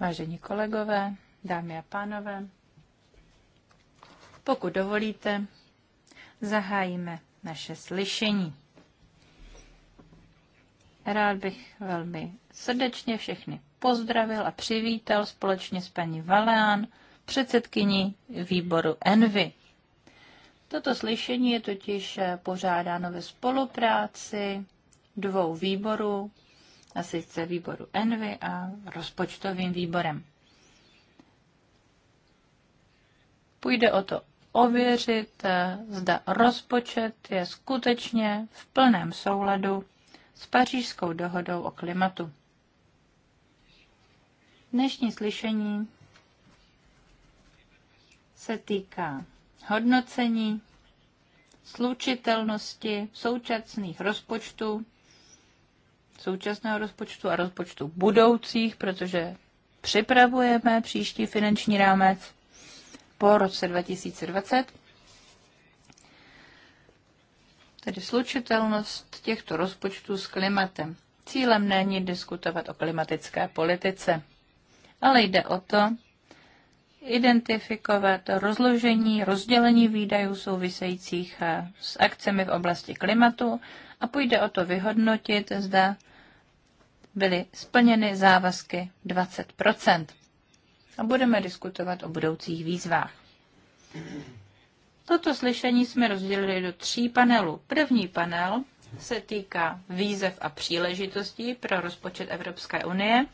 Vážení kolegové, dámy a pánové, pokud dovolíte, zahájíme naše slyšení. Rád bych velmi srdečně všechny pozdravil a přivítal společně s paní Valeán, předsedkyní výboru Envy. Toto slyšení je totiž pořádáno ve spolupráci dvou výborů, a sice výboru Envy a rozpočtovým výborem. Půjde o to ověřit, eh, zda rozpočet je skutečně v plném souladu s pařížskou dohodou o klimatu. Dnešní slyšení se týká hodnocení slučitelnosti současných rozpočtů současného rozpočtu a rozpočtu budoucích, protože připravujeme příští finanční rámec po roce 2020. Tedy slučitelnost těchto rozpočtů s klimatem. Cílem není diskutovat o klimatické politice, ale jde o to, identifikovat rozložení, rozdělení výdajů souvisejících eh, s akcemi v oblasti klimatu a půjde o to vyhodnotit, zda byly splněny závazky 20 A budeme diskutovat o budoucích výzvách. Toto slyšení jsme rozdělili do tří panelů. První panel se týká výzev a příležitostí pro rozpočet Evropské unie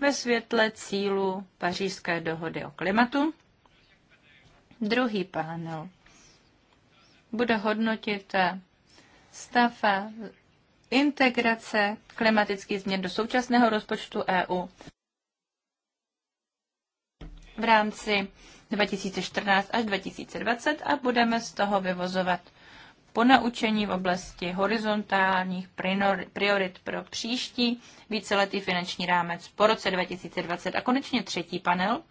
ve světle cílu pařížské dohody o klimatu. Druhý panel bude hodnotit stav integrace klimatických změn do současného rozpočtu EU v rámci 2014 až 2020 a budeme z toho vyvozovat ponaučení v oblasti horizontálních priorit pro příští víceletý finanční rámec po roce 2020. A konečně třetí panel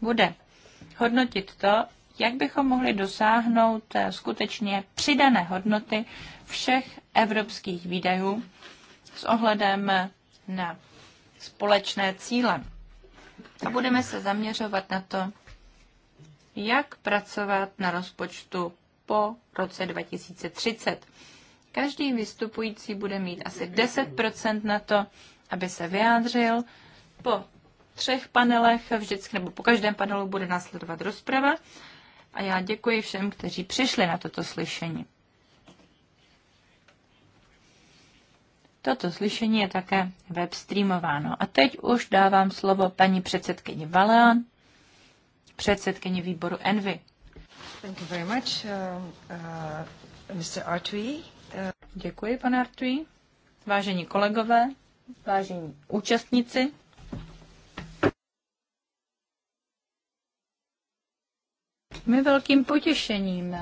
bude hodnotit to, jak bychom mohli dosáhnout eh, skutečně přidané hodnoty všech evropských výdajů s ohledem na společné cíle. A budeme se zaměřovat na to, jak pracovat na rozpočtu po roce 2030. Každý vystupující bude mít asi 10 na to, aby se vyjádřil. Po třech panelech vždycky, nebo po každém panelu bude následovat rozprava. A já děkuji všem, kteří přišli na toto slyšení. Toto slyšení je také webstreamováno. A teď už dávám slovo paní předsedkyni Valean, předsedkyni výboru Envy. Thank you very much, uh, uh, Mr. Artui. Uh... Děkuji, pane Artui. Vážení kolegové, vážení účastníci, my velkým potěšením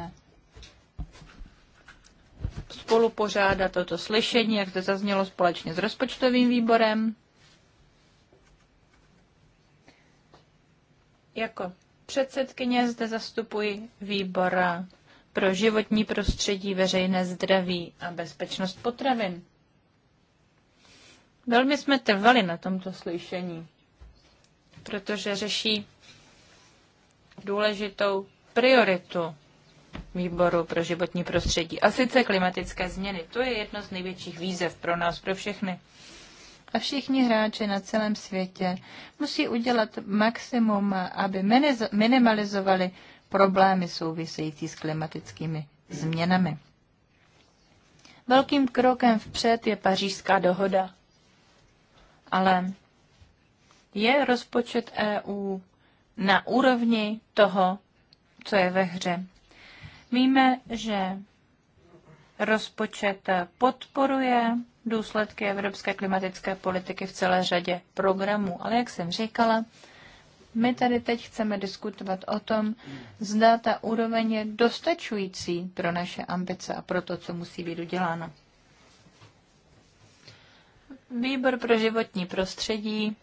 spolu pořádat toto slyšení, jak to zaznělo společně s rozpočtovým výborem. Jako předsedkyně, zde zastupuji výbor pro životní prostředí, veřejné zdraví a bezpečnost potravin. Velmi jsme trvali na tomto slyšení, protože řeší důležitou prioritu výboru pro životní prostředí. A sice klimatické změny. To je jedno z největších výzev pro nás, pro všechny a všichni hráči na celém světě musí udělat maximum, aby minimalizovali problémy související s klimatickými změnami. Velkým krokem vpřed je pařížská dohoda. Ale je rozpočet EU na úrovni toho, co je ve hře. Víme, že rozpočet podporuje důsledky evropské klimatické politiky v celé řadě programů. Ale jak jsem říkala, my tady teď chceme diskutovat o tom, zda ta úroveň je dostačující pro naše ambice a pro to, co musí být uděláno. Výbor pro životní prostředí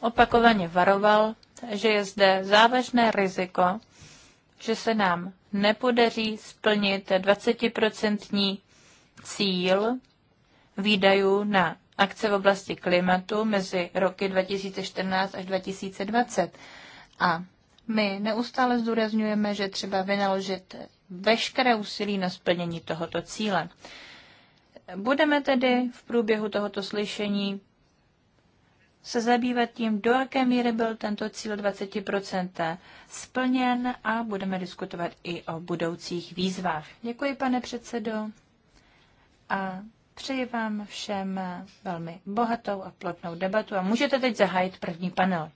opakovaně varoval, že je zde závažné riziko, že se nám nepodaří splnit 20% cíl výdajů na akce v oblasti klimatu mezi roky 2014 až 2020. A my neustále zdůrazňujeme, že třeba vynaložit veškeré úsilí na splnění tohoto cíle. Budeme tedy v průběhu tohoto slyšení se zabývat tím, do jaké míry byl tento cíl 20% splněn a budeme diskutovat i o budoucích výzvách. Děkuji, pane předsedo, a Přeji vám všem velmi bohatou a plodnou debatu a můžete teď zahájit první panel.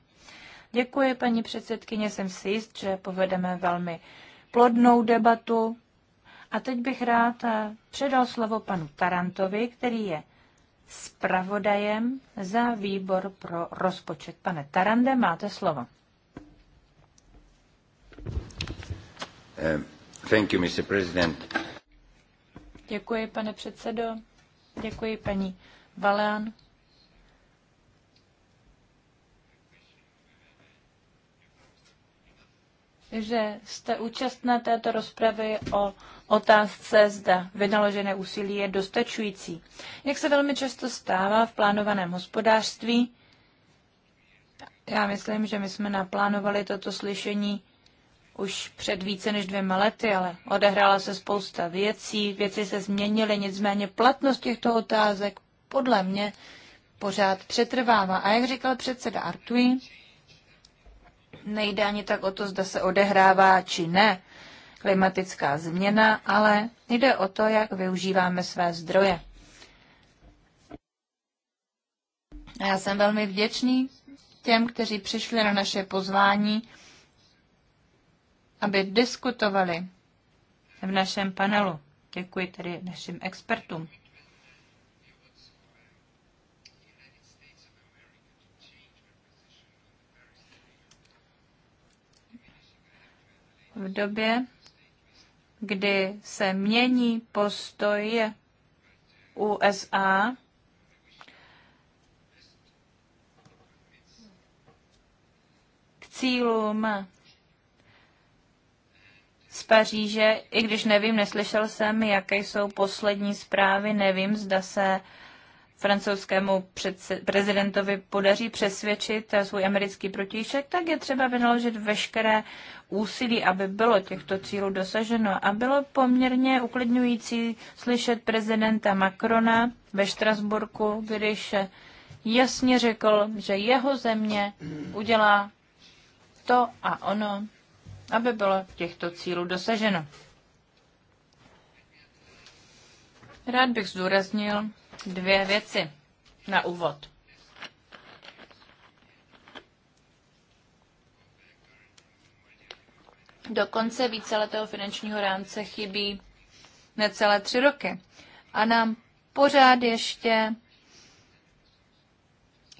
Děkuji, paní předsedkyně, jsem si jist, že povedeme velmi plodnou debatu. A teď bych rád předal slovo panu Tarantovi, který je zpravodajem za výbor pro rozpočet. Pane Tarande, máte slovo. Eh, thank you, Mr. President. Děkuji, pane předsedo. Děkuji, paní Valean. že jste účastna této rozpravy o otázce, zda vynaložené úsilí je dostačující. Jak se velmi často stává v plánovaném hospodářství, já myslím, že my jsme naplánovali toto slyšení už před více než dvěma lety, ale odehrála se spousta věcí, věci se změnily, nicméně platnost těchto otázek podle mě pořád přetrvává. A jak říkal předseda Artui, nejde ani tak o to, zda se odehrává či ne klimatická změna, ale jde o to, jak využíváme své zdroje. A já jsem velmi vděčný těm, kteří přišli na naše pozvání aby diskutovali v našem panelu. Děkuji tedy našim expertům. V době, kdy se mění postoj USA cílům z Paříže, i když nevím, neslyšel jsem, jaké jsou poslední zprávy, nevím, zda se francouzskému prezidentovi podaří přesvědčit svůj americký protišek, tak je třeba vynaložit veškeré úsilí, aby bylo těchto cílů dosaženo. A bylo poměrně uklidňující slyšet prezidenta Macrona ve Štrasburku, když jasně řekl, že jeho země udělá to a ono aby bylo těchto cílů dosaženo. Rád bych zdůraznil dvě věci na úvod. Do konce víceletého finančního rámce chybí necelé tři roky a nám pořád ještě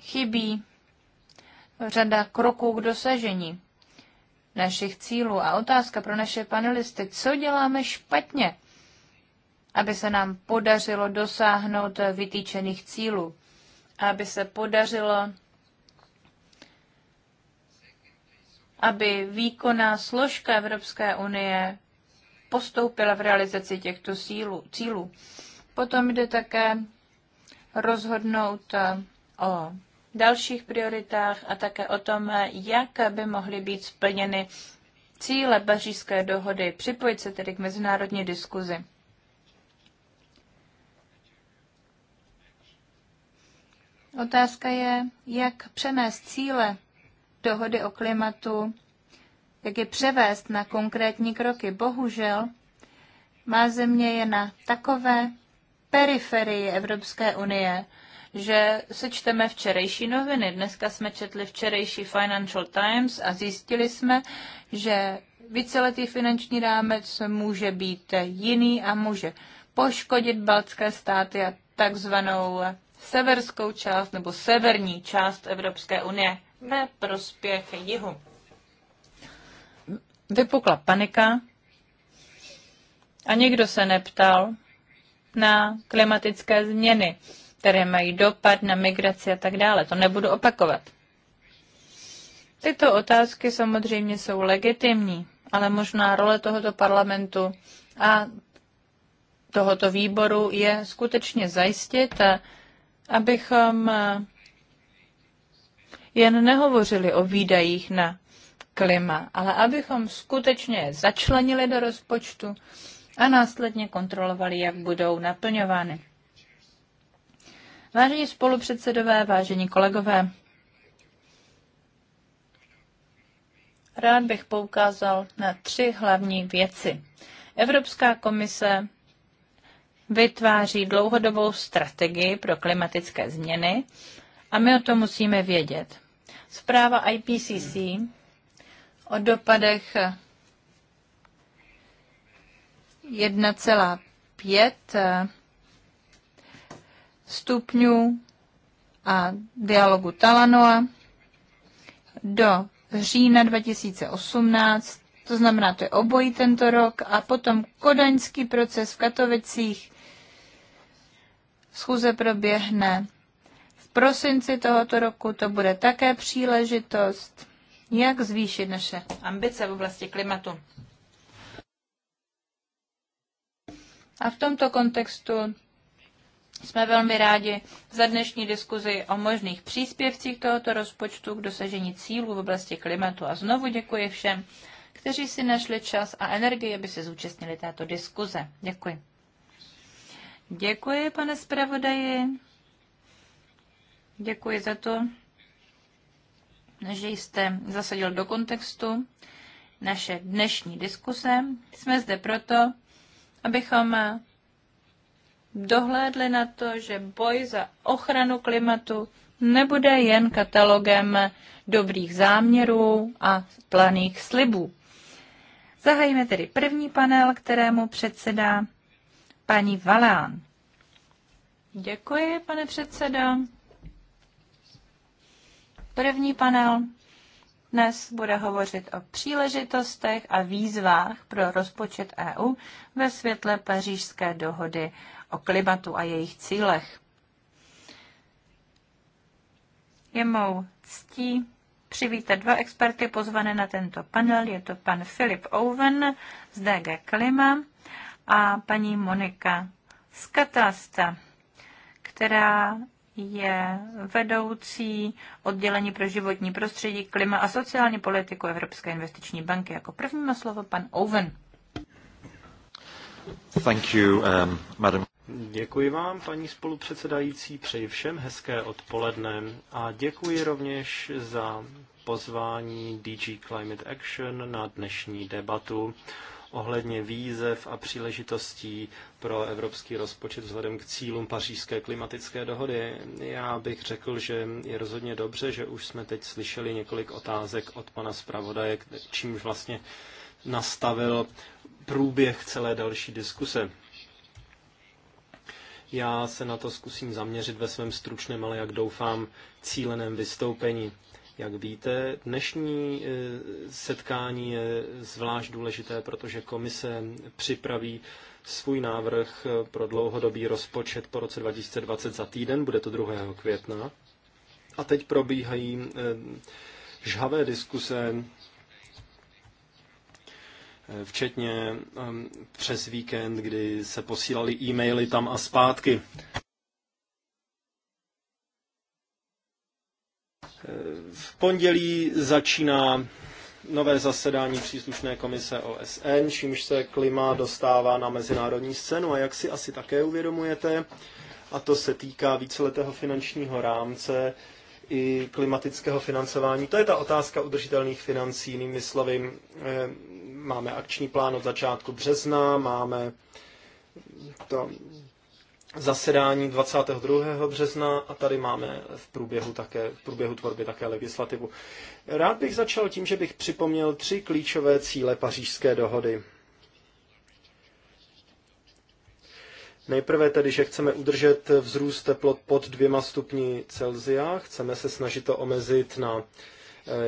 chybí řada kroků k dosažení našich cílů. A otázka pro naše panelisty, co děláme špatně, aby se nám podařilo dosáhnout vytýčených cílů, aby se podařilo, aby výkonná složka Evropské unie postoupila v realizaci těchto cílů. Potom jde také rozhodnout eh, o dalších prioritách a také o tom, jak by mohly být splněny cíle pařížské dohody, připojit se tedy k mezinárodní diskuzi. Otázka je, jak přenést cíle dohody o klimatu, jak je převést na konkrétní kroky. Bohužel má země je na takové periferii Evropské unie, že se čteme včerejší noviny. Dneska jsme četli včerejší Financial Times a zjistili jsme, že víceletý finanční rámec může být jiný a může poškodit baltské státy a takzvanou severskou část nebo severní část Evropské unie ve prospěch jihu. Vypukla panika a nikdo se neptal na klimatické změny které mají dopad na migraci a tak dále. To nebudu opakovat. Tyto otázky samozřejmě jsou legitimní, ale možná role tohoto parlamentu a tohoto výboru je skutečně zajistit, abychom jen nehovořili o výdajích na klima, ale abychom skutečně začlenili do rozpočtu a následně kontrolovali, jak budou naplňovány. Vážení spolupředsedové, vážení kolegové, rád bych poukázal na tři hlavní věci. Evropská komise vytváří dlouhodobou strategii pro klimatické změny a my o to musíme vědět. Zpráva IPCC o dopadech stupňů a dialogu Talanoa do října 2018, to znamená, to je obojí tento rok, a potom kodaňský proces v Katovicích. Schůze proběhne v prosinci tohoto roku, to bude také příležitost, jak zvýšit naše ambice v oblasti klimatu. A v tomto kontextu jsme velmi rádi za dnešní diskuzi o možných příspěvcích tohoto rozpočtu k dosažení cílů v oblasti klimatu a znovu děkuji všem, kteří si našli čas a energii, aby se zúčastnili této diskuze. Děkuji. Děkuji, pane zpravodaji. Děkuji za to, že jste zasadil do kontextu naše dnešní diskuse. Jsme zde proto, abychom dohlédli na to, že boj za ochranu klimatu nebude jen katalogem dobrých záměrů a planých slibů. Zahajíme tedy první panel, kterému předsedá paní Valán. Děkuji, pane předsedo. První panel dnes bude hovořit o příležitostech a výzvách pro rozpočet EU ve světle pařížské dohody o klimatu a jejich cílech. Je mou ctí přivítat dva experty pozvané na tento panel. Je to pan Filip Owen z DG Klima a paní Monika z Katasta, která je vedoucí oddělení pro životní prostředí, klima a sociální politiku Evropské investiční banky. Jako první má slovo pan Owen. Thank you, um, madam. Děkuji vám, paní spolupředsedající, přeji všem hezké odpoledne a děkuji rovněž za pozvání DG Climate Action na dnešní debatu ohledně výzev a příležitostí pro evropský rozpočet vzhledem k cílům pařížské klimatické dohody. Já bych řekl, že je rozhodně dobře, že už jsme teď slyšeli několik otázek od pana zpravodaje, čímž vlastně nastavil průběh celé další diskuse. Já se na to zkusím zaměřit ve svém stručném, ale jak doufám, cíleném vystoupení. Jak víte, dnešní e, setkání je zvlášť důležité, protože komise připraví svůj návrh e, pro dlouhodobý rozpočet po roce 2020 za týden, bude to 2. května. A teď probíhají e, žhavé diskuse včetně um, přes víkend, kdy se posílali e-maily tam a zpátky. V pondělí začíná nové zasedání příslušné komise OSN, čímž se klima dostává na mezinárodní scénu a jak si asi také uvědomujete, a to se týká víceletého finančního rámce i klimatického financování. To je ta otázka udržitelných financí, jinými slovy, eh, máme akční plán od začátku března, máme to zasedání 22. března a tady máme v průběhu, také, v průběhu tvorby také legislativu. Rád bych začal tím, že bych připomněl tři klíčové cíle pařížské dohody. Nejprve tedy, že chceme udržet vzrůst teplot pod dvěma stupni Celzia, chceme se snažit to omezit na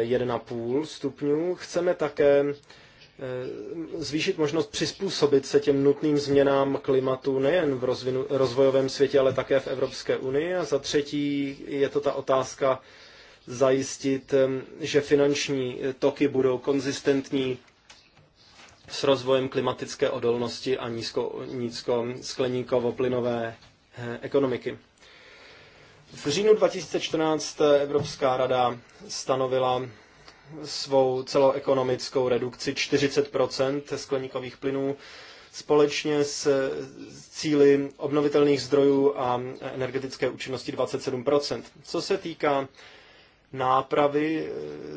1,5 eh, stupňů. Chceme také Eh, zvýšit možnost přizpůsobit se těm nutným změnám klimatu nejen v rozvinu, rozvojovém světě, ale také v Evropské unii. A za třetí je to ta otázka zajistit, že finanční toky budou konzistentní s rozvojem klimatické odolnosti a nízko, nízko skleníkovo-plynové eh, ekonomiky. V říjnu 2014 Evropská rada stanovila svou celoekonomickou redukci 40 skleníkových plynů společně s cíly obnovitelných zdrojů a energetické účinnosti 27 Co se týká nápravy,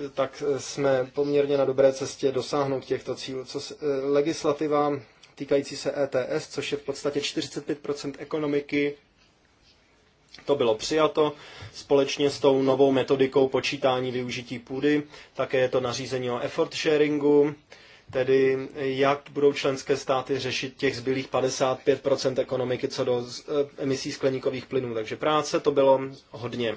eh, tak jsme poměrně na dobré cestě dosáhnout těchto cílů. Co se, eh, legislativa týkající se ETS, což je v podstatě 45 ekonomiky, to bylo přijato společně s tou novou metodikou počítání využití půdy. Také je to nařízení o effort sharingu, tedy jak budou členské státy řešit těch zbylých 55 ekonomiky co do eh, emisí skleníkových plynů. Takže práce to bylo hodně.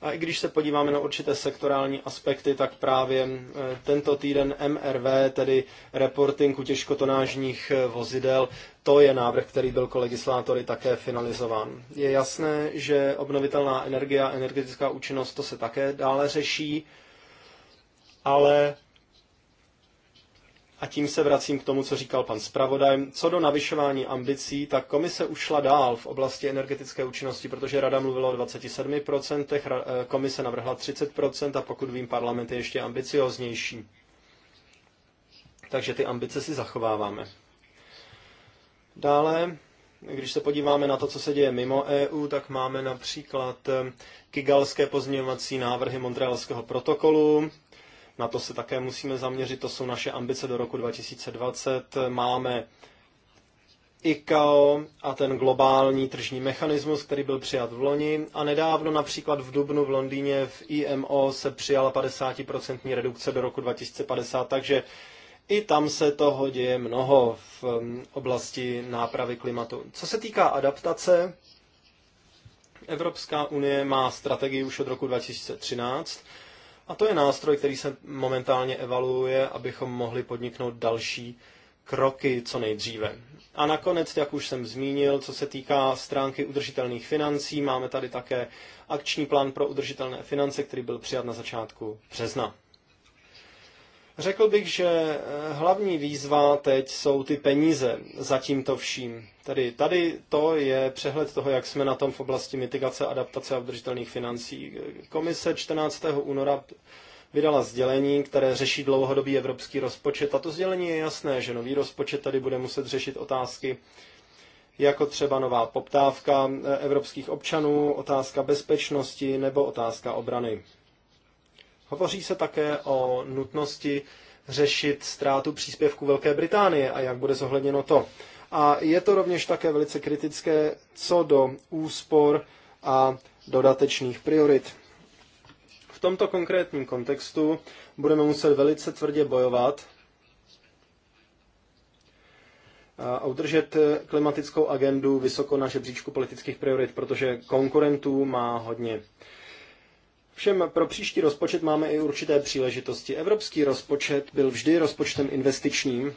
A i když se podíváme na určité sektorální aspekty, tak právě eh, tento týden MRV, tedy reporting u těžkotonážních eh, vozidel, to je návrh, který byl kolegislátory také finalizován. Je jasné, že obnovitelná energie a energetická účinnost to se také dále řeší, ale a tím se vracím k tomu, co říkal pan zpravodaj. Co do navyšování ambicí, tak komise ušla dál v oblasti energetické účinnosti, protože rada mluvila o 27%, eh, komise navrhla 30% a pokud vím, parlament je ještě ambicioznější. Takže ty ambice si zachováváme. Dále, když se podíváme na to, co se děje mimo EU, tak máme například eh, kigalské pozměňovací návrhy Montrealského protokolu. Na to se také musíme zaměřit, to jsou naše ambice do roku 2020. Eh, máme ICAO a ten globální tržní mechanismus, který byl přijat v loni. A nedávno například v Dubnu v Londýně v IMO se přijala 50% redukce do roku 2050, takže i tam se toho děje mnoho v mm, oblasti nápravy klimatu. Co se týká adaptace, Evropská unie má strategii už od roku 2013 a to je nástroj, který se momentálně evaluuje, abychom mohli podniknout další kroky co nejdříve. A nakonec, jak už jsem zmínil, co se týká stránky udržitelných financí, máme tady také akční plán pro udržitelné finance, který byl přijat na začátku března. Řekl bych, že eh, hlavní výzva teď jsou ty peníze za tímto vším. Tedy tady to je přehled toho, jak jsme na tom v oblasti mitigace, adaptace a udržitelných financí. Komise 14. února vydala sdělení, které řeší dlouhodobý evropský rozpočet. A to sdělení je jasné, že nový rozpočet tady bude muset řešit otázky jako třeba nová poptávka eh, evropských občanů, otázka bezpečnosti nebo otázka obrany. Hovoří se také o nutnosti řešit ztrátu příspěvku Velké Británie a jak bude zohledněno to. A je to rovněž také velice kritické co do úspor a dodatečných priorit. V tomto konkrétním kontextu budeme muset velice tvrdě bojovat a udržet klimatickou agendu vysoko na žebříčku politických priorit, protože konkurentů má hodně. Všem pro příští rozpočet máme i určité příležitosti. Evropský rozpočet byl vždy rozpočtem investičním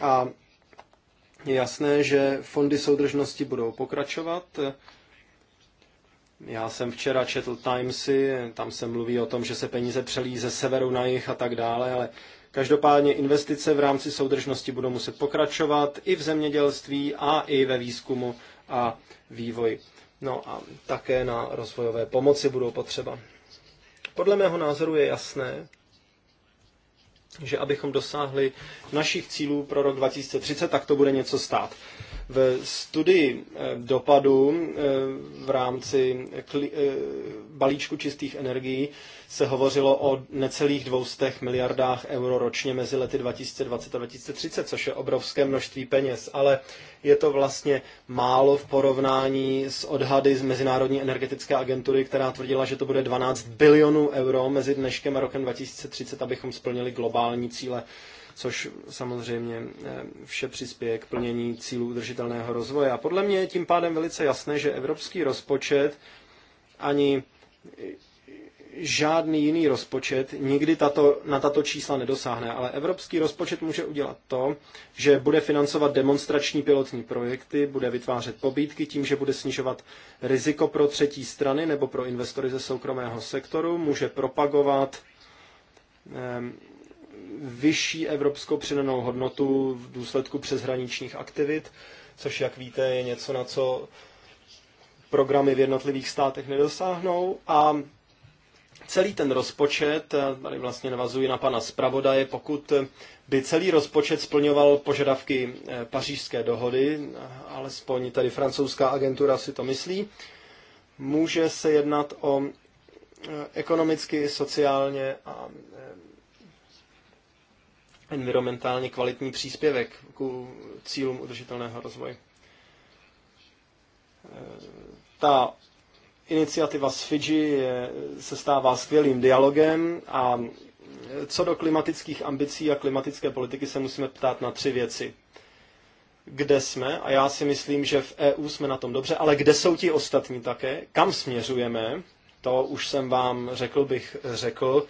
a je jasné, že fondy soudržnosti budou pokračovat. Já jsem včera četl Timesy, tam se mluví o tom, že se peníze přelí ze severu na jih a tak dále, ale každopádně investice v rámci soudržnosti budou muset pokračovat i v zemědělství a i ve výzkumu a vývoji. No a také na rozvojové pomoci budou potřeba. Podle mého názoru je jasné, že abychom dosáhli našich cílů pro rok 2030, tak to bude něco stát. V studii eh, dopadu eh, v rámci eh, balíčku čistých energií se hovořilo o necelých 200 miliardách euro ročně mezi lety 2020 a 2030, což je obrovské množství peněz, ale je to vlastně málo v porovnání s odhady z Mezinárodní energetické agentury, která tvrdila, že to bude 12 bilionů euro mezi dneškem a rokem 2030, abychom splnili globální cíle což samozřejmě eh, vše přispěje k plnění cílů udržitelného rozvoje. A podle mě je tím pádem velice jasné, že evropský rozpočet ani žádný jiný rozpočet nikdy tato, na tato čísla nedosáhne, ale evropský rozpočet může udělat to, že bude financovat demonstrační pilotní projekty, bude vytvářet pobídky tím, že bude snižovat riziko pro třetí strany nebo pro investory ze soukromého sektoru, může propagovat ehm, vyšší evropskou přidanou hodnotu v důsledku přeshraničních aktivit, což, jak víte, je něco, na co programy v jednotlivých státech nedosáhnou a celý ten rozpočet, tady vlastně navazuji na pana zpravodaje, pokud by celý rozpočet splňoval požadavky eh, pařížské dohody, alespoň tady francouzská agentura si to myslí, může se jednat o eh, ekonomicky, sociálně a eh, environmentálně kvalitní příspěvek k cílům udržitelného rozvoje. Ta Iniciativa z Fidži se stává skvělým dialogem a co do klimatických ambicí a klimatické politiky se musíme ptát na tři věci. Kde jsme, a já si myslím, že v EU jsme na tom dobře, ale kde jsou ti ostatní také, kam směřujeme, to už jsem vám řekl, bych řekl,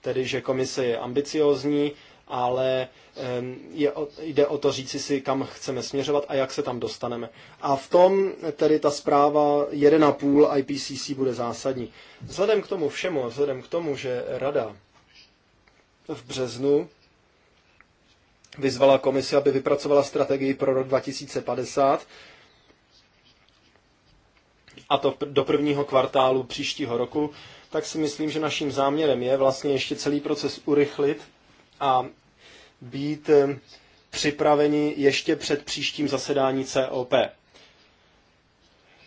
tedy že komise je ambiciozní, ale je, jde o to říci si, kam chceme směřovat a jak se tam dostaneme. A v tom tedy ta zpráva 1,5 IPCC bude zásadní. Vzhledem k tomu všemu, vzhledem k tomu, že Rada v březnu vyzvala komisi, aby vypracovala strategii pro rok 2050, a to do prvního kvartálu příštího roku, tak si myslím, že naším záměrem je vlastně ještě celý proces urychlit a být eh, připraveni ještě před příštím zasedání COP.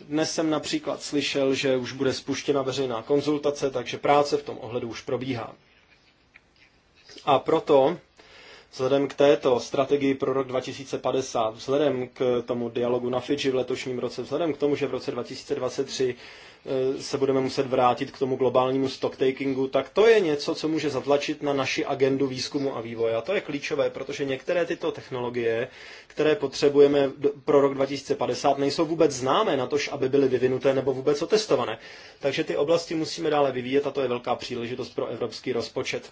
Dnes jsem například slyšel, že už bude spuštěna veřejná konzultace, takže práce v tom ohledu už probíhá. A proto, vzhledem k této strategii pro rok 2050, vzhledem k tomu dialogu na Fidži v letošním roce, vzhledem k tomu, že v roce 2023 Eh, se budeme muset vrátit k tomu globálnímu stocktakingu, tak to je něco, co může zatlačit na naši agendu výzkumu a vývoje. A to je klíčové, protože některé tyto technologie, které potřebujeme pro rok 2050, nejsou vůbec známé na to, aby byly vyvinuté nebo vůbec otestované. Takže ty oblasti musíme dále vyvíjet a to je velká příležitost pro evropský rozpočet.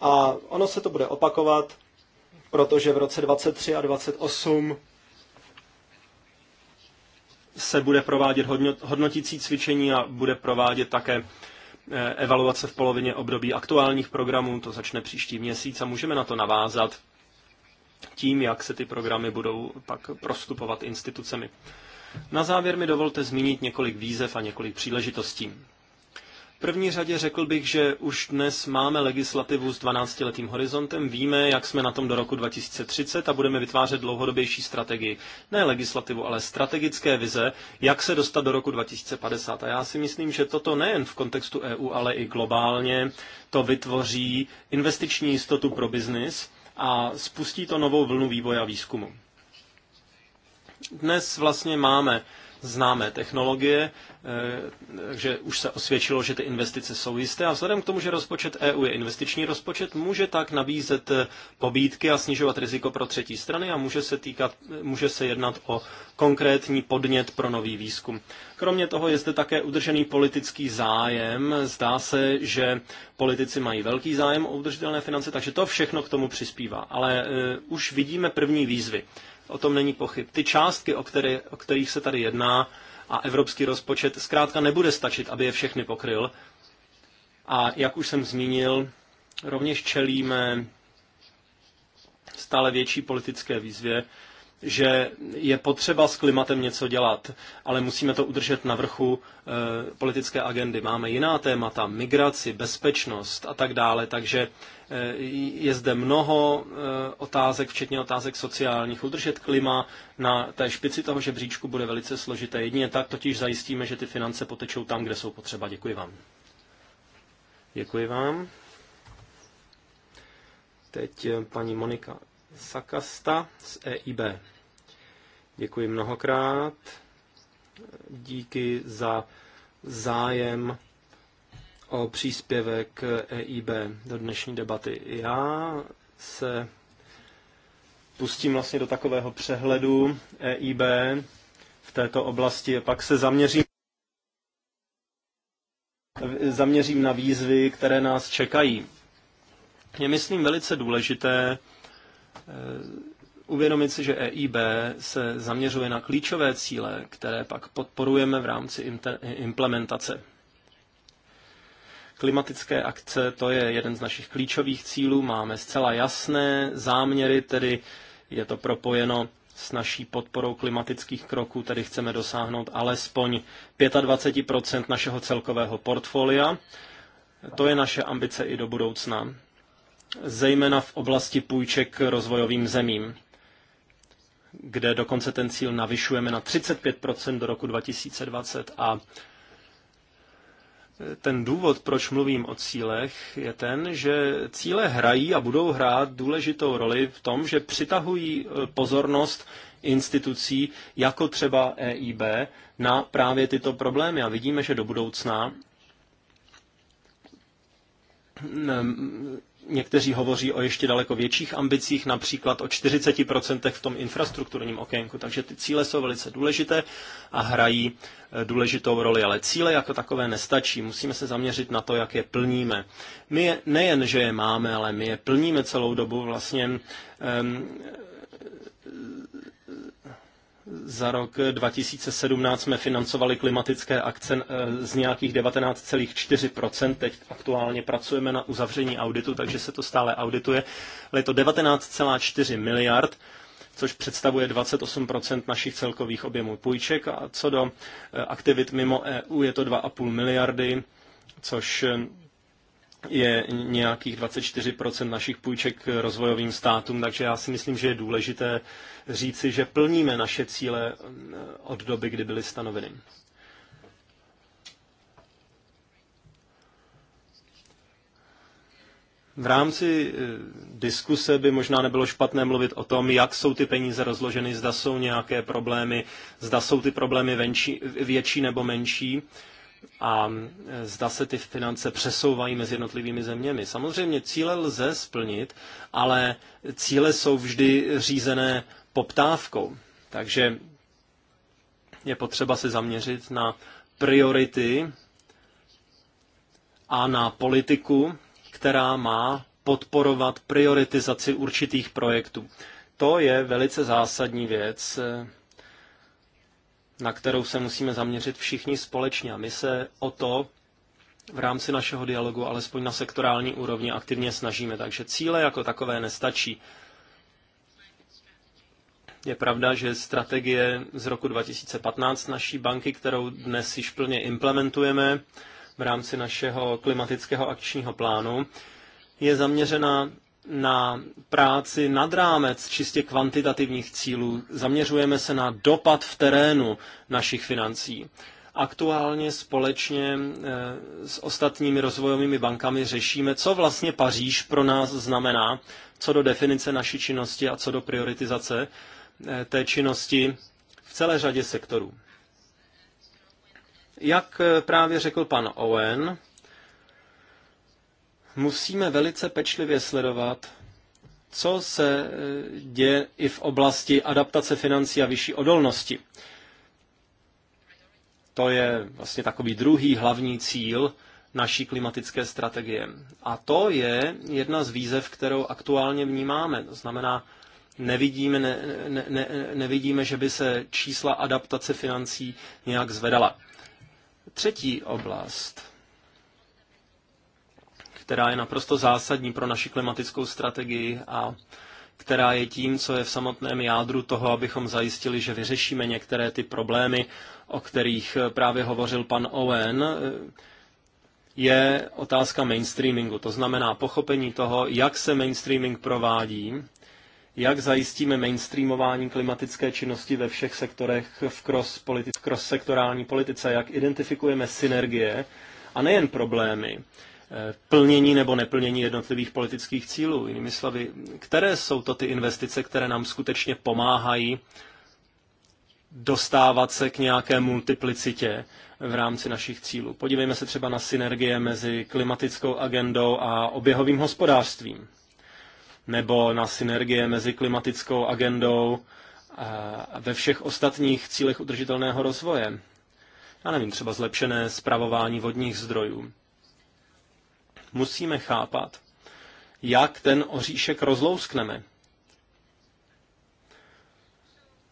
A ono se to bude opakovat, protože v roce 23 a 28 se bude provádět hodnotící cvičení a bude provádět také eh, evaluace v polovině období aktuálních programů, to začne příští měsíc a můžeme na to navázat tím, jak se ty programy budou pak prostupovat institucemi. Na závěr mi dovolte zmínit několik výzev a několik příležitostí první řadě řekl bych, že už dnes máme legislativu s 12-letým horizontem, víme, jak jsme na tom do roku 2030 a budeme vytvářet dlouhodobější strategii. Ne legislativu, ale strategické vize, jak se dostat do roku 2050. A já si myslím, že toto nejen v kontextu EU, ale i globálně to vytvoří investiční jistotu pro biznis a spustí to novou vlnu vývoje a výzkumu. Dnes vlastně máme známé technologie, takže eh, už se osvědčilo, že ty investice jsou jisté a vzhledem k tomu, že rozpočet EU je investiční rozpočet, může tak nabízet eh, pobídky a snižovat riziko pro třetí strany a může se, týkat, může se jednat o konkrétní podnět pro nový výzkum. Kromě toho je zde také udržený politický zájem. Zdá se, že politici mají velký zájem o udržitelné finance, takže to všechno k tomu přispívá. Ale uh, už vidíme první výzvy. O tom není pochyb. Ty částky, o, které, o kterých se tady jedná, a evropský rozpočet zkrátka nebude stačit, aby je všechny pokryl. A jak už jsem zmínil, rovněž čelíme stále větší politické výzvě, že je potřeba s klimatem něco dělat, ale musíme to udržet na vrchu e, politické agendy. Máme jiná témata, migraci, bezpečnost a tak dále, takže e, je zde mnoho e, otázek, včetně otázek sociálních. Udržet klima na té špici toho žebříčku bude velice složité. Jedině tak totiž zajistíme, že ty finance potečou tam, kde jsou potřeba. Děkuji vám. Děkuji vám. Teď paní Monika Sakasta z EIB. Děkuji mnohokrát. Díky za zájem o příspěvek EIB do dnešní debaty. Já se pustím vlastně do takového přehledu EIB v této oblasti a pak se zaměřím zaměřím na výzvy, které nás čekají. Je, myslím, velice důležité Eh, uvědomit si, že EIB se zaměřuje na klíčové cíle, které pak podporujeme v rámci implementace. Klimatické akce, to je jeden z našich klíčových cílů, máme zcela jasné záměry, tedy je to propojeno s naší podporou klimatických kroků, tedy chceme dosáhnout alespoň 25 našeho celkového portfolia. To je naše ambice i do budoucna zejména v oblasti půjček rozvojovým zemím, kde dokonce ten cíl navyšujeme na 35 do roku 2020 a ten důvod, proč mluvím o cílech, je ten, že cíle hrají a budou hrát důležitou roli v tom, že přitahují eh, pozornost institucí, jako třeba EIB, na právě tyto problémy. A vidíme, že do budoucna mm, Někteří hovoří o ještě daleko větších ambicích, například o 40% v tom infrastrukturním okénku. Takže ty cíle jsou velice důležité a hrají eh, důležitou roli. Ale cíle jako takové nestačí. Musíme se zaměřit na to, jak je plníme. My je, nejen, že je máme, ale my je plníme celou dobu. Vlastně za rok 2017 eh, jsme financovali klimatické akce eh, z nějakých 19,4%. Teď aktuálně pracujeme na uzavření auditu, takže se to stále audituje. Ale je to 19,4 miliard což představuje 28 našich celkových objemů půjček. A co do eh, aktivit mimo EU je to 2,5 miliardy, což je nějakých 24 našich půjček rozvojovým státům, takže já si myslím, že je důležité říci, že plníme naše cíle eh, od doby, kdy byly stanoveny. V rámci eh, diskuse by možná nebylo špatné mluvit o tom, jak jsou ty peníze rozloženy, zda jsou nějaké problémy, zda jsou ty problémy venčí, větší nebo menší a eh, zda se ty finance přesouvají mezi jednotlivými zeměmi. Samozřejmě cíle lze splnit, ale cíle jsou vždy řízené poptávkou. Takže je potřeba se zaměřit na priority a na politiku, která má podporovat prioritizaci určitých projektů. To je velice zásadní věc, na kterou se musíme zaměřit všichni společně. A my se o to v rámci našeho dialogu, alespoň na sektorální úrovni, aktivně snažíme. Takže cíle jako takové nestačí. Je pravda, že strategie z roku 2015 naší banky, kterou dnes již plně implementujeme v rámci našeho klimatického akčního plánu, je zaměřena na práci nad rámec čistě kvantitativních cílů. Zaměřujeme se na dopad v terénu našich financí. Aktuálně společně eh, s ostatními rozvojovými bankami řešíme, co vlastně Paříž pro nás znamená, co do definice naší činnosti a co do prioritizace, Eh, té činnosti v celé řadě sektorů. Jak eh, právě řekl pan Owen, musíme velice pečlivě sledovat, co se eh, děje i v oblasti adaptace financí a vyšší odolnosti. To je vlastně takový druhý hlavní cíl naší klimatické strategie. A to je jedna z výzev, kterou aktuálně vnímáme. To znamená, nevidíme, ne, ne, ne, nevidíme, že by se čísla adaptace financí nějak zvedala. Třetí oblast, která je naprosto zásadní pro naši klimatickou strategii a která je tím, co je v samotném jádru toho, abychom zajistili, že vyřešíme některé ty problémy, o kterých právě hovořil pan Owen, je otázka mainstreamingu. To znamená pochopení toho, jak se mainstreaming provádí jak zajistíme mainstreamování klimatické činnosti ve všech sektorech v cross, politi- cross sektorální politice, jak identifikujeme synergie a nejen problémy, eh, plnění nebo neplnění jednotlivých politických cílů. Jinými slovy, které jsou to ty investice, které nám skutečně pomáhají dostávat se k nějaké multiplicitě v rámci našich cílů. Podívejme se třeba na synergie mezi klimatickou agendou a oběhovým hospodářstvím nebo na synergie mezi klimatickou agendou a ve všech ostatních cílech udržitelného rozvoje. Já nevím, třeba zlepšené zpravování vodních zdrojů. Musíme chápat, jak ten oříšek rozlouskneme.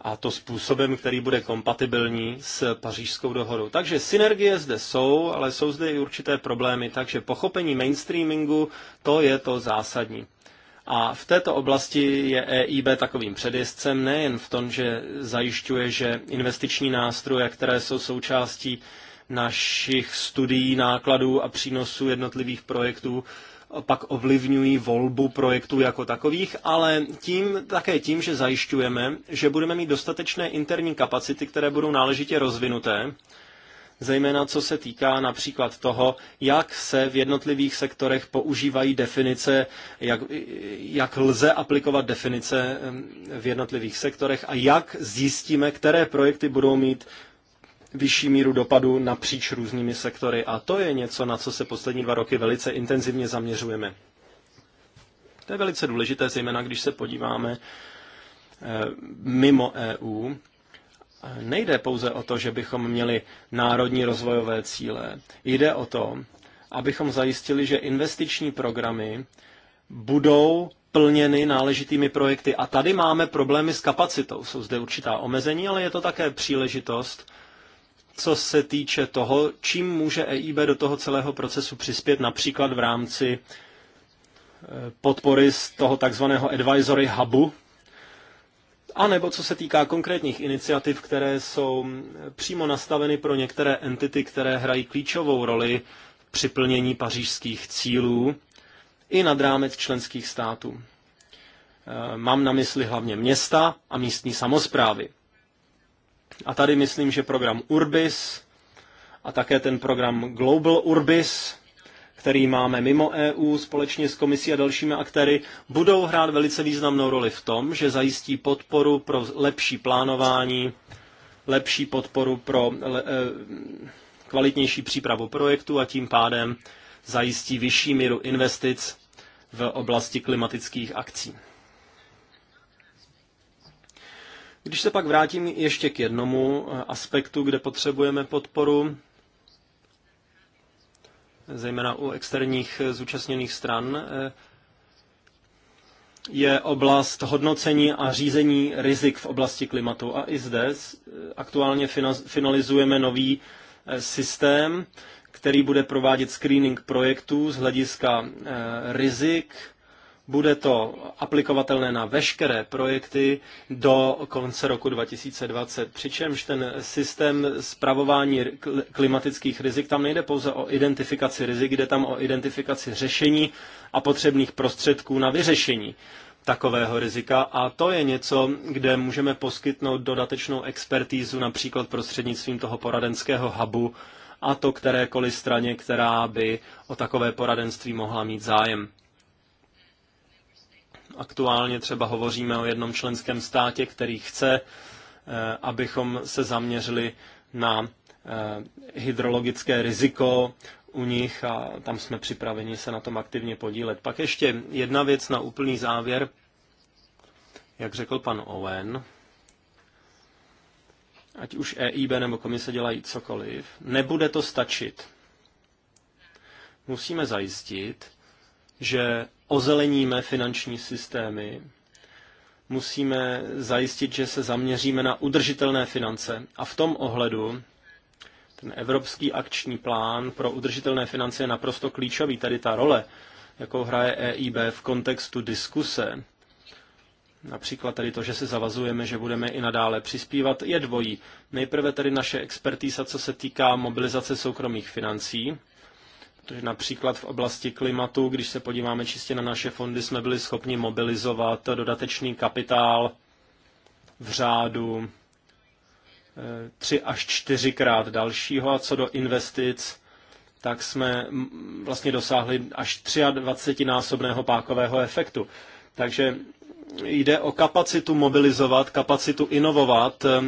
A to způsobem, který bude kompatibilní s pařížskou dohodou. Takže synergie zde jsou, ale jsou zde i určité problémy, takže pochopení mainstreamingu, to je to zásadní. A v této oblasti je EIB takovým předjezdcem nejen v tom, že zajišťuje, že investiční nástroje, které jsou součástí našich studií nákladů a přínosů jednotlivých projektů, pak ovlivňují volbu projektů jako takových, ale tím, také tím, že zajišťujeme, že budeme mít dostatečné interní kapacity, které budou náležitě rozvinuté, zejména co se týká například toho, jak se v jednotlivých sektorech používají definice, jak, jak lze aplikovat definice v jednotlivých sektorech a jak zjistíme, které projekty budou mít vyšší míru dopadu napříč různými sektory. A to je něco, na co se poslední dva roky velice intenzivně zaměřujeme. To je velice důležité, zejména když se podíváme eh, mimo EU nejde pouze o to, že bychom měli národní rozvojové cíle. Jde o to, abychom zajistili, že investiční programy budou plněny náležitými projekty. A tady máme problémy s kapacitou. Jsou zde určitá omezení, ale je to také příležitost, co se týče toho, čím může EIB do toho celého procesu přispět, například v rámci eh, podpory z toho takzvaného advisory hubu, anebo co se týká konkrétních iniciativ, které jsou přímo nastaveny pro některé entity, které hrají klíčovou roli při plnění pařížských cílů i nad rámec členských států. E, mám na mysli hlavně města a místní samozprávy. A tady myslím, že program Urbis a také ten program Global Urbis který máme mimo EU společně s komisí a dalšími aktéry, budou hrát velice významnou roli v tom, že zajistí podporu pro lepší plánování, lepší podporu pro e, kvalitnější přípravu projektu a tím pádem zajistí vyšší míru investic v oblasti klimatických akcí. Když se pak vrátím ještě k jednomu aspektu, kde potřebujeme podporu, zejména u externích eh, zúčastněných stran, eh, je oblast hodnocení a řízení rizik v oblasti klimatu. A i zde eh, aktuálně finalizujeme nový systém, který bude provádět screening projektů z hlediska rizik bude to aplikovatelné na veškeré projekty do konce roku 2020, přičemž ten systém zpravování klimatických rizik, tam nejde pouze o identifikaci rizik, jde tam o identifikaci řešení a potřebných prostředků na vyřešení takového rizika a to je něco, kde můžeme poskytnout dodatečnou expertízu například prostřednictvím toho poradenského hubu a to kterékoliv straně, která by o takové poradenství mohla mít zájem. Aktuálně třeba hovoříme o jednom členském státě, který chce, eh, abychom se zaměřili na eh, hydrologické riziko u nich a tam jsme připraveni se na tom aktivně podílet. Pak ještě jedna věc na úplný závěr. Jak řekl pan Owen, ať už EIB nebo komise dělají cokoliv, nebude to stačit. Musíme zajistit, že ozeleníme finanční systémy, musíme zajistit, že se zaměříme na udržitelné finance. A v tom ohledu ten Evropský akční plán pro udržitelné finance je naprosto klíčový. Tady ta role, jakou hraje EIB v kontextu diskuse, například tady to, že se zavazujeme, že budeme i nadále přispívat, je dvojí. Nejprve tady naše expertíza, co se týká mobilizace soukromých financí, Protože například v oblasti klimatu, když se podíváme čistě na naše fondy, jsme byli schopni mobilizovat dodatečný kapitál v řádu eh, tři až čtyřikrát dalšího. A co do investic, tak jsme vlastně dosáhli až 23 násobného pákového efektu. Takže jde o kapacitu mobilizovat, kapacitu inovovat eh,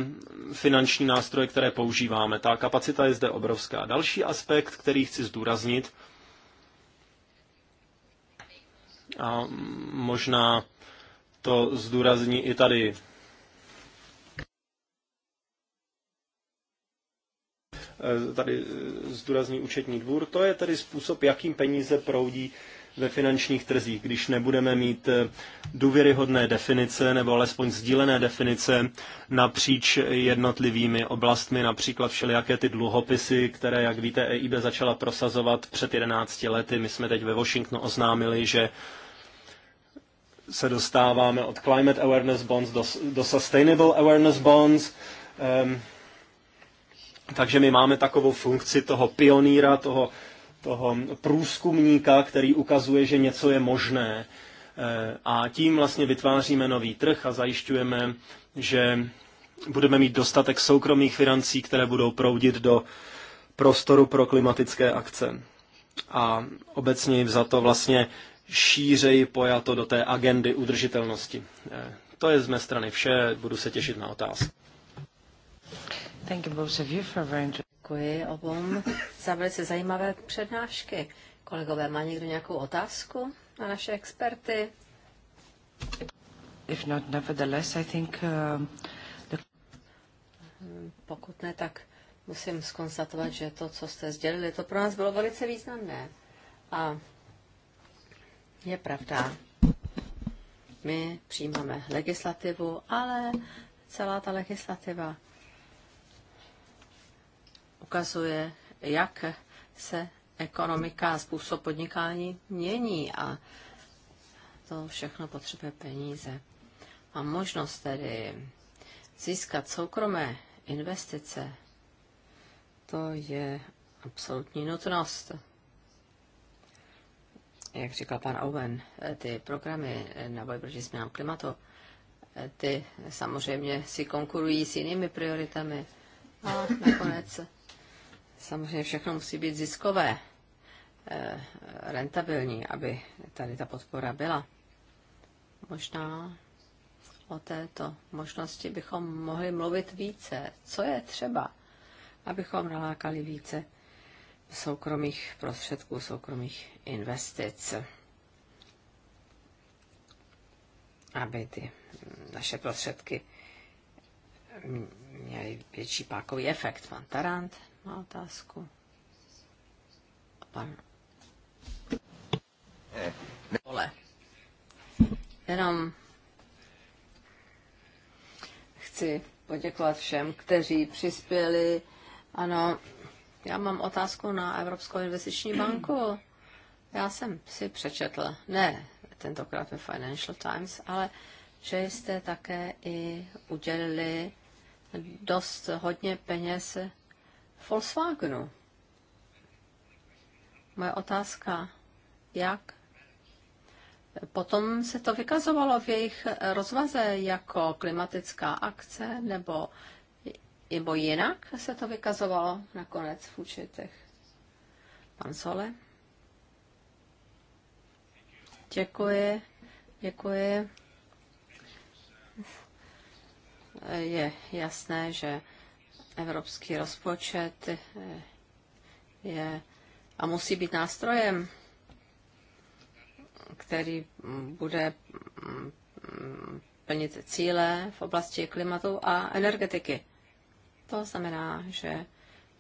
finanční nástroje, které používáme. Ta kapacita je zde obrovská. Další aspekt, který chci zdůraznit, a možná to zdůrazní i tady eh, tady eh, zdůrazní účetní dvůr, to je tedy způsob, jakým peníze proudí ve finančních trzích, když nebudeme mít eh, důvěryhodné definice nebo alespoň sdílené definice napříč jednotlivými oblastmi, například všelijaké ty dluhopisy, které, jak víte, EIB začala prosazovat před 11 lety. My jsme teď ve Washingtonu oznámili, že se dostáváme od Climate Awareness Bonds do, do Sustainable Awareness Bonds. Um, takže my máme takovou funkci toho pionýra, toho toho průzkumníka, který ukazuje, že něco je možné. Eh, a tím vlastně vytváříme nový trh a zajišťujeme, že budeme mít dostatek soukromých financí, které budou proudit do prostoru pro klimatické akce. A obecně za to vlastně šířej pojato do té agendy udržitelnosti. Eh, to je z mé strany vše, budu se těšit na otázky děkuji obom za velice zajímavé přednášky. Kolegové, má někdo nějakou otázku na naše experty? If not, nevertheless, I think, uh, the... Pokud ne, tak musím skonstatovat, že to, co jste sdělili, to pro nás bylo velice významné. A je pravda, my přijímáme legislativu, ale celá ta legislativa ukazuje, jak se ekonomika a způsob podnikání mění a to všechno potřebuje peníze. A možnost tedy získat soukromé investice, to je absolutní nutnost. Jak říkal pan Owen, ty programy na boj proti změnám klimatu, ty samozřejmě si konkurují s jinými prioritami. A nakonec Samozřejmě všechno musí být ziskové, eh, rentabilní, aby tady ta podpora byla. Možná o této možnosti bychom mohli mluvit více. Co je třeba, abychom nalákali více soukromých prostředků, soukromých investic, aby ty naše prostředky měly větší pákový efekt. Pan Tarant má otázku. Pan. Ole. Jenom chci poděkovat všem, kteří přispěli. Ano, já mám otázku na Evropskou investiční banku. Já jsem si přečetl, ne tentokrát ve Financial Times, ale že jste také i udělili dost hodně peněz Volkswagenu. Moje otázka, jak potom se to vykazovalo v jejich rozvaze jako klimatická akce, nebo, nebo jinak se to vykazovalo nakonec v účetech. Pan Sole. Děkuji, děkuji. Je jasné, že Evropský rozpočet eh, je a musí být nástrojem, který bude mm, plnit cíle v oblasti klimatu a energetiky. To znamená, že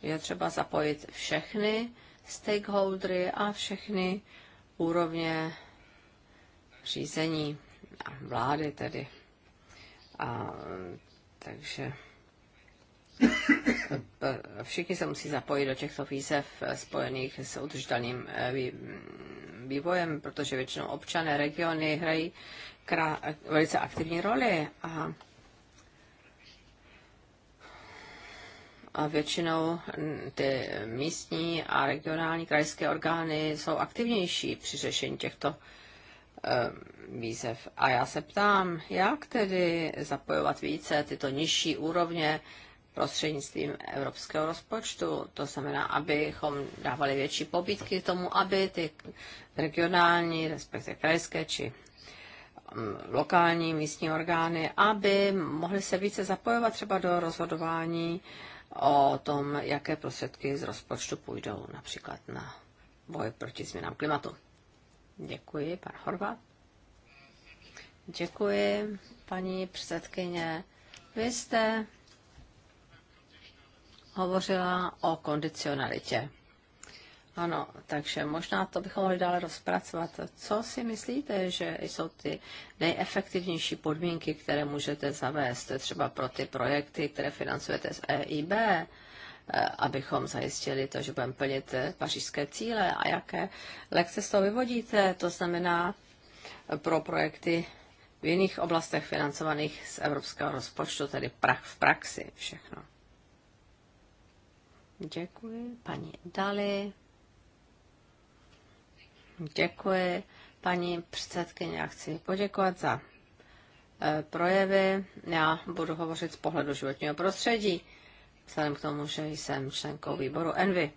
je třeba zapojit všechny stakeholdery a všechny úrovně řízení vlády tedy. A, takže Eh, všichni se musí zapojit do těchto výzev eh, spojených s udržitelným eh, mm, vývojem, protože většinou občané regiony hrají velice aktivní roli a, a většinou mm, ty místní a regionální krajské orgány jsou aktivnější při řešení těchto výzev. A já se ptám, jak tedy zapojovat více tyto nižší úrovně prostřednictvím evropského rozpočtu. To znamená, abychom dávali větší pobídky k tomu, aby ty regionální, respektive krajské či mm, lokální místní orgány, aby mohly se více zapojovat třeba do rozhodování o tom, jaké prostředky z rozpočtu půjdou například na boj proti změnám klimatu. Děkuji, pan Horvat. Děkuji, paní předsedkyně. Vy jste hovořila o kondicionalitě. Ano, takže možná to bychom mohli dále rozpracovat. Co si myslíte, že jsou ty nejefektivnější podmínky, které můžete zavést třeba pro ty projekty, které financujete z EIB, eh, abychom zajistili to, že budeme plnit eh, pařížské cíle a jaké lekce z toho vyvodíte, to znamená eh, pro projekty v jiných oblastech financovaných z evropského rozpočtu, tedy pra v praxi všechno. Děkuji. Paní Dali. Děkuji. Paní předsedkyně, já chci poděkovat za e, projevy. Já budu hovořit z pohledu životního prostředí, vzhledem k tomu, že jsem členkou výboru Envy.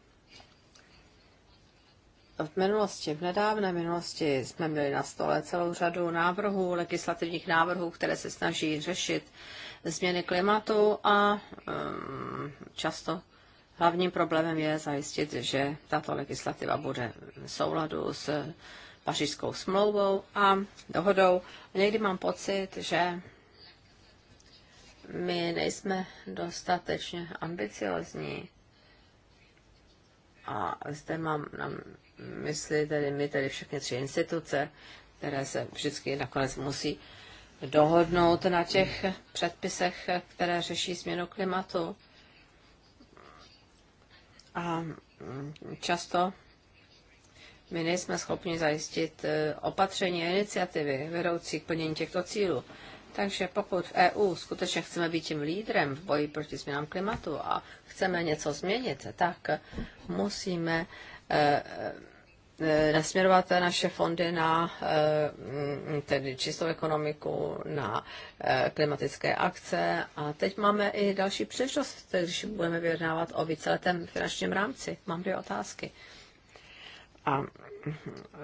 V minulosti, v nedávné minulosti jsme měli na stole celou řadu návrhů, legislativních návrhů, které se snaží řešit změny klimatu a um, často Hlavním problémem je zajistit, že tato legislativa bude v souladu s pařížskou smlouvou a dohodou. Někdy mám pocit, že my nejsme dostatečně ambiciozní. A zde mám na mysli tedy my, tedy všechny tři instituce, které se vždycky nakonec musí dohodnout na těch předpisech, které řeší změnu klimatu. A mm, často my nejsme schopni zajistit e, opatření a iniciativy vedoucí k plnění těchto cílů. Takže pokud v EU skutečně chceme být tím lídrem v boji proti změnám klimatu a chceme něco změnit, tak musíme e, e, Eh, nasměrovat naše fondy na eh, tedy čistou ekonomiku, na eh, klimatické akce. A teď máme i další příležitost, když budeme vyjednávat o víceletém finančním rámci. Mám dvě otázky. A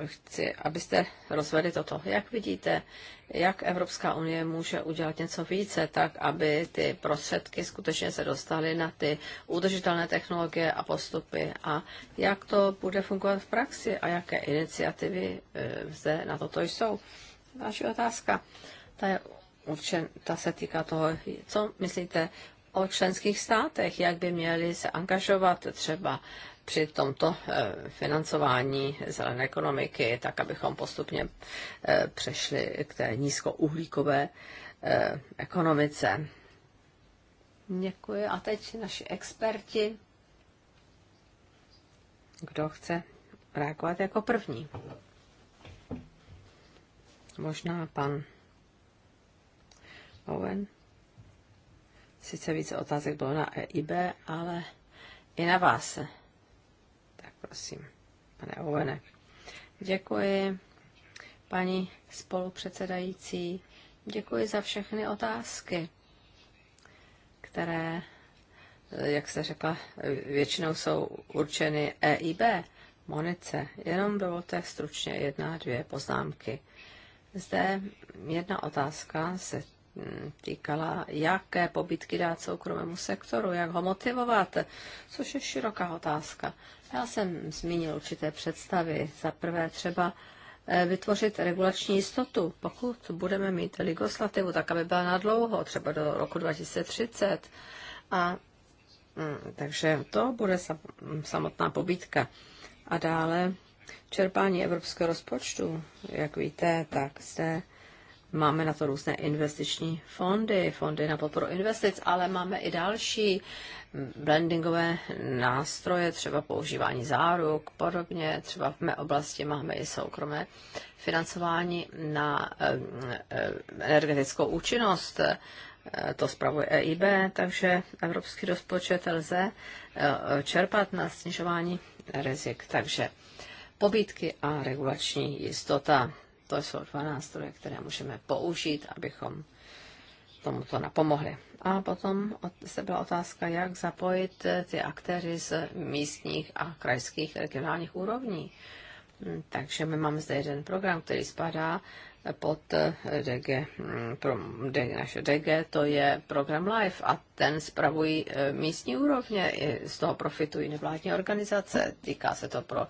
chci, abyste rozvedli toto. Jak vidíte, jak Evropská unie může udělat něco více, tak aby ty prostředky skutečně se dostaly na ty udržitelné technologie a postupy a jak to bude fungovat v praxi a jaké iniciativy eh, zde na toto jsou. Další otázka. Ta, je určen, ta se týká toho, co myslíte o členských státech, jak by měli se angažovat třeba při tomto eh, financování zelené ekonomiky, tak abychom postupně eh, přešli k té nízkouhlíkové eh, ekonomice. Děkuji. A teď naši experti. Kdo chce reagovat jako první? Možná pan Owen. Sice více otázek bylo na EIB, ale i na vás Prosím, pane Ovene. Děkuji, paní spolupředsedající. Děkuji za všechny otázky, které, jak jste řekla, většinou jsou určeny EIB. Monice, jenom dovolte stručně jedna, dvě poznámky. Zde jedna otázka se týkala, hmm, jaké pobytky dát soukromému sektoru, jak ho motivovat, což je široká otázka. Já jsem zmínil určité představy. Za prvé třeba eh, vytvořit regulační jistotu, pokud budeme mít legislativu, tak aby byla nadlouho, třeba do roku 2030. A hmm, takže to bude samotná pobítka. A dále čerpání evropského rozpočtu, jak víte, tak zde Máme na to různé investiční fondy, fondy na podporu investic, ale máme i další blendingové nástroje, třeba používání záruk, podobně. Třeba v mé oblasti máme i soukromé financování na eh, eh, energetickou účinnost. Eh, to spravuje EIB, takže evropský rozpočet lze čerpat na snižování rizik. Takže pobítky a regulační jistota to jsou dva nástroje, které můžeme použít, abychom tomuto napomohli. A potom se byla otázka, jak zapojit eh, ty aktéry z místních a krajských regionálních úrovní. Hm, takže my máme zde jeden program, který spadá pod eh, DG, mm, pro DG, naše DG, to je program LIFE a ten spravují eh, místní úrovně, z toho profitují nevládní organizace, týká se to pro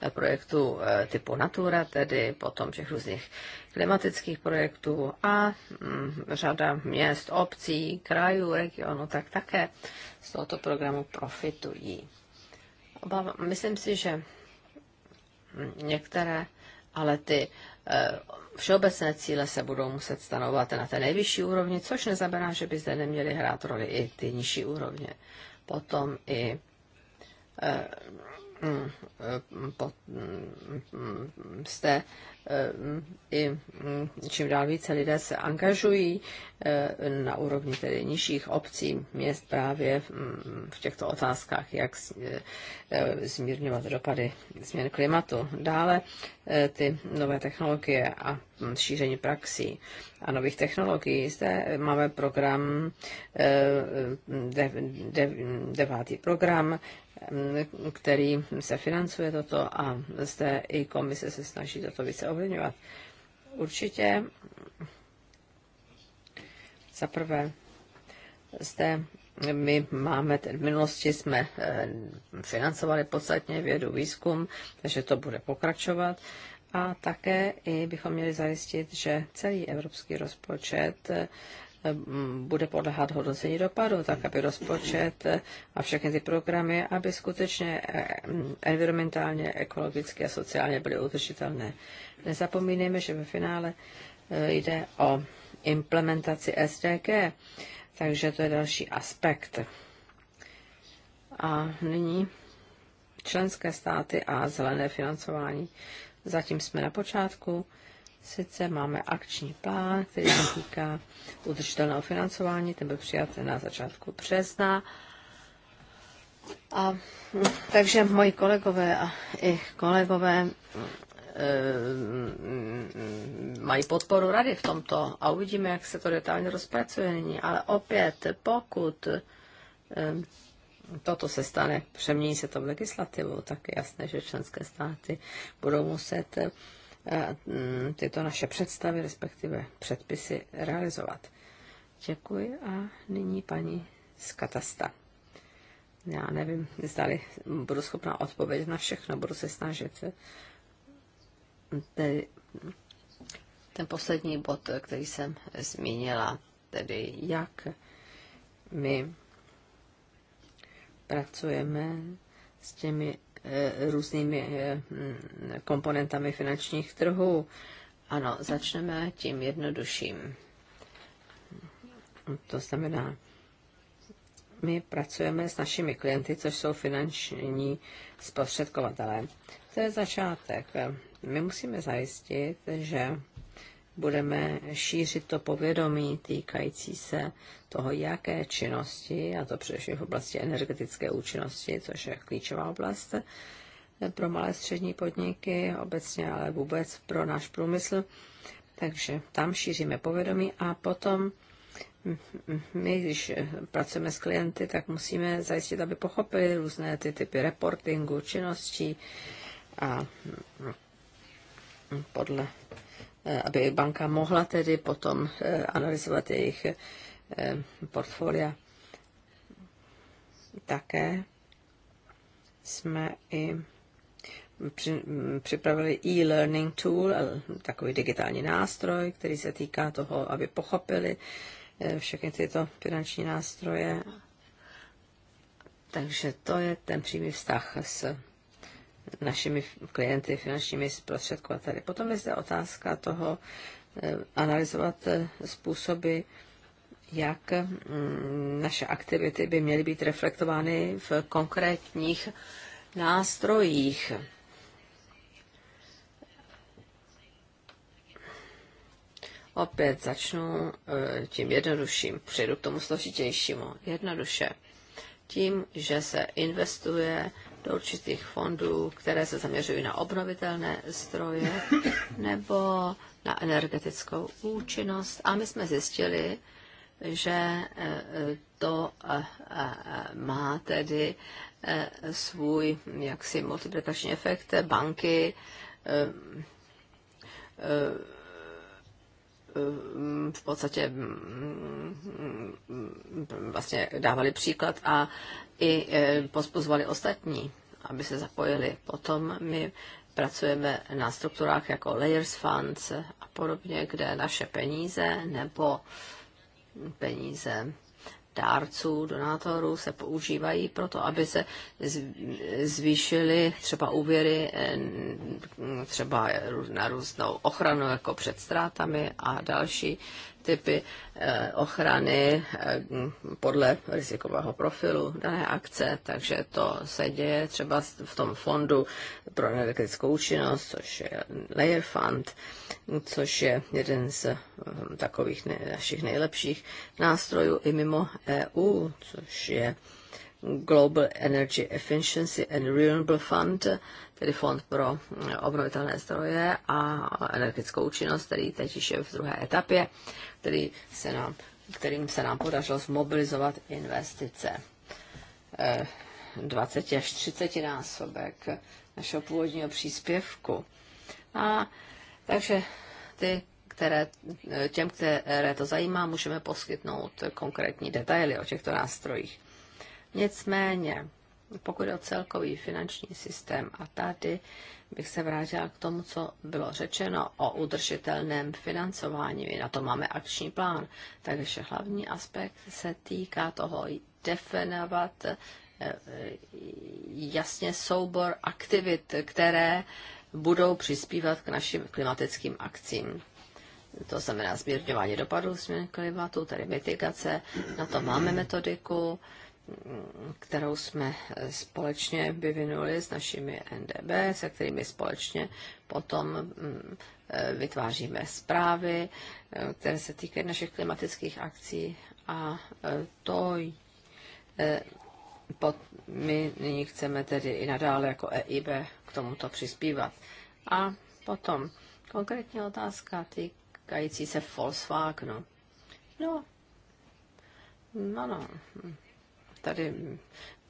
eh, projektu typu Natura, tedy potom těch různých klimatických projektů a mm, řada měst, obcí, krajů, regionů, tak také z tohoto programu profitují. Obávám, myslím si, že mm, některé ale ty eh, všeobecné cíle se budou muset stanovat na té nejvyšší úrovni, což neznamená, že by zde neměly hrát roli i ty nižší úrovně. Potom i eh, Mm, mm, mm, jste eh, i čím dál více lidé se angažují eh, na úrovni tedy nižších obcí, měst právě v těchto otázkách, jak eh, zmírňovat dopady změn klimatu. Dále ty nové technologie a šíření praxí a nových technologií. Zde máme program, devátý program který se financuje toto a zde i komise se snaží toto více ovlivňovat. Určitě za prvé zde my máme, v minulosti jsme eh, financovali podstatně vědu, výzkum, takže to bude pokračovat. A také i bychom měli zajistit, že celý evropský rozpočet eh, Eh, bude podlehat hodnocení dopadu, tak aby rozpočet eh, a všechny ty programy, aby skutečně eh, environmentálně, ekologicky a sociálně byly udržitelné. Nezapomínejme, že ve finále jde o implementaci SDG, takže to je další aspekt. A nyní členské státy a zelené financování. Zatím jsme na počátku Sice máme akční plán, který se týká udržitelného financování, ten byl přijat na začátku března. A, takže moji kolegové a i kolegové eh, mají podporu rady v tomto a uvidíme, jak se to detailně rozpracuje nyní. Ale opět, pokud eh, toto se stane, přemění se to v legislativu, tak je jasné, že členské státy budou muset eh, Mm, tyto naše představy, respektive předpisy realizovat. Děkuji a nyní paní z Katasta. Já nevím, zdali budu schopná odpovědět na všechno, budu se snažit. Tedy ten poslední bod, který jsem zmínila, tedy jak my pracujeme s těmi Eh, různými eh, mm, komponentami finančních trhů. Ano, začneme tím jednodušším. To znamená, my pracujeme s našimi klienty, což jsou finanční zprostředkovatelé. To je začátek. My musíme zajistit, že budeme šířit to povědomí týkající se toho, jaké činnosti, a to především v oblasti energetické účinnosti, což je klíčová oblast pro malé střední podniky obecně, ale vůbec pro náš průmysl. Takže tam šíříme povědomí a potom hm, my, když pracujeme s klienty, tak musíme zajistit, aby pochopili různé ty typy reportingu, činností a hm, hm, podle Eh, aby banka mohla tedy potom eh, analyzovat jejich eh, portfolia. Také jsme i připravili e-learning tool, takový digitální nástroj, který se týká toho, aby pochopili všechny tyto finanční nástroje. Takže to je ten přímý vztah s našimi klienty, finančními zprostředkovateli. Potom je zde otázka toho eh, analyzovat eh, způsoby, jak mm, naše aktivity by měly být reflektovány v konkrétních nástrojích. Opět začnu eh, tím jednodušším, přejdu k tomu složitějšímu. Jednoduše. Tím, že se investuje do určitých fondů, které se zaměřují na obnovitelné stroje nebo na energetickou účinnost. A my jsme zjistili, že eh, to eh, eh, má tedy svůj jaksi multiplikační efekt. Banky Eh, v podstatě mm, mm, mm, vlastně dávali příklad a i eh, pozvali ostatní, aby se zapojili. Potom my pracujeme na strukturách jako Layers Funds a podobně, kde naše peníze nebo peníze dárců, donátorů se používají proto, aby se zvýšily třeba úvěry eh, třeba na různou ochranu jako před ztrátami a další typy eh, ochrany eh, podle rizikového profilu dané akce, takže to se děje třeba v tom fondu pro energetickou účinnost, což je Layer Fund, což je jeden z eh, takových našich nejlepších nástrojů i mimo EU, což je Global Energy Efficiency and Renewable Fund, tedy Fond pro obnovitelné zdroje a energetickou účinnost, který teď již je v druhé etapě, který se nám, kterým se nám podařilo zmobilizovat investice 20 eh, až 30 násobek našeho původního příspěvku. A takže ty, které, těm, které to zajímá, můžeme poskytnout konkrétní detaily o těchto nástrojích. Nicméně, pokud je o celkový finanční systém, a tady bych se vrátila k tomu, co bylo řečeno o udržitelném financování. My na to máme akční plán. Takže hlavní aspekt se týká toho definovat eh, jasně soubor aktivit, které budou přispívat k našim klimatickým akcím. To znamená zmírňování dopadů změn klimatu, tedy mitigace. Na to máme metodiku kterou jsme společně vyvinuli s našimi NDB, se kterými společně potom mm, eh, vytváříme zprávy, eh, které se týkají našich klimatických akcí a eh, to my nyní chceme tedy i nadále jako EIB k tomuto přispívat. A potom konkrétní otázka týkající se Volkswagenu. No, no tady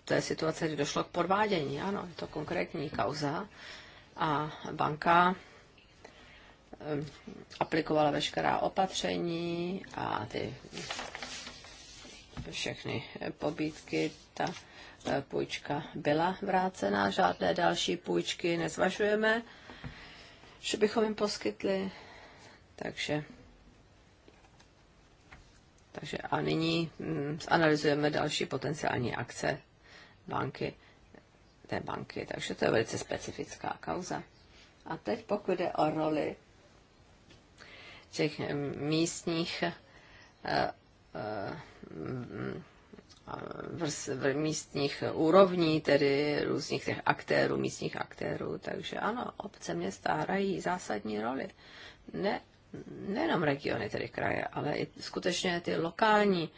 té situace, kdy došlo k podvádění. Ano, je to konkrétní kauza. A banka aplikovala veškerá opatření a ty všechny pobídky, ta e, půjčka byla vrácena, žádné další půjčky nezvažujeme, že bychom jim poskytli. Takže takže a nyní mm, analyzujeme další potenciální akce banky, té banky. Takže to je velice specifická kauza. A teď pokud jde o roli těch mm, místních eh, eh, mm, v místních úrovní, tedy různých těch aktérů, místních aktérů. Takže ano, obce města hrají zásadní roli. Ne nejenom regiony, tedy kraje, ale i skutečně ty lokální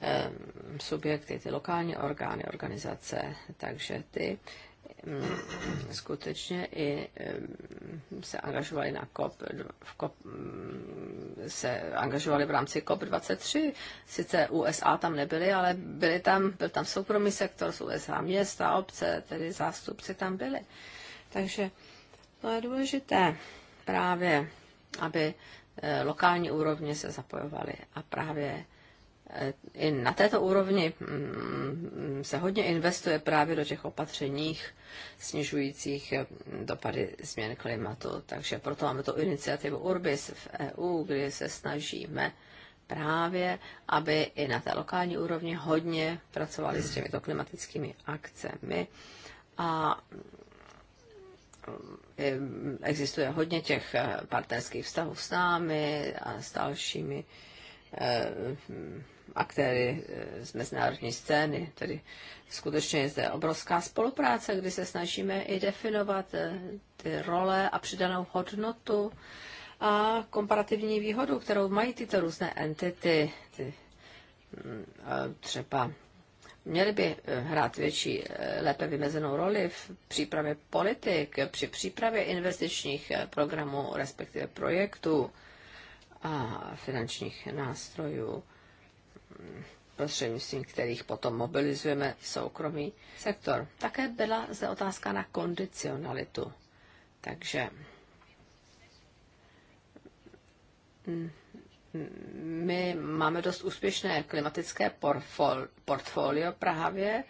eh, subjekty, ty lokální orgány, organizace, takže ty mm, skutečně i mm, se angažovali na COP, v COP mm, se angažovali v rámci COP23. Sice USA tam nebyly, ale byly tam, byl tam soukromý sektor z USA, města, obce, tedy zástupci tam byli. Takže to je důležité právě aby eh, lokální úrovně se zapojovaly. A právě eh, i na této úrovni mm, se hodně investuje právě do těch opatřeních snižujících eh, dopady změn klimatu. Takže proto máme tu iniciativu Urbis v EU, kdy se snažíme právě, aby i na té lokální úrovni hodně pracovali s těmito klimatickými akcemi. A existuje hodně těch eh, partnerských vztahů s námi a s dalšími eh, aktéry eh, z mezinárodní scény. Tedy skutečně je zde obrovská spolupráce, kdy se snažíme i definovat ty role a přidanou hodnotu a komparativní výhodu, kterou mají tyto různé entity, ty, mm, třeba měli by eh, hrát větší, eh, lépe vymezenou roli v přípravě politik, při přípravě investičních eh, programů, respektive projektů a finančních nástrojů, hm, prostřednictvím kterých potom mobilizujeme soukromý sektor. Také byla zde otázka na kondicionalitu. Takže hm, my máme dost úspěšné klimatické portfolio právě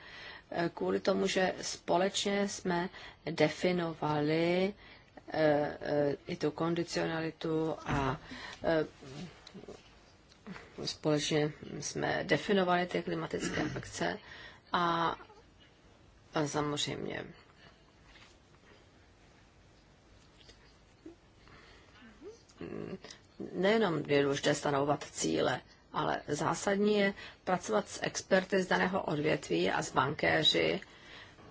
eh, kvůli tomu, že společně jsme definovali eh, eh, i tu kondicionalitu a společně jsme definovali ty klimatické akce a samozřejmě nejenom je důležité stanovovat cíle, ale zásadní je pracovat s experty z daného odvětví a s bankéři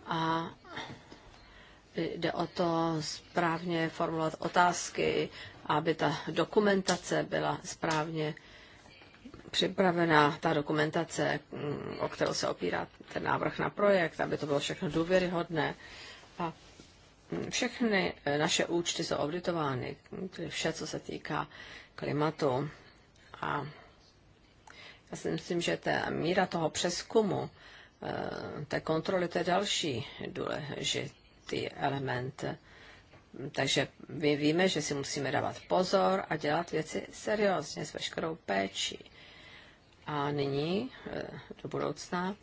a jde o to správně formulovat otázky, aby ta dokumentace byla správně připravená, ta dokumentace, mm, o kterou se opírá ten návrh na projekt, aby to bylo všechno důvěryhodné. A všechny eh, naše účty jsou auditovány, tedy vše, co se týká klimatu. A já si myslím, že ta míra toho přeskumu, eh, té kontroly, to je další důležitý element. Takže my víme, že si musíme dávat pozor a dělat věci seriózně, s veškerou péčí. A nyní eh, do budoucna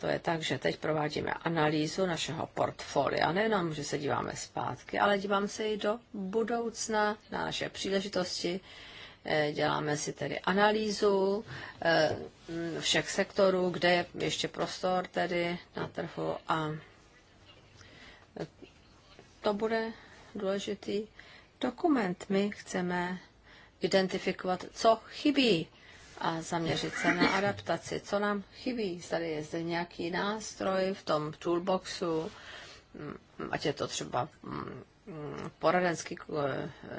to je tak, že teď provádíme analýzu našeho portfolia. Nejenom, že se díváme zpátky, ale díváme se i do budoucna, na naše příležitosti. Eh, děláme si tedy analýzu eh, všech sektorů, kde je ještě prostor tedy na trhu a to bude důležitý dokument. My chceme identifikovat, co chybí a zaměřit se na adaptaci. Co nám chybí? Tady je zde nějaký nástroj v tom toolboxu, mm, ať je to třeba mm, poradenský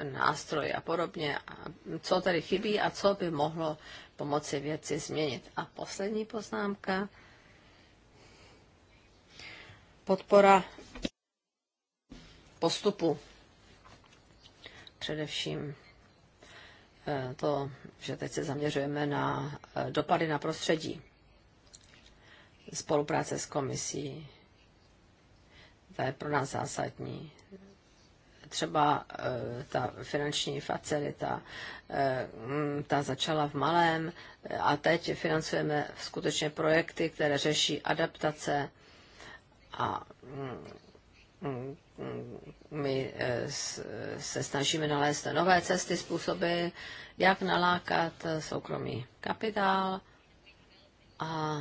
eh, nástroj a podobně. Co tady chybí a co by mohlo pomoci věci změnit. A poslední poznámka. Podpora postupu. Především Eh, to, že teď se zaměřujeme na eh, dopady na prostředí. Spolupráce s komisí, to je pro nás zásadní. Třeba eh, ta finanční facilita, mm, ta začala v malém a teď financujeme skutečně projekty, které řeší adaptace a mm, mm, Mm, my eh, se snažíme nalézt nové cesty, způsoby, jak nalákat eh, soukromý kapitál a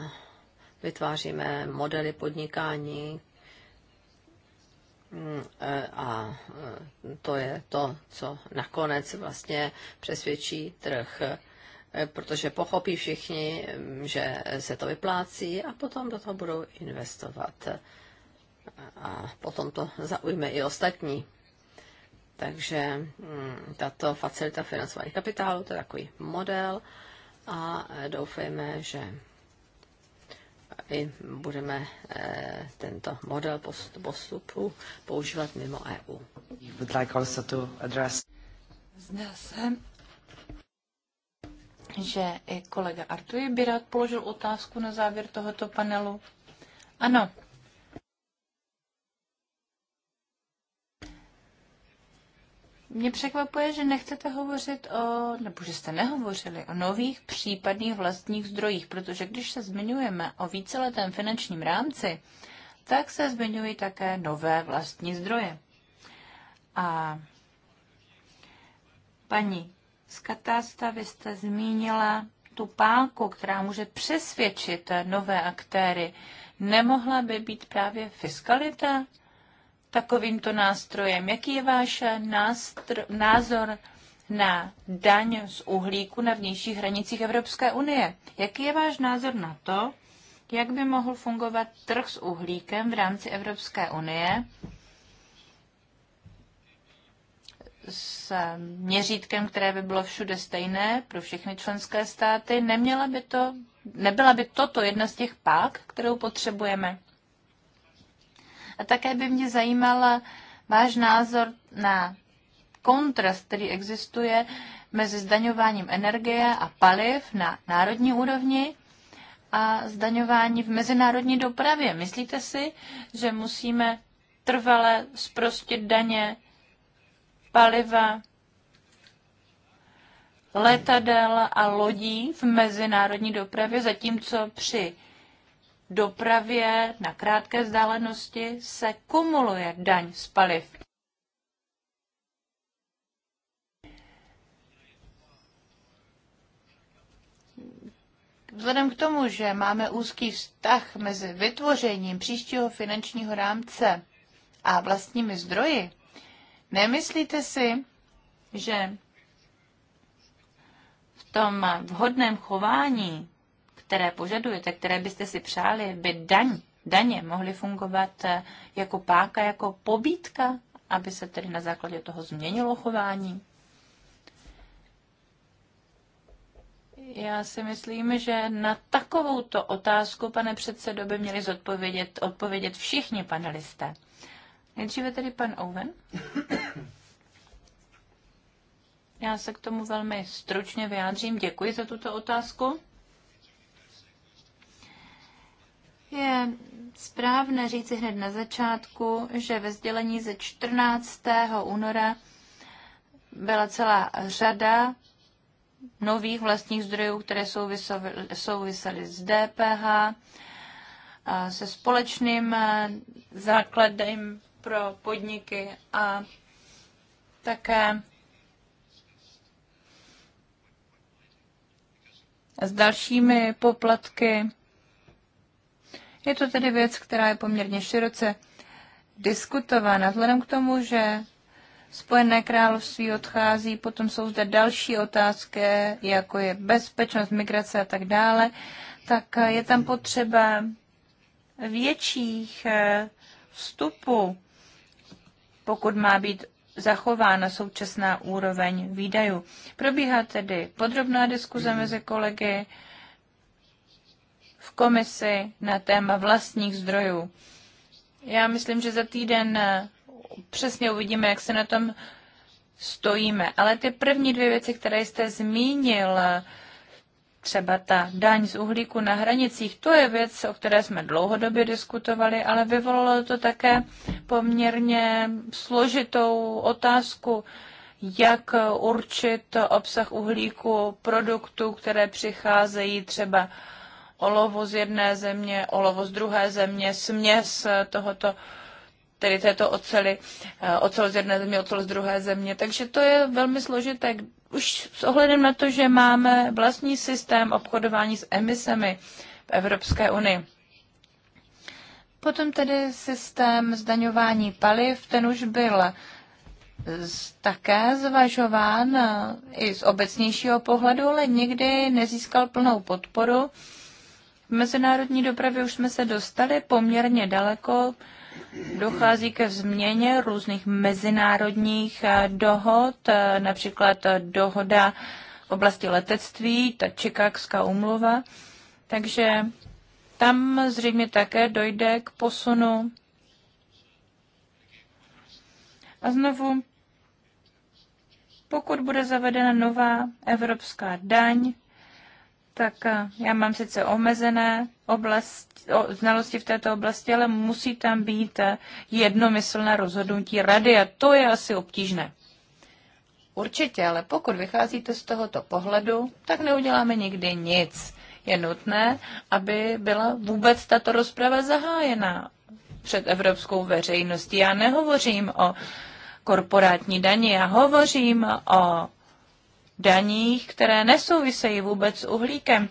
vytváříme modely podnikání mm, eh, a to je to, co nakonec vlastně přesvědčí trh, protože pochopí všichni, mm, že se to vyplácí a potom do toho budou investovat a potom to zaujme i ostatní. Takže mm, tato facilita financování kapitálu, to je takový model a eh, doufejme, že i budeme eh, tento model postupu používat mimo EU. Would like also to address. Zdá se, že i kolega Artuji by rád položil otázku na závěr tohoto panelu. Ano, Mě překvapuje, že nechcete hovořit o, nebo že jste nehovořili o nových případných vlastních zdrojích, protože když se zmiňujeme o víceletém finančním rámci, tak se zmiňují také nové vlastní zdroje. A paní z Katásta, vy jste zmínila tu pálku, která může přesvědčit nové aktéry. Nemohla by být právě fiskalita takovýmto nástrojem. Jaký je váš nástr- názor na daň z uhlíku na vnějších hranicích Evropské unie? Jaký je váš názor na to, jak by mohl fungovat trh s uhlíkem v rámci Evropské unie s měřítkem, které by bylo všude stejné pro všechny členské státy? Neměla by to, nebyla by toto jedna z těch pák, kterou potřebujeme? A také by mě zajímal váš názor na kontrast, který existuje mezi zdaňováním energie a paliv na národní úrovni a zdaňování v mezinárodní dopravě. Myslíte si, že musíme trvale zprostit daně paliva letadel a lodí v mezinárodní dopravě, zatímco při dopravě na krátké vzdálenosti se kumuluje daň z paliv. Vzhledem k tomu, že máme úzký vztah mezi vytvořením příštího finančního rámce a vlastními zdroji, nemyslíte si, že v tom vhodném chování které požadujete, které byste si přáli, by daň, daně mohly fungovat eh, jako páka, jako pobítka, aby se tedy na základě toho změnilo chování? Já si myslím, že na takovouto otázku, pane předsedo, by měli zodpovědět odpovědět všichni panelisté. Nejdříve tedy pan Owen. Já se k tomu velmi stručně vyjádřím. Děkuji za tuto otázku. Je správné říci hned na začátku, že ve sdělení ze 14. února byla celá řada nových vlastních zdrojů, které souvisely s DPH, se společným eh, základem pro podniky a také s dalšími poplatky je to tedy věc, která je poměrně široce diskutována. Vzhledem k tomu, že Spojené království odchází, potom jsou zde další otázky, jako je bezpečnost, migrace a tak dále, tak je tam potřeba větších eh, vstupů, pokud má být zachována současná úroveň výdajů. Probíhá tedy podrobná diskuze mezi kolegy, komisi na téma vlastních zdrojů. Já myslím, že za týden eh, přesně uvidíme, jak se na tom stojíme. Ale ty první dvě věci, které jste zmínil, eh, třeba ta daň z uhlíku na hranicích, to je věc, o které jsme dlouhodobě diskutovali, ale vyvolalo to také poměrně složitou otázku, jak určit obsah uhlíku produktů, které přicházejí třeba Olovo z jedné země, olovo z druhé země, směs tohoto tedy této oceli, eh, ocel z jedné země, ocel z druhé země. Takže to je velmi složité. Už s ohledem na to, že máme vlastní systém obchodování s emisemi v Evropské unii. Potom tedy systém zdaňování paliv, ten už byl také zvažován eh, i z obecnějšího pohledu, ale nikdy nezískal plnou podporu v mezinárodní dopravě už jsme se dostali poměrně daleko. Dochází ke změně různých mezinárodních eh, dohod, eh, například eh, dohoda v oblasti letectví, ta Čikákská umluva. Takže tam zřejmě také dojde k posunu. A znovu, pokud bude zavedena nová evropská daň, tak eh, já mám sice omezené oblast, o, znalosti v této oblasti, ale musí tam být eh, jednomyslné rozhodnutí rady a to je asi obtížné. Určitě, ale pokud vycházíte z tohoto pohledu, tak neuděláme nikdy nic. Je nutné, aby byla vůbec tato rozprava zahájena před evropskou veřejností. Já nehovořím o korporátní daně, já hovořím o daních, které nesouvisejí vůbec s uhlíkem.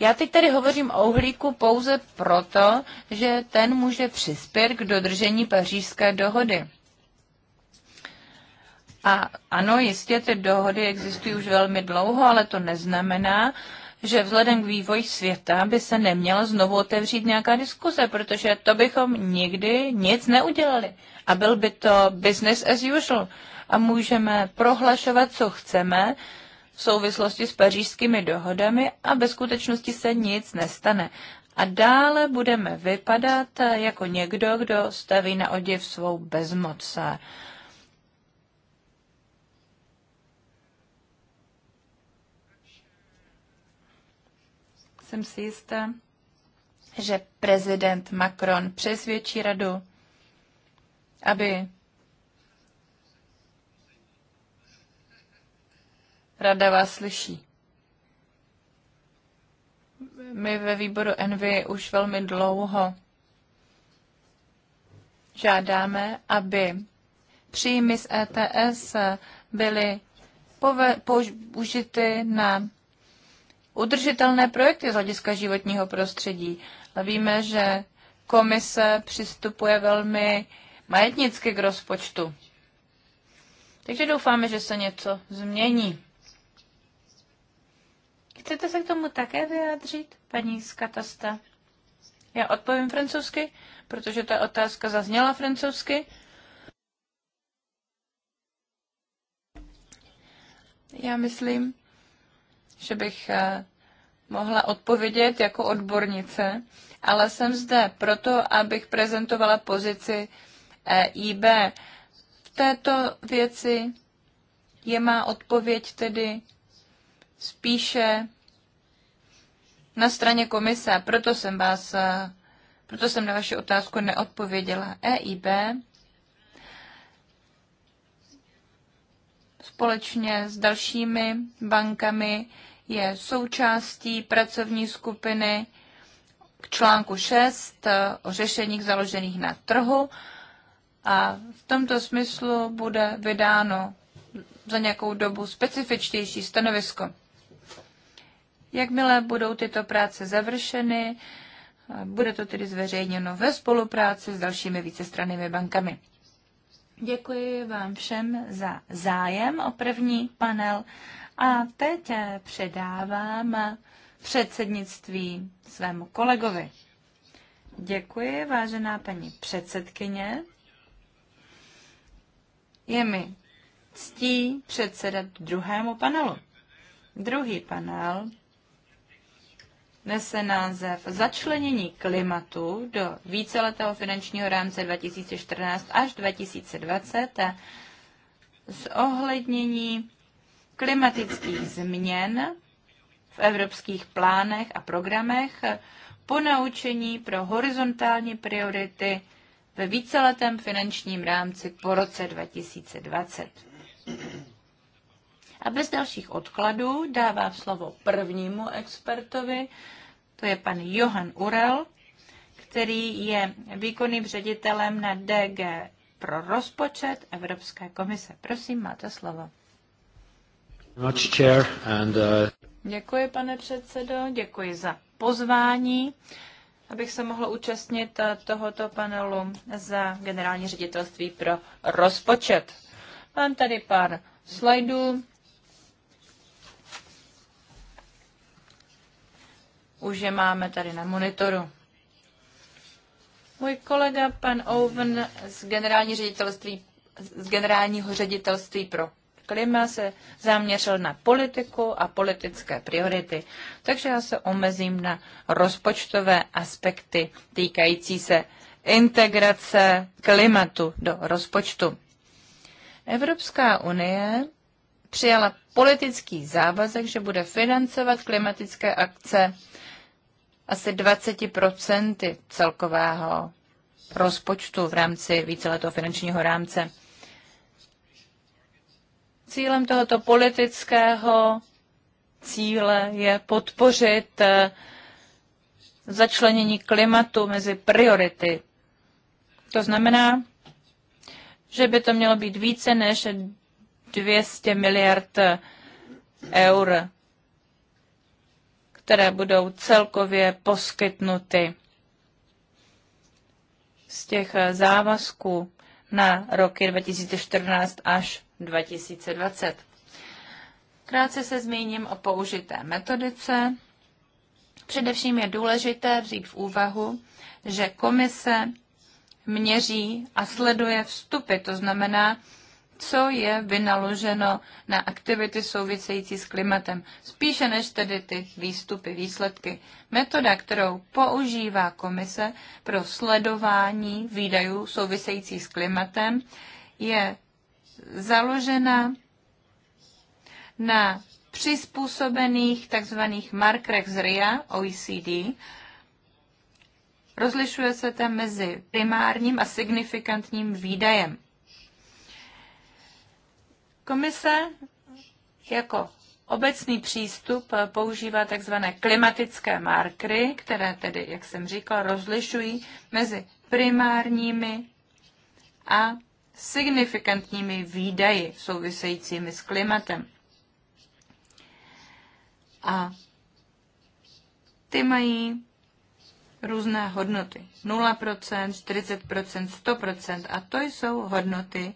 Já teď tady hovořím o uhlíku pouze proto, že ten může přispět k dodržení pařížské dohody. A ano, jistě ty dohody existují už velmi dlouho, ale to neznamená, že vzhledem k vývoji světa by se neměla znovu otevřít nějaká diskuze, protože to bychom nikdy nic neudělali. A byl by to business as usual a můžeme prohlašovat, co chceme v souvislosti s pařížskými dohodami a ve skutečnosti se nic nestane. A dále budeme vypadat jako někdo, kdo staví na oděv svou bezmoc. Jsem si jistá, že prezident Macron přesvědčí radu, aby Rada vás slyší. My ve výboru Envy už velmi dlouho žádáme, aby příjmy z ETS byly použity na udržitelné projekty z hlediska životního prostředí. A víme, že komise přistupuje velmi majetnicky k rozpočtu. Takže doufáme, že se něco změní Chcete se k tomu také vyjádřit, paní Skatasta? Já odpovím francouzsky, protože ta otázka zazněla francouzsky. Já myslím, že bych eh, mohla odpovědět jako odbornice, ale jsem zde proto, abych prezentovala pozici EIB. V této věci je má odpověď tedy spíše na straně komise, proto jsem vás, eh, proto jsem na vaši otázku neodpověděla. EIB společně s dalšími bankami je součástí pracovní skupiny k článku 6 eh, o řešeních založených na trhu a v tomto smyslu bude vydáno za nějakou dobu specifičtější stanovisko. Jakmile budou tyto práce završeny, bude to tedy zveřejněno ve spolupráci s dalšími vícestrannými bankami. Děkuji vám všem za zájem o první panel a teď předávám předsednictví svému kolegovi. Děkuji, vážená paní předsedkyně. Je mi ctí předsedat druhému panelu. Druhý panel nese název Začlenění klimatu do víceletého finančního rámce 2014 až 2020 s ohlednění klimatických změn v evropských plánech a programech po naučení pro horizontální priority ve víceletém finančním rámci po roce 2020. A bez dalších odkladů dávám slovo prvnímu expertovi, to je pan Johan Urel, který je výkonným ředitelem na DG pro rozpočet Evropské komise. Prosím, máte slovo. Uh, děkuji, pane předsedo, děkuji za pozvání, abych se mohl účastnit uh, tohoto panelu za generální ředitelství pro rozpočet. Mám tady pár slajdů, už je máme tady na monitoru. Můj kolega pan Owen z, generální ředitelství, z generálního ředitelství pro klima se zaměřil na politiku a politické priority, takže já se omezím na rozpočtové aspekty týkající se integrace klimatu do rozpočtu. Evropská unie přijala politický závazek, že bude financovat klimatické akce asi 20% celkového rozpočtu v rámci víceletého finančního rámce. Cílem tohoto politického cíle je podpořit eh, začlenění klimatu mezi priority. To znamená, že by to mělo být více než 200 miliard eur které budou celkově poskytnuty z těch eh, závazků na roky 2014 až 2020. Krátce se zmíním o použité metodice. Především je důležité vzít v úvahu, že komise měří a sleduje vstupy, to znamená, co je vynaloženo na aktivity související s klimatem, spíše než tedy ty výstupy, výsledky. Metoda, kterou používá komise pro sledování výdajů souvisejících s klimatem, je založena na přizpůsobených tzv. markerech z RIA OECD. Rozlišuje se tam mezi primárním a signifikantním výdajem. Komise jako obecný přístup používá tzv. klimatické markry, které tedy, jak jsem říkal, rozlišují mezi primárními a signifikantními výdaji souvisejícími s klimatem. A ty mají různé hodnoty. 0%, 40%, 100% a to jsou hodnoty,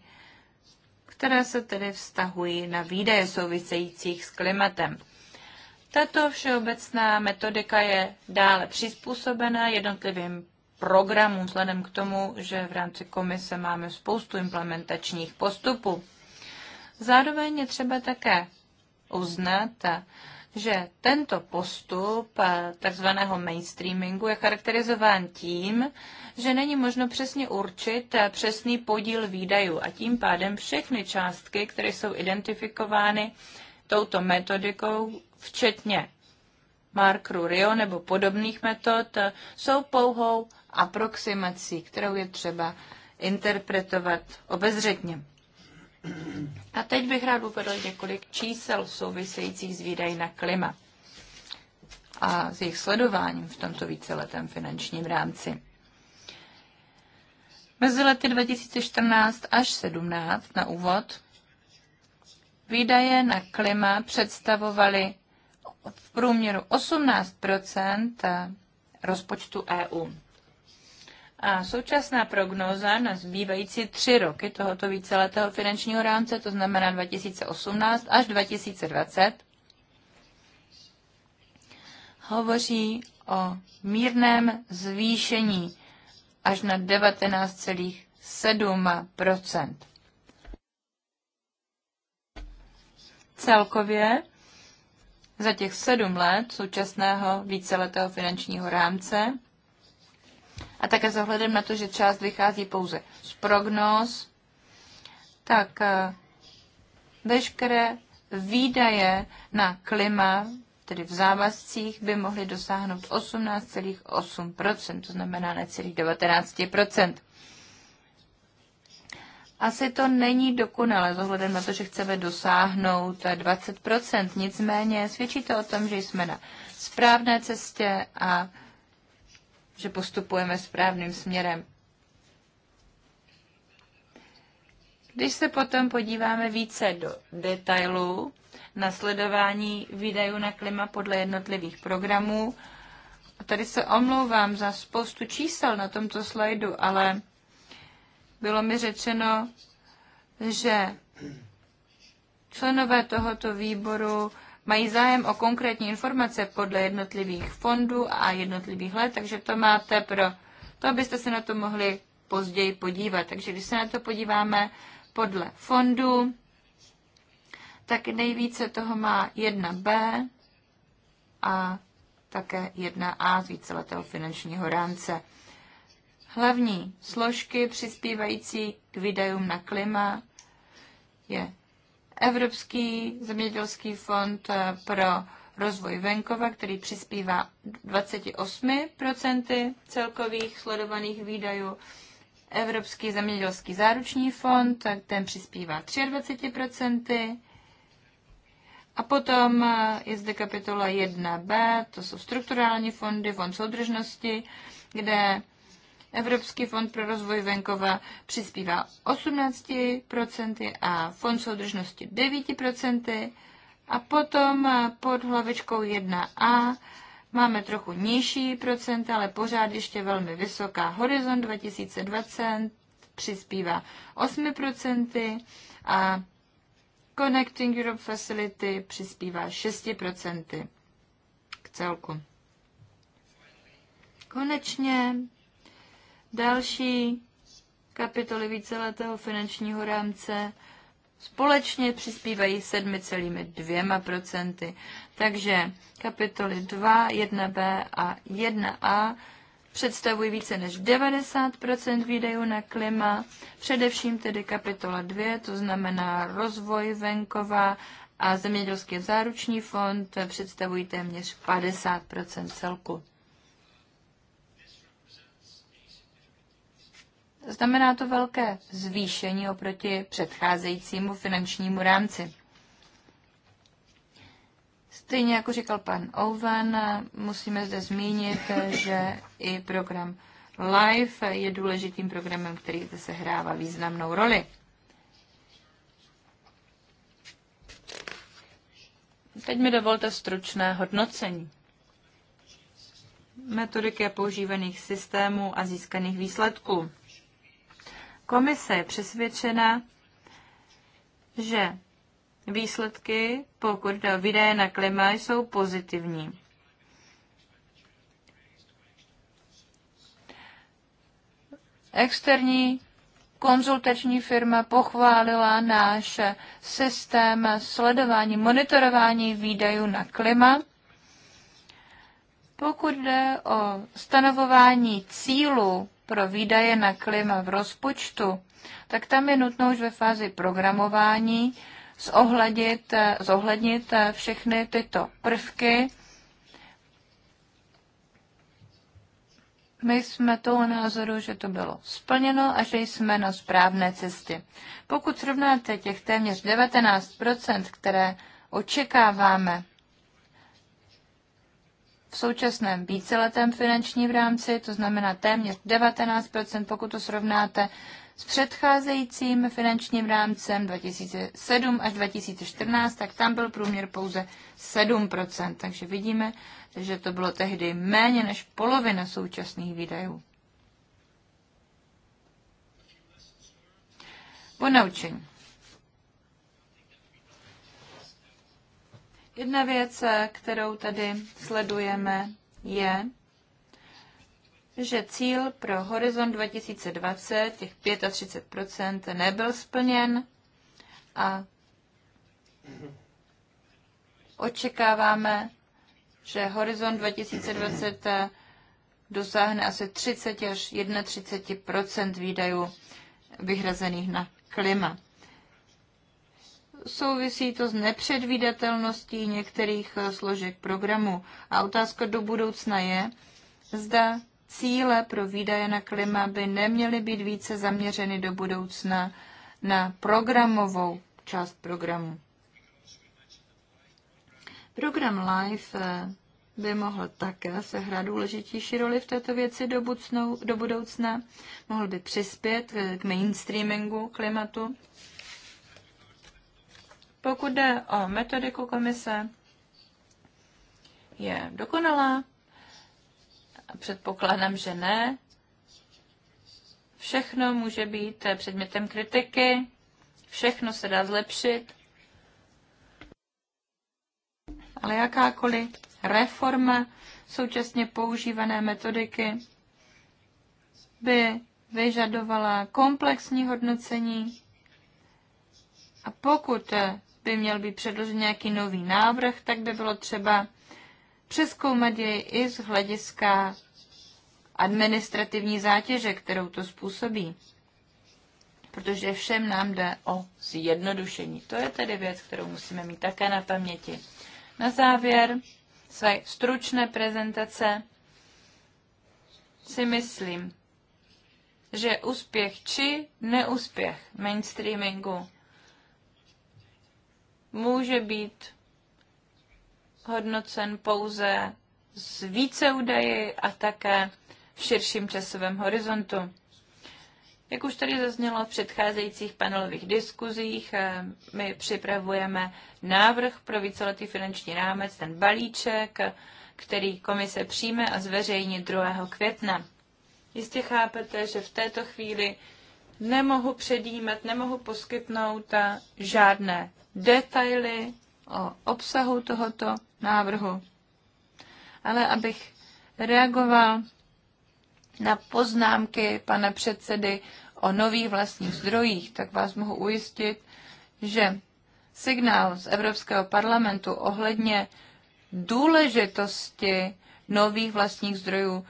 které se tedy vztahují na výdaje souvisejících s klimatem. Tato všeobecná metodika je dále přizpůsobena jednotlivým programům, vzhledem k tomu, že v rámci komise máme spoustu implementačních postupů. Zároveň je třeba také uznat, že tento postup eh, tzv. mainstreamingu je charakterizován tím, že není možno přesně určit eh, přesný podíl výdajů a tím pádem všechny částky, které jsou identifikovány touto metodikou, včetně Mark Rurio nebo podobných metod, eh, jsou pouhou aproximací, kterou je třeba interpretovat obezřetně. A teď bych rád uvedl několik čísel souvisejících s výdaji na klima a s jejich sledováním v tomto víceletém finančním rámci. Mezi lety 2014 až 17 na úvod výdaje na klima představovaly v průměru 18 rozpočtu EU. A současná prognóza na zbývající tři roky tohoto víceletého finančního rámce, to znamená 2018 až 2020, hovoří o mírném zvýšení až na 19,7 Celkově za těch sedm let současného víceletého finančního rámce a také s ohledem na to, že část vychází pouze z prognóz, tak eh, veškeré výdaje na klima, tedy v závazcích, by mohly dosáhnout 18,8%, to znamená necelých 19%. Asi to není dokonale, zohledem na to, že chceme dosáhnout 20%, nicméně svědčí to o tom, že jsme na správné cestě a že postupujeme správným směrem. Když se potom podíváme více do detailů na sledování výdajů na klima podle jednotlivých programů, a tady se omlouvám za spoustu čísel na tomto slajdu, ale bylo mi řečeno, že členové tohoto výboru mají zájem o konkrétní informace podle jednotlivých fondů a jednotlivých let, takže to máte pro to, abyste se na to mohli později podívat. Takže když se na to podíváme podle fondu, tak nejvíce toho má 1B a také 1A z víceletého finančního rámce. Hlavní složky přispívající k výdajům na klima je Evropský zemědělský fond eh, pro rozvoj venkova, který přispívá 28% celkových sledovaných výdajů. Evropský zemědělský záruční fond, eh, ten přispívá 23%. A potom eh, je zde kapitola 1b, to jsou strukturální fondy, fond soudržnosti, kde Evropský fond pro rozvoj venkova přispívá 18% a fond soudržnosti 9%. A potom eh, pod hlavičkou 1a máme trochu nižší procent, ale pořád ještě velmi vysoká. Horizont 2020 přispívá 8% a Connecting Europe Facility přispívá 6% k celku. Konečně další kapitoly víceletého finančního rámce společně přispívají 7,2%. Takže kapitoly 2, 1b a 1a představují více než 90 výdejů na klima, především tedy kapitola 2, to znamená rozvoj venkova a zemědělský záruční fond představují téměř 50 celku. Znamená to velké zvýšení oproti předcházejícímu finančnímu rámci. Stejně jako říkal pan Owen, musíme zde zmínit, že i program Life je důležitým programem, který zde hrává významnou roli. Teď mi dovolte stručné hodnocení. Metodiky používaných systémů a získaných výsledků. Komise je přesvědčena, že výsledky, pokud jde o výdaje na klima, jsou pozitivní. Externí konzultační firma pochválila náš systém sledování, monitorování výdajů na klima. Pokud jde o stanovování cílů pro výdaje na klima v rozpočtu, tak tam je nutno už ve fázi programování zohlednit, zohlednit všechny tyto prvky. My jsme toho názoru, že to bylo splněno a že jsme na správné cestě. Pokud srovnáte těch téměř 19%, které očekáváme v současném víceletém finančním rámci, to znamená téměř 19 pokud to srovnáte s předcházejícím finančním rámcem 2007 až 2014, tak tam byl průměr pouze 7 Takže vidíme, že to bylo tehdy méně než polovina současných výdajů. Ponaučení. Jedna věc, kterou tady sledujeme, je, že cíl pro horizont 2020, těch 35 nebyl splněn a očekáváme, že horizont 2020 dosáhne asi 30 až 31 výdajů vyhrazených na klima. Souvisí to s nepředvídatelností některých eh, složek programu. A otázka do budoucna je, zda cíle pro výdaje na klima by neměly být více zaměřeny do budoucna na programovou část programu. Program LIFE eh, by mohl také sehrát důležitější roli v této věci do, bucnou, do budoucna. Mohl by přispět eh, k mainstreamingu klimatu pokud jde o metodiku komise, je dokonalá? Předpokládám, že ne. Všechno může být předmětem kritiky, všechno se dá zlepšit, ale jakákoliv reforma současně používané metodiky by vyžadovala komplexní hodnocení a pokud by měl být předložen nějaký nový návrh, tak by bylo třeba přeskoumat jej i z hlediska administrativní zátěže, kterou to způsobí. Protože všem nám jde o zjednodušení. To je tedy věc, kterou musíme mít také na paměti. Na závěr své stručné prezentace si myslím, že úspěch či neúspěch mainstreamingu může být hodnocen pouze z více údaji a také v širším časovém horizontu. Jak už tady zaznělo v předcházejících panelových diskuzích, eh, my připravujeme návrh pro víceletý finanční rámec, ten balíček, který komise přijme a zveřejní 2. května. Jistě chápete, že v této chvíli nemohu předjímat, nemohu poskytnout eh, žádné detaily o obsahu tohoto návrhu. Ale abych reagoval na poznámky pana předsedy o nových vlastních zdrojích, tak vás mohu ujistit, že signál z Evropského parlamentu ohledně důležitosti nových vlastních zdrojů,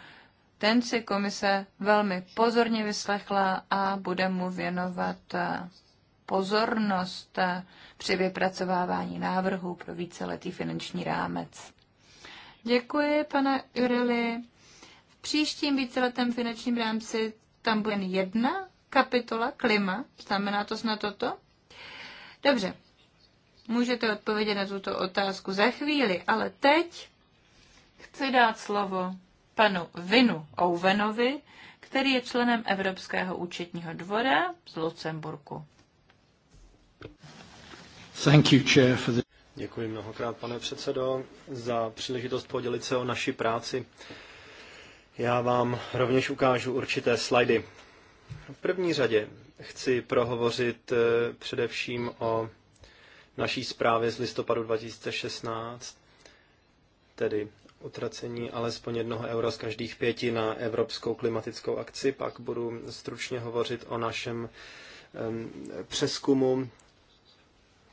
ten si komise velmi pozorně vyslechla a bude mu věnovat pozornost při vypracovávání návrhu pro víceletý finanční rámec. Děkuji, pane Urili. V příštím víceletém finančním rámci tam bude jen jedna kapitola klima. Znamená to snad toto? Dobře, můžete odpovědět na tuto otázku za chvíli, ale teď chci dát slovo panu Vinu Ouvenovi, který je členem Evropského účetního dvora z Lucemburku. Děkuji mnohokrát, pane předsedo, za příležitost podělit se o naší práci. Já vám rovněž ukážu určité slajdy. V první řadě chci prohovořit eh, především o naší zprávě z listopadu 2016, tedy utracení alespoň jednoho eura z každých pěti na evropskou klimatickou akci. Pak budu stručně hovořit o našem přeskumu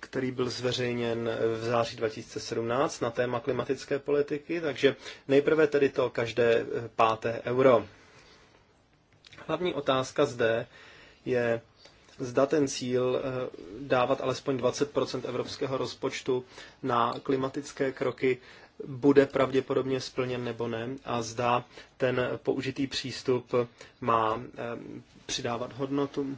který byl zveřejněn v září 2017 na téma klimatické politiky, takže nejprve tedy to každé eh, páté euro. Hlavní otázka zde je, zda ten cíl eh, dávat alespoň 20 evropského rozpočtu na klimatické kroky bude pravděpodobně splněn nebo ne a zda ten použitý přístup má eh, přidávat hodnotu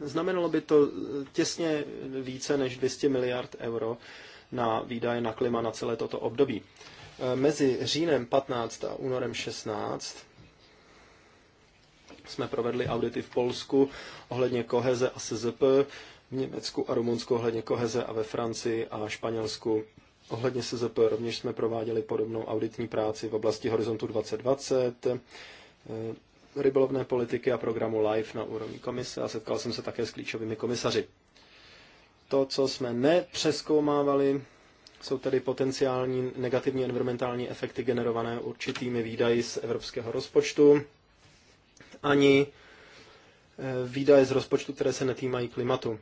Znamenalo by to eh, těsně více než 200 miliard euro na výdaje na klima na celé toto období. Eh, mezi říjnem 15 a únorem 16 jsme provedli audity v Polsku ohledně koheze a SZP, v Německu a Rumunsku ohledně koheze a ve Francii a Španělsku ohledně SZP. Rovněž jsme prováděli podobnou auditní práci v oblasti Horizontu 2020, rybolovné politiky a programu LIFE na úrovni komise a setkal jsem se také s klíčovými komisaři. To, co jsme nepřeskoumávali, jsou tedy potenciální negativní environmentální efekty generované určitými výdaji z evropského rozpočtu, ani eh, výdaje z rozpočtu, které se netýmají klimatu.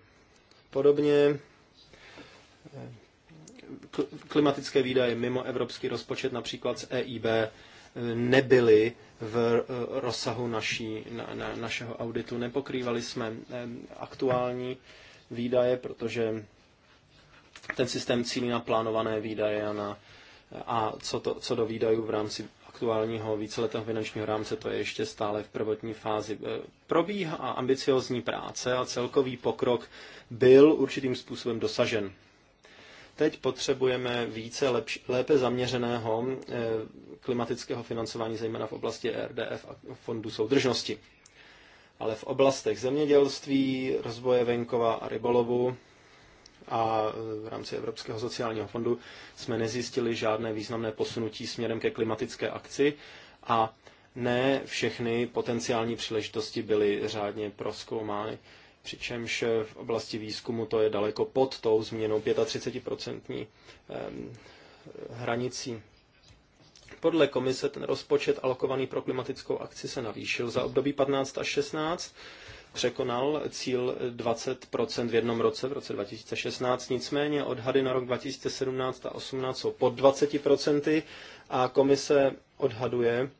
Podobně eh, klimatické výdaje mimo evropský rozpočet, například z EIB, nebyly v rozsahu naší, na, na, našeho auditu. Nepokrývali jsme aktuální výdaje, protože ten systém cílí na plánované výdaje a, na, a co, to, co do výdajů v rámci aktuálního víceletého finančního rámce, to je ještě stále v prvotní fázi. E, probíhá ambiciozní práce a celkový pokrok byl určitým způsobem dosažen. Teď potřebujeme více lepš, lépe zaměřeného eh, klimatického financování, zejména v oblasti e RDF a fondu soudržnosti. Ale v oblastech zemědělství, rozvoje venkova a rybolovu a eh, v rámci Evropského sociálního fondu jsme nezjistili žádné významné posunutí směrem ke klimatické akci a ne všechny potenciální příležitosti byly řádně proskoumány přičemž v oblasti výzkumu to je daleko pod tou změnou 35% hranicí. Podle komise ten rozpočet alokovaný pro klimatickou akci se navýšil za období 15 až 16, překonal cíl 20% v jednom roce, v roce 2016, nicméně odhady na rok 2017 a 2018 jsou pod 20% a komise odhaduje,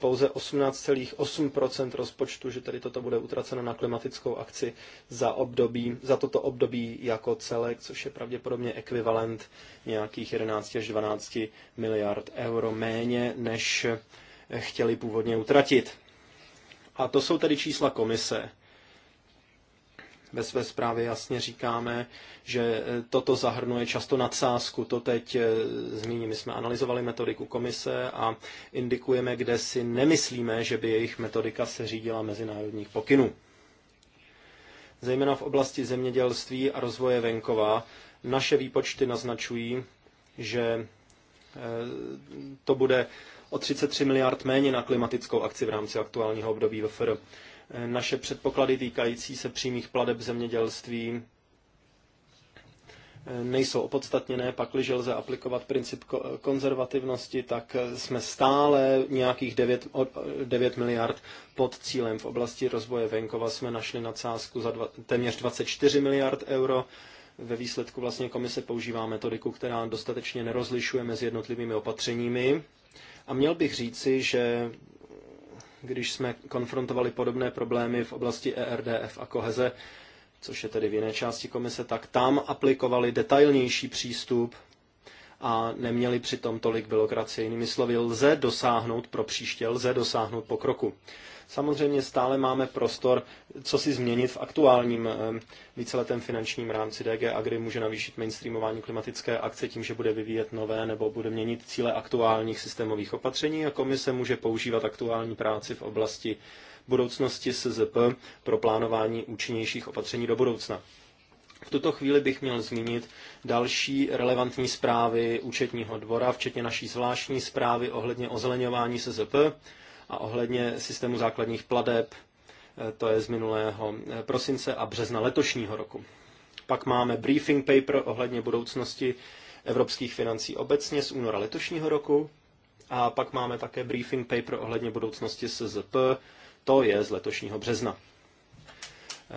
pouze 18,8 rozpočtu, že tedy toto bude utraceno na klimatickou akci za, období, za toto období jako celek, což je pravděpodobně ekvivalent nějakých 11 až 12 miliard euro méně, než chtěli původně utratit. A to jsou tedy čísla komise. Ve své zprávě jasně říkáme, že e, toto zahrnuje často nadsázku. To teď e, zmíním. My jsme analyzovali metodiku komise a indikujeme, kde si nemyslíme, že by jejich metodika se řídila mezinárodních pokynů. Zejména v oblasti zemědělství a rozvoje venkova naše výpočty naznačují, že e, to bude o 33 miliard méně na klimatickou akci v rámci aktuálního období VFR naše předpoklady týkající se přímých pladeb zemědělství eh, nejsou opodstatněné, pakliže lze aplikovat princip konzervativnosti, tak eh, jsme stále nějakých 9, 9 miliard pod cílem v oblasti rozvoje venkova. Jsme našli na cásku za dva, téměř 24 miliard euro. Ve výsledku vlastně komise používá metodiku, která dostatečně nerozlišuje mezi jednotlivými opatřeními. A měl bych říci, že když jsme konfrontovali podobné problémy v oblasti ERDF a koheze, což je tedy v jiné části komise, tak tam aplikovali detailnější přístup a neměli přitom tolik byrokracie. Jinými slovy, lze dosáhnout pro příště, lze dosáhnout pokroku. Samozřejmě stále máme prostor, co si změnit v aktuálním eh, víceletém finančním rámci DG Agri může navýšit mainstreamování klimatické akce tím, že bude vyvíjet nové nebo bude měnit cíle aktuálních systémových opatření a komise může používat aktuální práci v oblasti budoucnosti SZP pro plánování účinnějších opatření do budoucna. V tuto chvíli bych měl zmínit další relevantní zprávy účetního dvora, včetně naší zvláštní zprávy ohledně ozeleňování SZP a ohledně systému základních pladeb, eh, to je z minulého eh, prosince a března letošního roku. Pak máme briefing paper ohledně budoucnosti evropských financí obecně z února letošního roku a pak máme také briefing paper ohledně budoucnosti SZP, to je z letošního března.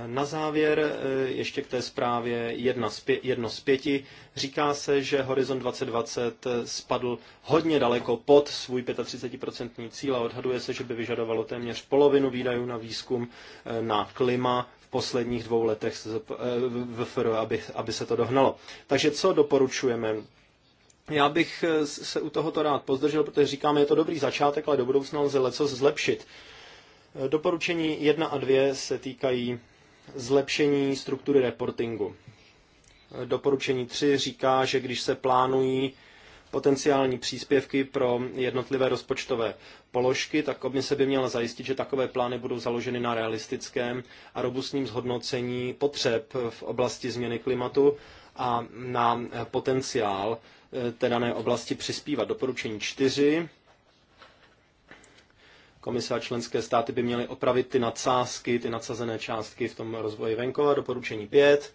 Na závěr e, ještě k té zprávě jedna z pě- jedno z pěti. Říká se, že Horizon 2020 e, spadl hodně daleko pod svůj 35% cíl a odhaduje se, že by vyžadovalo téměř polovinu výdajů na výzkum e, na klima v posledních dvou letech aby, aby se to dohnalo. Takže co doporučujeme? Já bych se u tohoto rád pozdržel, protože říkáme, je to dobrý začátek, ale do budoucna lze leco zlepšit. Doporučení 1 a 2 se týkají zlepšení struktury reportingu. Doporučení 3 říká, že když se plánují potenciální příspěvky pro jednotlivé rozpočtové položky, tak komise by měla zajistit, že takové plány budou založeny na realistickém a robustním zhodnocení potřeb v oblasti změny klimatu a na potenciál eh, té dané oblasti přispívat. Doporučení 4 Komise a členské státy by měly opravit ty nadsázky, ty nadsazené částky v tom rozvoji venkova, doporučení 5.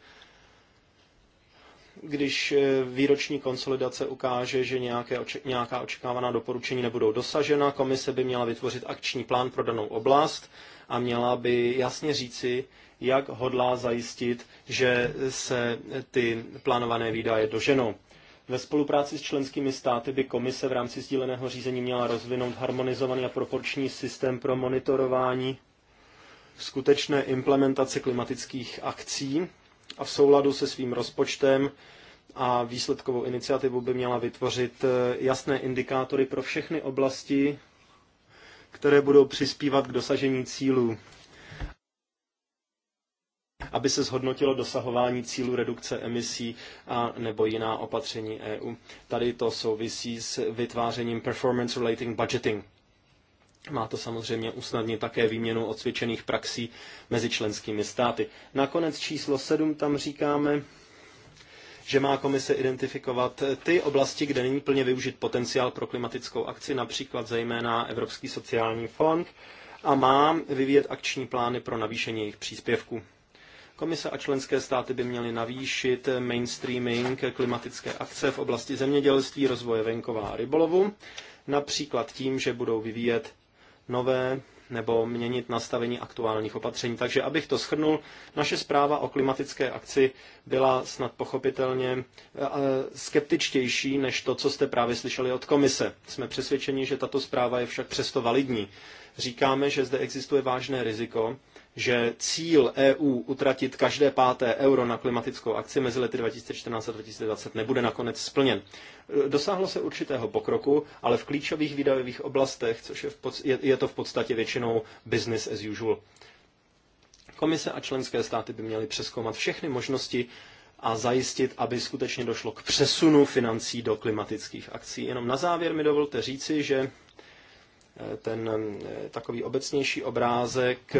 Když eh, výroční konsolidace ukáže, že nějaké, nějaká očekávaná doporučení nebudou dosažena, komise by měla vytvořit akční plán pro danou oblast a měla by jasně říci, jak hodlá zajistit, že se ty plánované výdaje doženou. Ve spolupráci s členskými státy by komise v rámci sdíleného řízení měla rozvinout harmonizovaný a proporční systém pro monitorování skutečné implementace klimatických akcí a v souladu se svým rozpočtem a výsledkovou iniciativu by měla vytvořit eh, jasné indikátory pro všechny oblasti, které budou přispívat k dosažení cílů aby se zhodnotilo dosahování cílu redukce emisí a nebo jiná opatření EU. Tady to souvisí s vytvářením performance relating budgeting. Má to samozřejmě usnadnit také výměnu odsvědčených praxí mezi členskými státy. Nakonec číslo 7 tam říkáme, že má komise identifikovat ty oblasti, kde není plně využit potenciál pro klimatickou akci, například zejména Evropský sociální fond, a má vyvíjet akční plány pro navýšení jejich příspěvků. Komise a členské státy by měly navýšit mainstreaming klimatické akce v oblasti zemědělství, rozvoje venkova a rybolovu, například tím, že budou vyvíjet nové nebo měnit nastavení aktuálních opatření. Takže abych to schrnul, naše zpráva o klimatické akci byla snad pochopitelně eh, eh, skeptičtější než to, co jste právě slyšeli od komise. Jsme přesvědčeni, že tato zpráva je však přesto validní. Říkáme, že zde existuje vážné riziko, že cíl EU utratit každé páté euro na klimatickou akci mezi lety 2014 a 2020 nebude nakonec splněn. Dosáhlo se určitého pokroku, ale v klíčových výdajových oblastech, což je, v pod, je, je to v podstatě většinou business as usual. Komise a členské státy by měly přeskoumat všechny možnosti a zajistit, aby skutečně došlo k přesunu financí do klimatických akcí. Jenom na závěr mi dovolte říci, že eh, ten eh, takový obecnější obrázek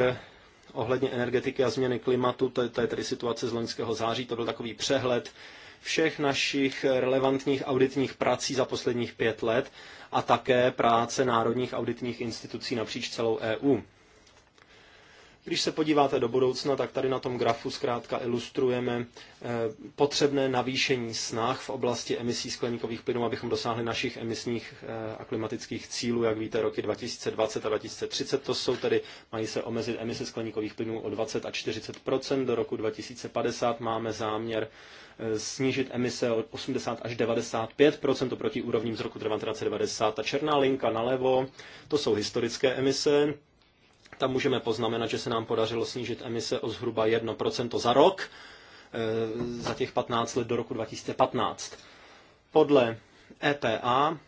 ohledně energetiky a změny klimatu, to je, to je tedy situace z loňského září, to byl takový přehled všech našich relevantních auditních prací za posledních pět let a také práce národních auditních institucí napříč celou EU. Když se podíváte do budoucna, tak tady na tom grafu zkrátka ilustrujeme eh, potřebné navýšení snah v oblasti emisí skleníkových plynů, abychom dosáhli našich emisních eh, a klimatických cílů, jak víte, roky 2020 a 2030. To jsou tedy, mají se omezit emise skleníkových plynů o 20 a 40 Do roku 2050 máme záměr eh, snížit emise o 80 až 95 oproti úrovním z roku 1990. Ta černá linka nalevo, to jsou historické emise, tam můžeme poznamenat, že se nám podařilo snížit emise o zhruba 1% za rok, eh, za těch 15 let do roku 2015. Podle EPA,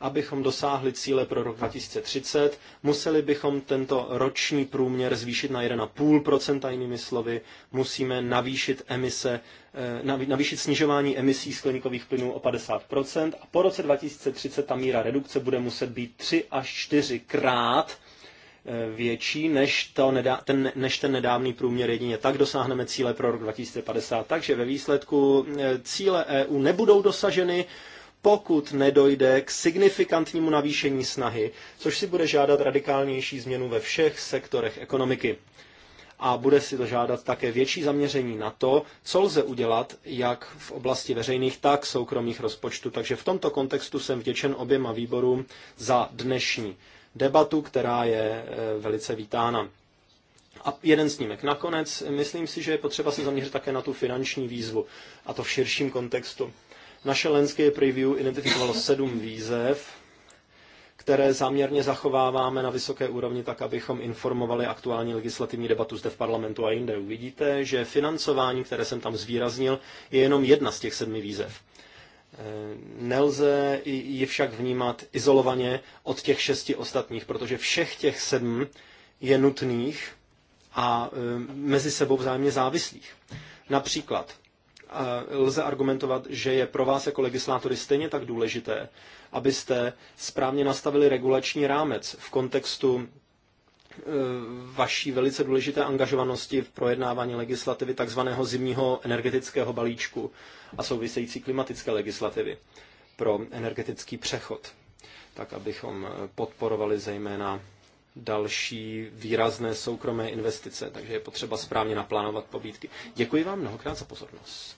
abychom dosáhli cíle pro rok 2030, museli bychom tento roční průměr zvýšit na 1,5%, jinými slovy, musíme navýšit emise, eh, navýšit snižování emisí skleníkových plynů o 50% a po roce 2030 ta míra redukce bude muset být 3 až 4 krát Eh, větší než, to nedá, ten, než ten nedávný průměr. Jedině tak dosáhneme cíle pro rok 2050. Takže ve výsledku eh, cíle EU nebudou dosaženy, pokud nedojde k signifikantnímu navýšení snahy, což si bude žádat radikálnější změnu ve všech sektorech ekonomiky. A bude si to žádat také větší zaměření na to, co lze udělat, jak v oblasti veřejných, tak soukromých rozpočtů. Takže v tomto kontextu jsem vděčen oběma výborům za dnešní debatu, která je eh, velice vítána. A jeden snímek nakonec. Myslím si, že je potřeba se zaměřit také na tu finanční výzvu, a to v širším kontextu. Naše lenské preview identifikovalo sedm výzev, které záměrně zachováváme na vysoké úrovni tak, abychom informovali aktuální legislativní debatu zde v parlamentu a jinde. Uvidíte, že financování, které jsem tam zvýraznil, je jenom jedna z těch sedmi výzev. Eh, nelze je však vnímat izolovaně od těch šesti ostatních, protože všech těch sedm je nutných a eh, mezi sebou vzájemně závislých. Například lze argumentovat, že je pro vás jako legislátory stejně tak důležité, abyste správně nastavili regulační rámec v kontextu Eh, vaší velice důležité angažovanosti v projednávání legislativy takzvaného zimního energetického balíčku a související klimatické legislativy pro energetický přechod, tak abychom eh, podporovali zejména další výrazné soukromé investice, takže je potřeba správně naplánovat pobídky. Děkuji vám mnohokrát za pozornost.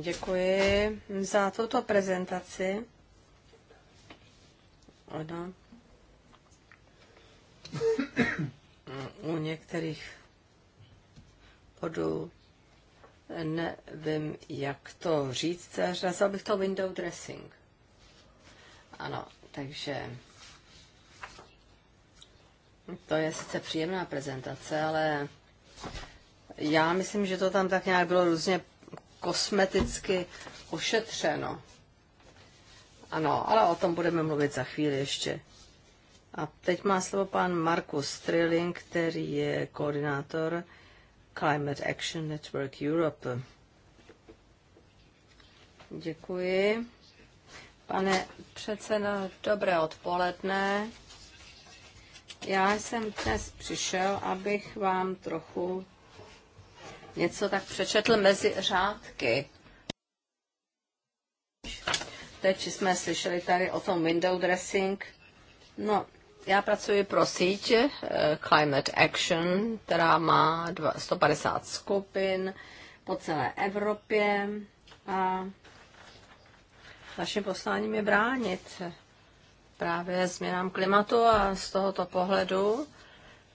Děkuji za tuto prezentaci. Ona u některých bodů nevím, jak to říct, Řazal bych to window dressing. Ano, takže to je sice příjemná prezentace, ale já myslím, že to tam tak nějak bylo různě kosmeticky ošetřeno. Ano, ale o tom budeme mluvit za chvíli ještě. A teď má slovo pan Markus Trilling, který je koordinátor Climate Action Network Europe. Děkuji. Pane předsedo, dobré odpoledne. Já jsem dnes přišel, abych vám trochu něco tak přečetl mezi řádky Teď jsme slyšeli tady o tom window dressing. No, já pracuji pro síť eh, Climate Action, která má 150 skupin po celé Evropě a naším posláním je bránit právě změnám klimatu a z tohoto pohledu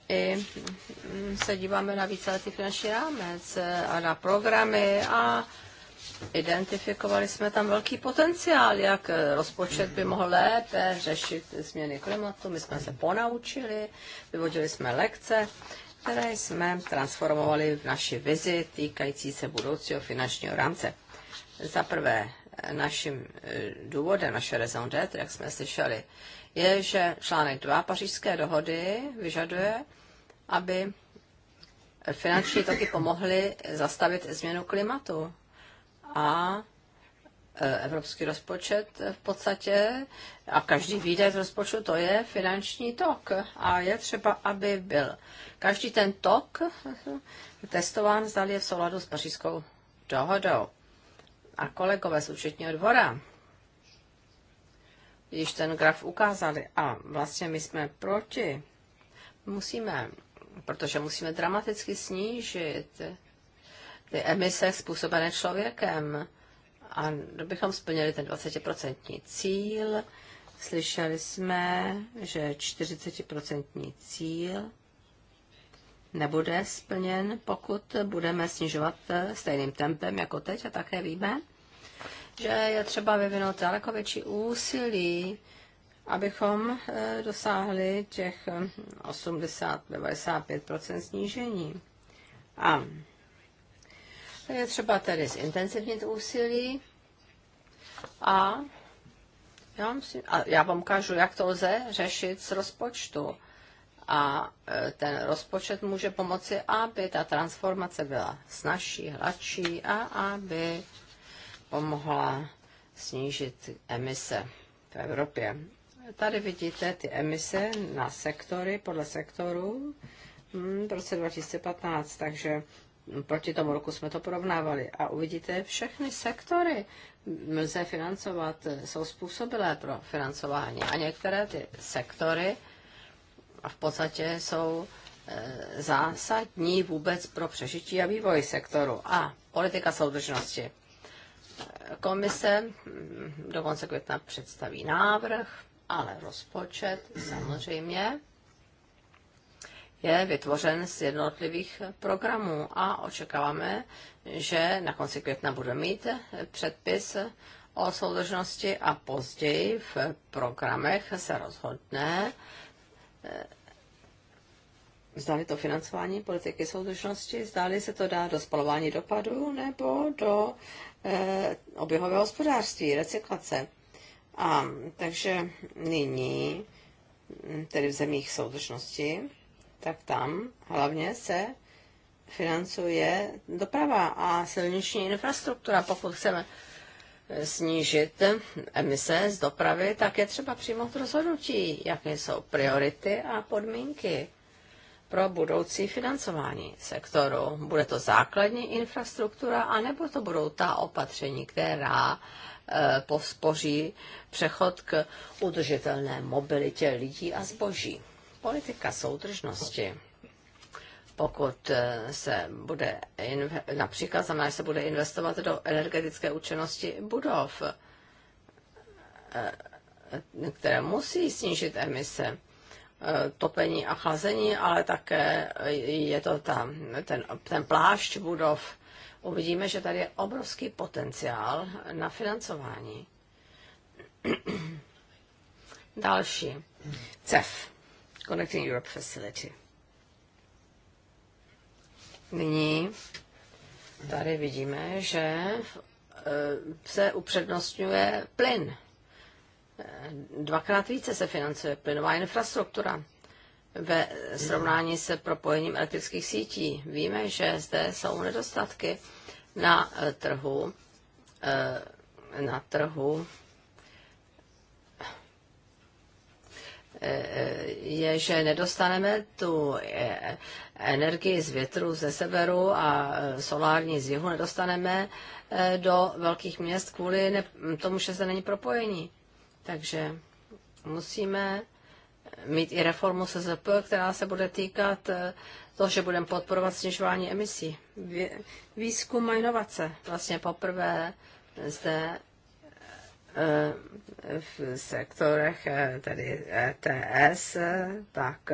i mm, se díváme na víceletý finanční rámec eh, a na programy a Identifikovali jsme tam velký potenciál, jak eh, rozpočet by mohl lépe řešit změny klimatu. My jsme se ponaučili, vyvodili jsme lekce, které jsme transformovali v naši vizi týkající se budoucího finančního rámce. Za prvé, eh, naším eh, důvodem, naše raison d'être, jak jsme slyšeli, je, že článek 2 pařížské dohody vyžaduje, aby finanční toky pomohly zastavit změnu klimatu a e, evropský rozpočet v podstatě a každý výdaj z rozpočtu to je finanční tok a je třeba, aby byl každý ten tok testován, zdali je v souladu s pařížskou dohodou. A kolegové z účetního dvora již ten graf ukázali a vlastně my jsme proti. Musíme, protože musíme dramaticky snížit ty emise způsobené člověkem. A kdybychom splnili ten 20% cíl, slyšeli jsme, že 40% cíl nebude splněn, pokud budeme snižovat eh, stejným tempem jako teď a také víme, že je třeba vyvinout daleko větší úsilí, abychom eh, dosáhli těch 80-95% eh, snížení. A je třeba tedy zintenzivnit úsilí a já, musím, a já vám ukážu, jak to lze řešit z rozpočtu. A e, ten rozpočet může pomoci, aby ta transformace byla snažší, hladší a aby pomohla snížit emise v Evropě. Tady vidíte ty emise na sektory, podle sektorů hm, v roce 2015, takže proti tomu roku jsme to porovnávali. A uvidíte, všechny sektory lze financovat, jsou způsobilé pro financování. A některé ty sektory v podstatě jsou e, zásadní vůbec pro přežití a vývoj sektoru. A politika soudržnosti. Komise mm, do konce května představí návrh, ale rozpočet samozřejmě je vytvořen z jednotlivých programů a očekáváme, že na konci května budeme mít předpis o soudržnosti a později v programech se rozhodne, eh, zdali to financování politiky soudržnosti, zdali se to dá do spalování dopadů nebo do eh, oběhového hospodářství, recyklace. A takže nyní, hm, tedy v zemích soudržnosti, tak tam hlavně se financuje doprava a silniční infrastruktura. Pokud chceme snížit emise z dopravy, tak je třeba přijmout rozhodnutí, jaké jsou priority a podmínky pro budoucí financování sektoru. Bude to základní infrastruktura, anebo to budou ta opatření, která eh, pospoří přechod k udržitelné mobilitě lidí a zboží. Politika soudržnosti, pokud eh, se bude, například znamená, že se bude investovat do energetické účinnosti budov, eh, které musí snížit emise, eh, topení a chlazení, ale také je to tam, ten, ten plášť budov. Uvidíme, že tady je obrovský potenciál na financování. Další. CEF. Connecting Europe Facility. Nyní tady vidíme, že eh, se upřednostňuje plyn. Eh, dvakrát více se financuje plynová infrastruktura ve srovnání se propojením elektrických sítí. Víme, že zde jsou nedostatky na eh, trhu, na trhu je, že nedostaneme tu eh, energii z větru ze severu a eh, solární z jihu nedostaneme eh, do velkých měst kvůli tomu, že se není propojení. Takže musíme mít i reformu SZP, která se bude týkat toho, že budeme podporovat snižování emisí. Výzkum a inovace. Vlastně poprvé zde Eh, v sektorech, eh, tedy ETS, eh, tak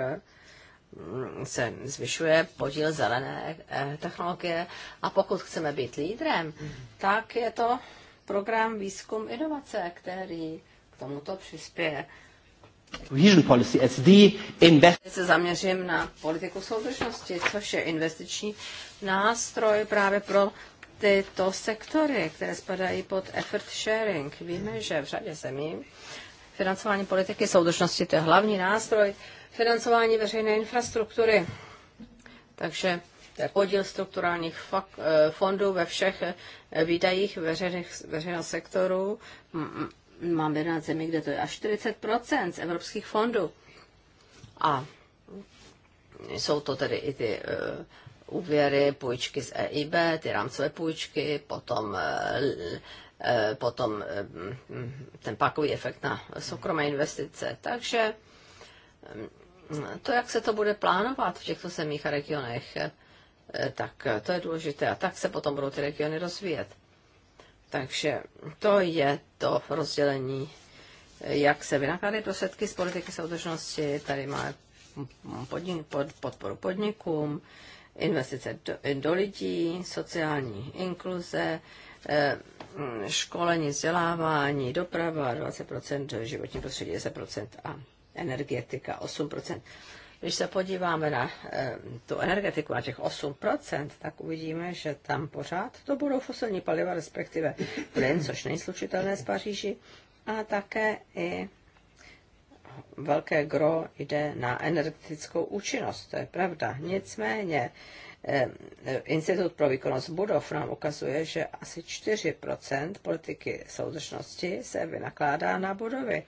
mm, se zvyšuje podíl zelené technologie a pokud chceme být lídrem, tak je to program výzkum inovace, který k tomuto přispěje. Cohesion policy SD invest- se zaměřím na politiku soudržnosti, což je investiční nástroj právě pro tyto sektory, které spadají pod effort sharing. Víme, že v řadě zemí financování politiky soudržnosti, to je hlavní nástroj financování veřejné infrastruktury. Takže podíl strukturálních eh, fondů ve všech eh, výdajích veřejných, veřejného sektoru. Máme na zemi, kde to je až 40 z evropských fondů. A jsou to tedy i ty eh, úvěry, půjčky z EIB, ty rámcové půjčky, potom, eh, eh, potom eh, ten pakový efekt na soukromé investice. Takže mm, to, jak se to bude plánovat v těchto zemích a regionech, tak to je důležité. A tak se potom budou ty regiony rozvíjet. Takže to je to rozdělení, jak se vynakládají prostředky z politiky soudržnosti. Tady máme podnik, pod, podporu podnikům, investice do, do lidí, sociální inkluze, eh, mm, školení, vzdělávání, doprava 20%, životní prostředí 10% a energetika 8%. Když se podíváme na eh, tu energetiku, na těch 8%, tak uvidíme, že tam pořád to budou fosilní paliva, respektive plyn, což není slučitelné s Paříži, a také i velké gro jde na energetickou účinnost, to je pravda. Nicméně eh, Institut pro výkonnost budov nám ukazuje, že asi 4 politiky soudržnosti se vynakládá na budovy,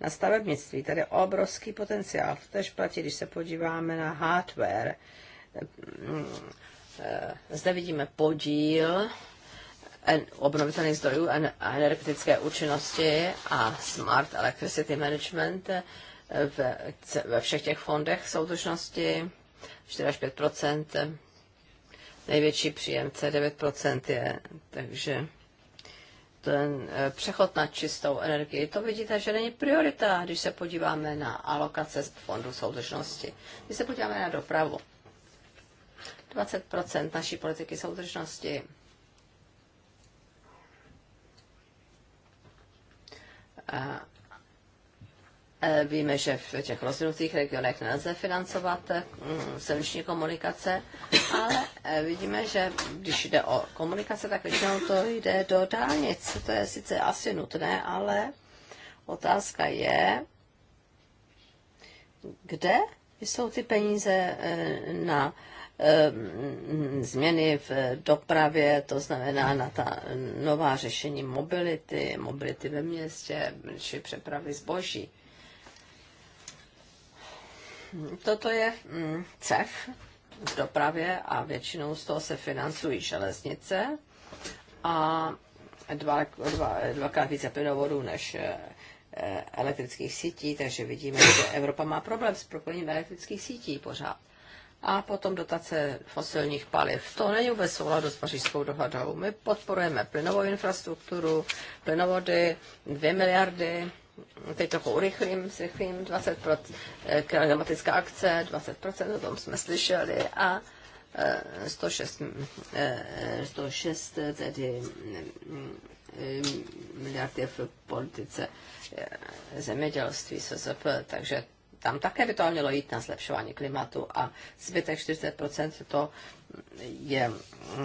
na stavebnictví. Tady je obrovský potenciál. To tež platí, když se podíváme na hardware. Eh, mm, eh, zde vidíme podíl obnovitelných zdrojů a energetické účinnosti a Smart Electricity Management eh, ve, ve všech těch fondech soudržnosti 4 až 5 eh, největší příjemce 9 je, takže ten eh, přechod na čistou energii, to vidíte, že není priorita, když se podíváme na alokace z fondu soudržnosti. Když se podíváme na dopravu, 20 naší politiky soudržnosti E, víme, že v těch rozvinutých regionech nelze financovat mm, silniční komunikace, ale e, vidíme, že když jde o komunikace, tak většinou to jde do dálnic. To je sice asi nutné, ale otázka je, kde jsou ty peníze e, na Eh, změny v dopravě, to znamená na ta nová řešení mobility, mobility ve městě či přepravy zboží. Toto je mm, CEF v dopravě a většinou z toho se financují železnice a dva, dva, dvakrát více plynovodů než eh, elektrických sítí, takže vidíme, že Evropa má problém s propojením elektrických sítí pořád a potom dotace fosilních paliv. To není vůbec souladu s pařížskou dohodou. My podporujeme plynovou infrastrukturu, plynovody, 2 miliardy, teď trochu urychlím, zrychlím, 20%, eh, klimatická akce, 20%, o tom jsme slyšeli, a 106, eh, 106 eh, tedy miliardy v politice zemědělství SZP, takže tam také by to mělo jít na zlepšování klimatu a zbytek 40% to je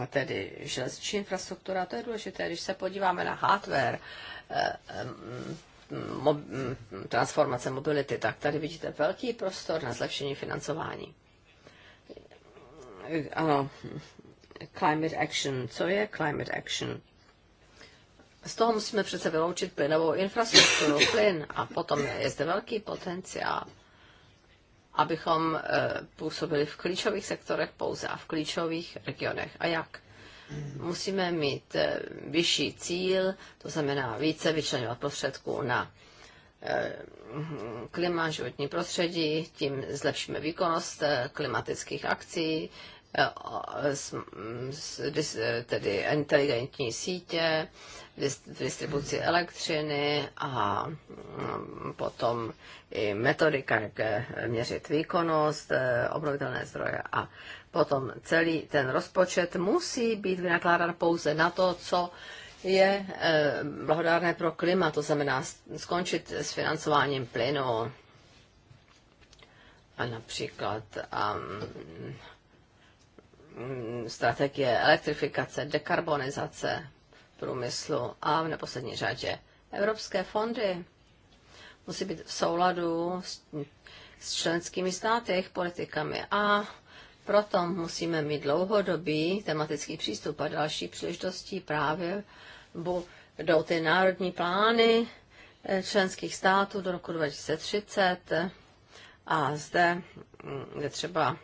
tedy železniční infrastruktura. To je důležité, když se podíváme na hardware, eh, eh, mm, mm, transformace mobility, tak tady vidíte velký prostor na zlepšení financování. Ano, climate action. Co je climate action? Z toho musíme přece vyloučit plynovou infrastrukturu, plyn a potom je zde velký potenciál abychom eh, působili v klíčových sektorech pouze a v klíčových regionech. A jak? Musíme mít eh, vyšší cíl, to znamená více vyčlenovat prostředků na eh, klima, životní prostředí, tím zlepšíme výkonnost klimatických akcí, Eh, eh, tedy inteligentní sítě, distribuci elektřiny a mm, potom i metodika, jak eh, měřit výkonnost, obnovitelné zdroje a potom celý ten rozpočet musí být vynakládán pouze na to, co je blahodárné pro klima, to znamená skončit s financováním plynu a například um, Mm, strategie elektrifikace, dekarbonizace průmyslu a v neposlední řadě evropské fondy musí být v souladu s, s členskými státy, jejich politikami a proto musíme mít dlouhodobý tematický přístup a další příležitostí právě budou ty národní plány eh, členských států do roku 2030 a zde mm, je třeba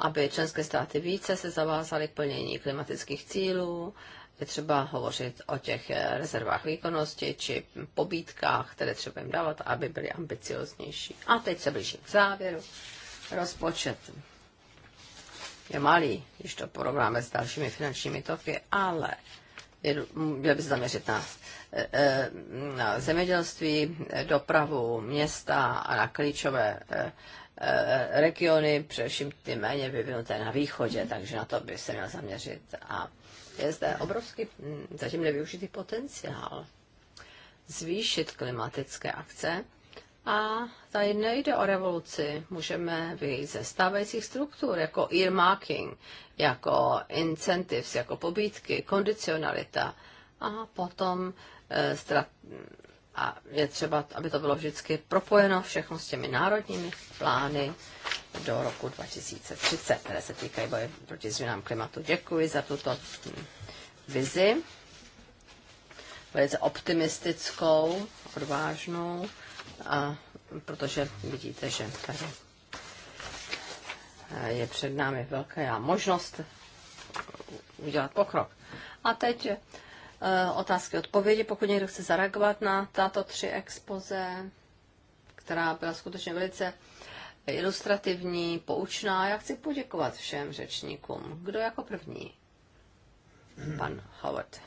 aby členské státy více se zavázaly k plnění klimatických cílů, je třeba hovořit o těch rezervách výkonnosti či pobítkách, které třeba jim dávat, aby byly ambicioznější. A teď se blížím k závěru. Rozpočet je malý, když to porovnáme s dalšími finančními toky, ale měl by se zaměřit na, eh, eh, na zemědělství, dopravu, města a na klíčové eh, Eh, regiony, především ty méně vyvinuté na východě, takže na to by se měl zaměřit. A je zde obrovský hm, zatím nevyužitý potenciál zvýšit klimatické akce. A tady nejde o revoluci, můžeme vyjít ze stávajících struktur, jako earmarking, jako incentives, jako pobídky, kondicionalita a potom eh, a je třeba, aby to bylo vždycky propojeno všechno s těmi národními plány do roku 2030, které se týkají boje proti změnám klimatu. Děkuji za tuto vizi, velice optimistickou, odvážnou, a protože vidíte, že tady je před námi velká možnost udělat pokrok. A teď Eh, otázky odpovědi, pokud někdo chce zareagovat na tato tři expoze, která byla skutečně velice ilustrativní, poučná. Já chci poděkovat všem řečníkům. Kdo jako první? Pan Howard.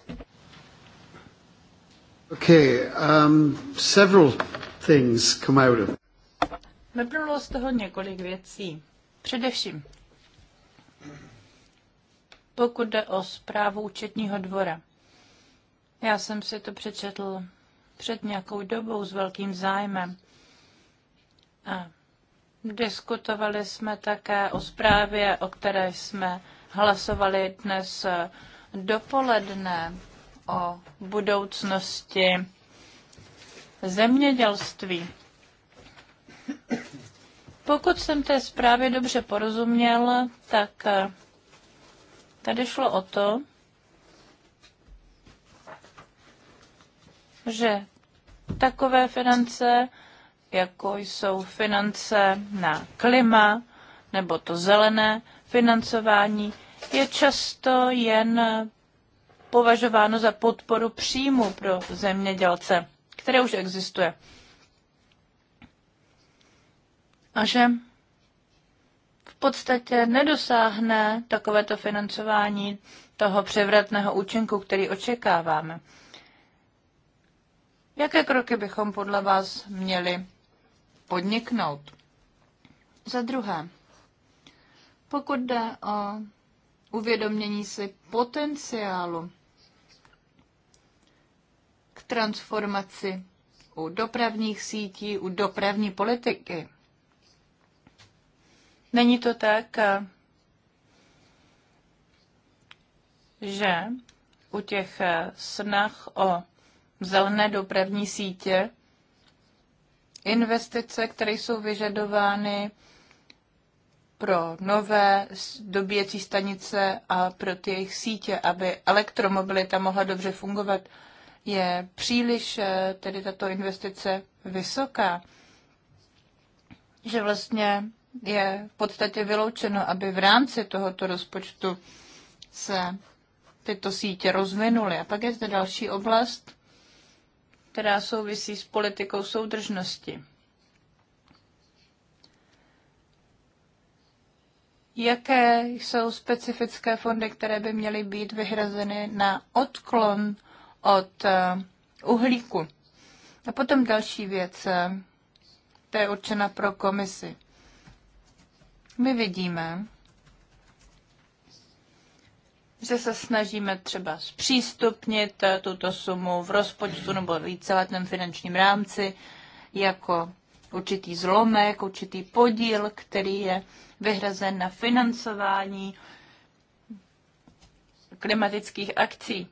Okay, um, several things come out of Vyplynulo z toho několik věcí. Především, pokud jde o zprávu účetního dvora – já jsem si to přečetl před nějakou dobou s velkým zájmem. A diskutovali jsme také o zprávě, o které jsme hlasovali dnes dopoledne o budoucnosti zemědělství. Pokud jsem té zprávě dobře porozuměl, tak tady šlo o to, že takové finance, jako jsou finance na klima nebo to zelené financování, je často jen považováno za podporu příjmu pro zemědělce, které už existuje. A že v podstatě nedosáhne takovéto financování toho převratného účinku, který očekáváme. Jaké kroky bychom podle vás měli podniknout? Za druhé, pokud jde o uvědomění si potenciálu k transformaci u dopravních sítí, u dopravní politiky. Není to tak, že u těch snah o zelené dopravní sítě, investice, které jsou vyžadovány pro nové dobíjecí stanice a pro ty jejich sítě, aby elektromobilita mohla dobře fungovat, je příliš eh, tedy tato investice vysoká, že vlastně je v podstatě vyloučeno, aby v rámci tohoto rozpočtu se tyto sítě rozvinuly. A pak je zde další oblast, která souvisí s politikou soudržnosti. Jaké jsou specifické fondy, které by měly být vyhrazeny na odklon od eh, uhlíku? A potom další věc, eh, to je určena pro komisi. My vidíme, že se snažíme třeba zpřístupnit eh, tuto sumu v rozpočtu nebo v víceletém finančním rámci jako určitý zlomek, určitý podíl, který je vyhrazen na financování klimatických akcí.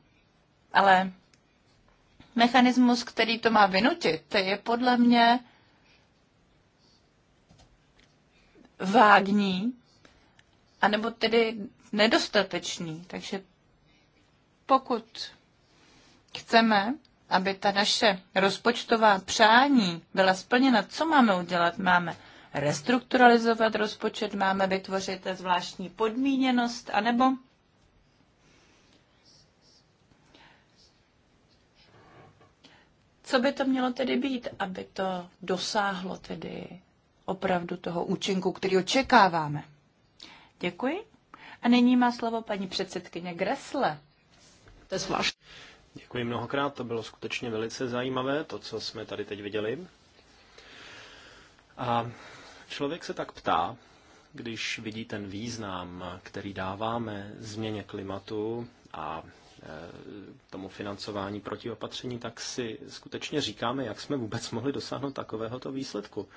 Ale mechanismus, který to má vynutit, je podle mě vágní, anebo tedy nedostatečný. Takže pokud chceme, aby ta naše rozpočtová přání byla splněna, co máme udělat? Máme restrukturalizovat rozpočet, máme vytvořit zvláštní podmíněnost, anebo co by to mělo tedy být, aby to dosáhlo tedy opravdu toho účinku, který očekáváme? Děkuji. A nyní má slovo paní předsedkyně Gresle. To je zvlášť. Děkuji mnohokrát, to bylo skutečně velice zajímavé, to, co jsme tady teď viděli. A člověk se tak ptá, když vidí ten význam, který dáváme změně klimatu a e, tomu financování protiopatření, tak si skutečně říkáme, jak jsme vůbec mohli dosáhnout takovéhoto výsledku.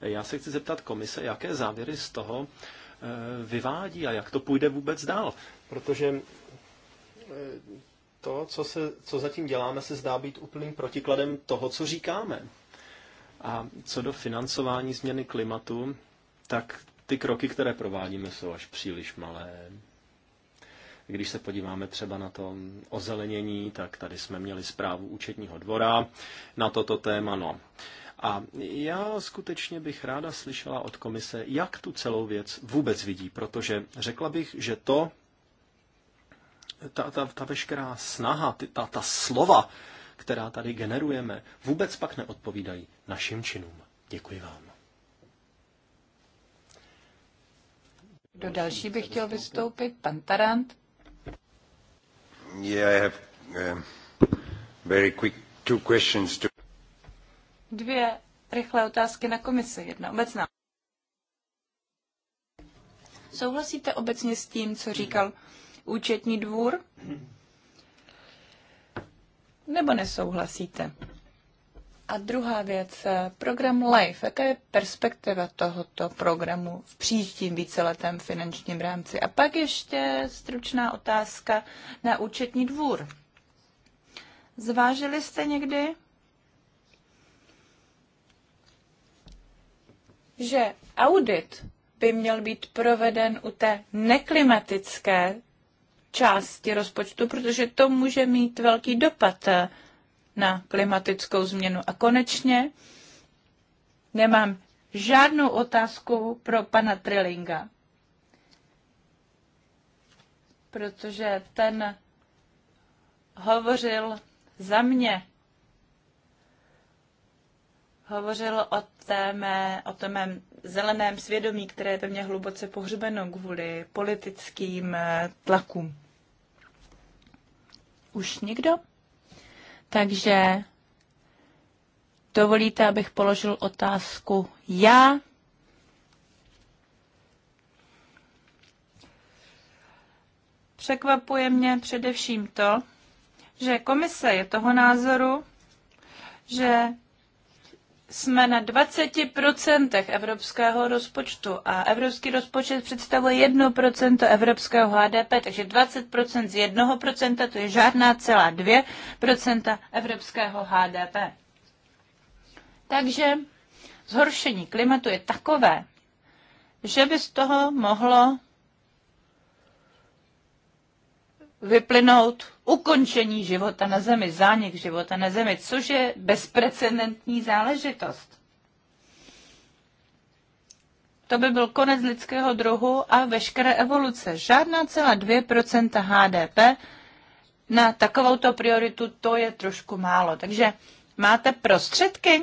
Já se chci zeptat komise, jaké závěry z toho Eh, vyvádí a jak to půjde vůbec dál. Protože eh, to, co, se, co zatím děláme, se zdá být úplným protikladem toho, co říkáme. A co do financování změny klimatu, tak ty kroky, které provádíme, jsou až příliš malé. Když se podíváme třeba na to ozelenění, tak tady jsme měli zprávu účetního dvora na toto téma. No, a já skutečně bych ráda slyšela od komise, jak tu celou věc vůbec vidí, protože řekla bych, že to, ta, ta, ta veškerá snaha, ty, ta, ta slova, která tady generujeme, vůbec pak neodpovídají našim činům. Děkuji vám. Do další bych chtěl vystoupit? Pan Tarant? Yeah, I have um, very quick two questions to dvě rychlé otázky na komisi. Jedna obecná. Souhlasíte obecně s tím, co říkal účetní dvůr? Nebo nesouhlasíte? A druhá věc, program LIFE. Jaká je perspektiva tohoto programu v příštím víceletém finančním rámci? A pak ještě stručná otázka na účetní dvůr. Zvážili jste někdy že audit by měl být proveden u té neklimatické části rozpočtu, protože to může mít velký dopad eh, na klimatickou změnu. A konečně nemám žádnou otázku pro pana Trillinga, protože ten hovořil za mě hovořil o, mé, o tom mém zeleném svědomí, které je ve mně hluboce pohřbeno kvůli politickým eh, tlakům. Už nikdo? Takže dovolíte, abych položil otázku já? Překvapuje mě především to, že komise je toho názoru, že jsme na 20% evropského rozpočtu a evropský rozpočet představuje 1% evropského HDP, takže 20% z 1% to je žádná celá 2% evropského HDP. Takže zhoršení klimatu je takové, že by z toho mohlo vyplynout ukončení života na Zemi, zánik života na Zemi, což je bezprecedentní záležitost. To by byl konec lidského druhu a veškeré evoluce. Žádná celá 2% HDP na takovouto prioritu, to je trošku málo. Takže máte prostředky?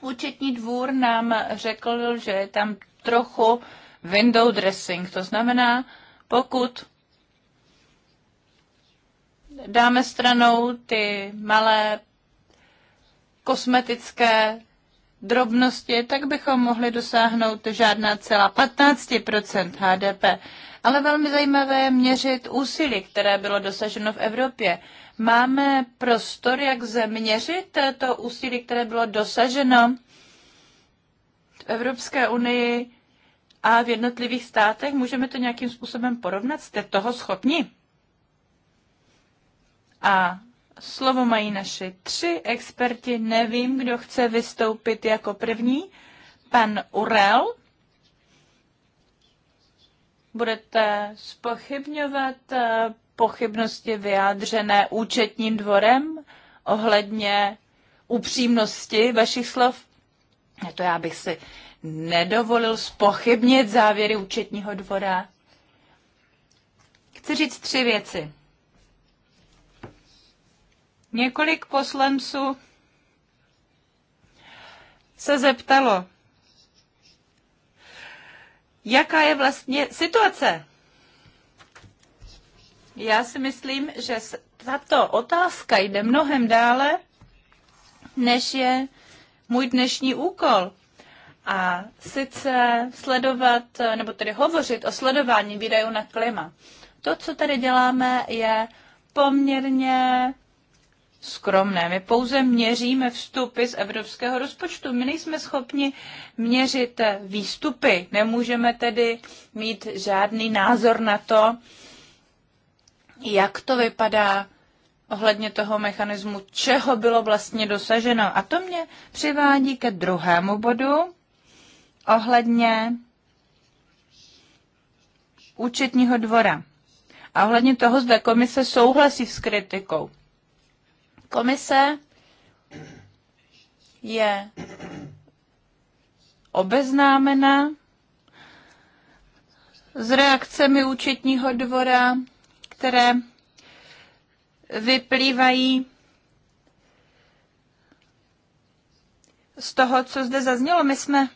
Účetní dvůr nám řekl, že je tam trochu window dressing. To znamená, pokud dáme stranou ty malé kosmetické drobnosti, tak bychom mohli dosáhnout žádná celá 15 HDP. Ale velmi zajímavé je měřit úsilí, které bylo dosaženo v Evropě. Máme prostor, jak změřit to úsilí, které bylo dosaženo v Evropské unii a v jednotlivých státech? Můžeme to nějakým způsobem porovnat? Jste toho schopni? A slovo mají naši tři experti. Nevím, kdo chce vystoupit jako první. Pan Urel. Budete spochybňovat eh, pochybnosti vyjádřené účetním dvorem ohledně upřímnosti vašich slov? To já bych si nedovolil spochybnit závěry účetního dvora. Chci říct tři věci. Několik poslanců se zeptalo, jaká je vlastně situace. Já si myslím, že tato otázka jde mnohem dále, než je můj dnešní úkol. A sice sledovat, nebo tedy hovořit o sledování výdajů na klima. To, co tady děláme, je poměrně skromné. My pouze měříme vstupy z evropského rozpočtu. My nejsme schopni měřit výstupy. Nemůžeme tedy mít žádný názor na to, jak to vypadá ohledně toho mechanismu, čeho bylo vlastně dosaženo. A to mě přivádí ke druhému bodu ohledně účetního dvora. A ohledně toho, zda komise souhlasí s kritikou. Komise je obeznámena s reakcemi účetního dvora, které vyplývají z toho, co zde zaznělo. My jsme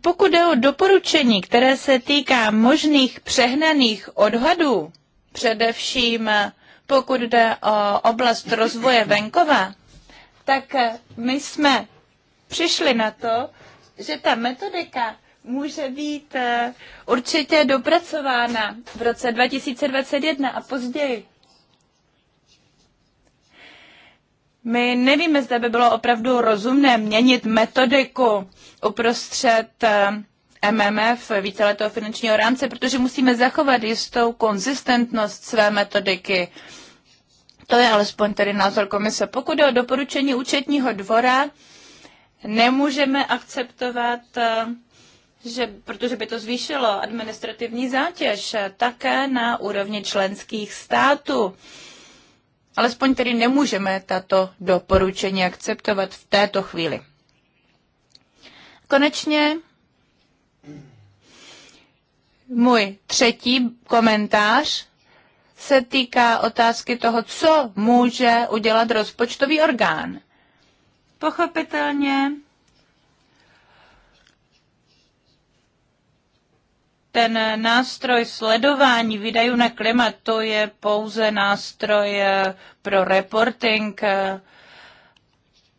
Pokud jde o doporučení, které se týká možných přehnaných odhadů, především pokud jde o oblast rozvoje venkova, tak my jsme přišli na to, že ta metodika může být eh, určitě dopracována v roce 2021 a později. My nevíme, zda by bylo opravdu rozumné měnit metodiku uprostřed eh, MMF, víceletého finančního rámce, protože musíme zachovat jistou konzistentnost své metodiky. To je alespoň tedy názor komise. Pokud je o doporučení účetního dvora, nemůžeme akceptovat, eh, že, protože by to zvýšilo administrativní zátěž eh, také na úrovni členských států. Alespoň tedy nemůžeme tato doporučení akceptovat v této chvíli. Konečně můj třetí komentář se týká otázky toho, co může udělat rozpočtový orgán. Pochopitelně ten nástroj sledování výdajů na klima, to je pouze nástroj eh, pro reporting, eh,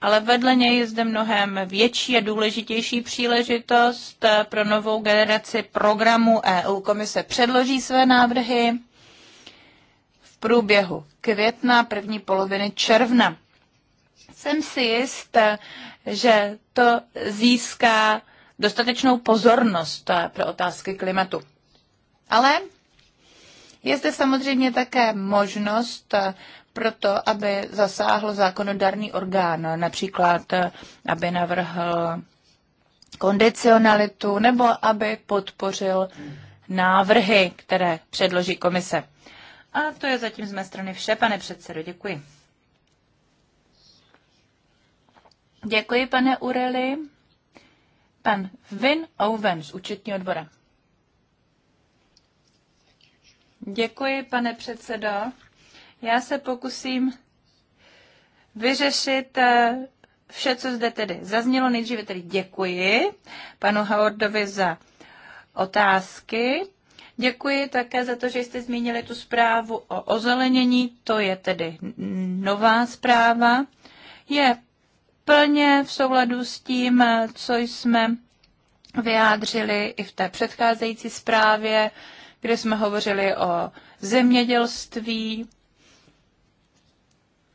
ale vedle něj je zde mnohem větší a důležitější příležitost eh, pro novou generaci programů EU. Komise předloží své návrhy v průběhu května, první poloviny června. Jsem si jist, že to získá dostatečnou pozornost eh, pro otázky klimatu. Ale je zde samozřejmě také možnost eh, pro to, aby zasáhl zákonodárný orgán, například eh, aby navrhl kondicionalitu nebo aby podpořil návrhy, které předloží komise. A to je zatím z mé strany vše, pane předsedo. Děkuji. Děkuji, pane Ureli pan Vin Owen z účetního dvora. Děkuji, pane předsedo. Já se pokusím vyřešit eh, vše, co zde tedy zaznělo. Nejdříve tedy děkuji panu Howardovi za otázky. Děkuji také za to, že jste zmínili tu zprávu o ozelenění. To je tedy nová zpráva. Je plně v souladu s tím, co jsme vyjádřili i v té předcházející zprávě, kde jsme hovořili o zemědělství.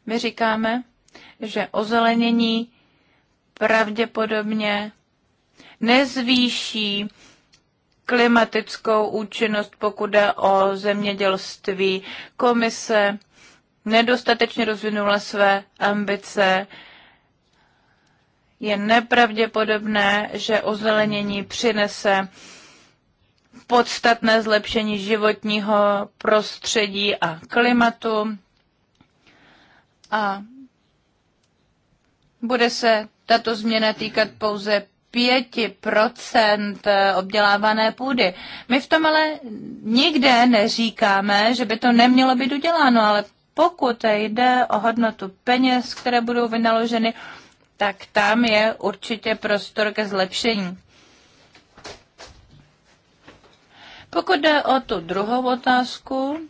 My říkáme, že ozelenění pravděpodobně nezvýší klimatickou účinnost, pokud jde o zemědělství. Komise nedostatečně rozvinula své ambice je nepravděpodobné, že ozelenění přinese podstatné zlepšení životního prostředí a klimatu a bude se tato změna týkat pouze 5% obdělávané půdy. My v tom ale nikde neříkáme, že by to nemělo být uděláno, ale pokud jde o hodnotu peněz, které budou vynaloženy, tak tam je určitě prostor ke zlepšení. Pokud jde o tu druhou otázku,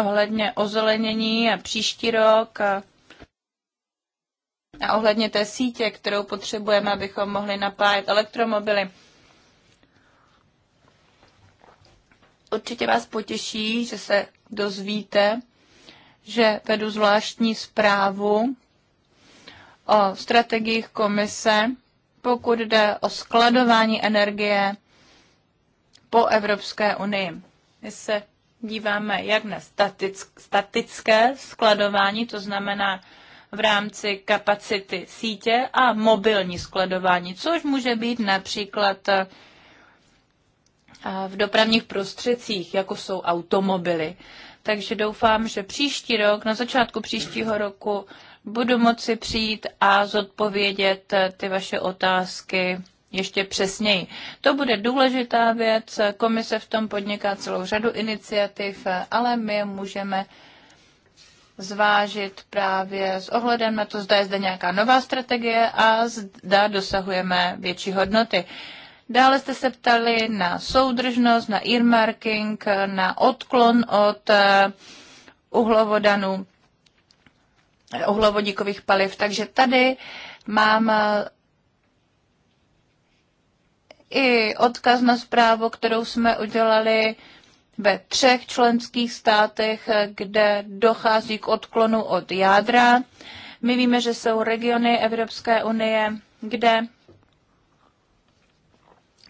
ohledně ozelenění a příští rok a, a ohledně té sítě, kterou potřebujeme, abychom mohli napájet elektromobily. Určitě vás potěší, že se dozvíte, že vedu zvláštní zprávu o strategiích komise, pokud jde o skladování energie po Evropské unii. My se díváme jak na statické skladování, to znamená v rámci kapacity sítě a mobilní skladování, což může být například eh, v dopravních prostředcích, jako jsou automobily. Takže doufám, že příští rok, na začátku příštího roku, budu moci přijít a zodpovědět eh, ty vaše otázky ještě přesněji. To bude důležitá věc, komise v tom podniká celou řadu iniciativ, eh, ale my můžeme zvážit právě s ohledem na to, zda je zde nějaká nová strategie a zda dosahujeme větší hodnoty. Dále jste se ptali na soudržnost, na earmarking, na odklon od eh, uhlovodanů uhlovodíkových paliv. Takže tady mám eh, i odkaz na zprávu, kterou jsme udělali ve třech členských státech, eh, kde dochází k odklonu od jádra. My víme, že jsou regiony Evropské unie, kde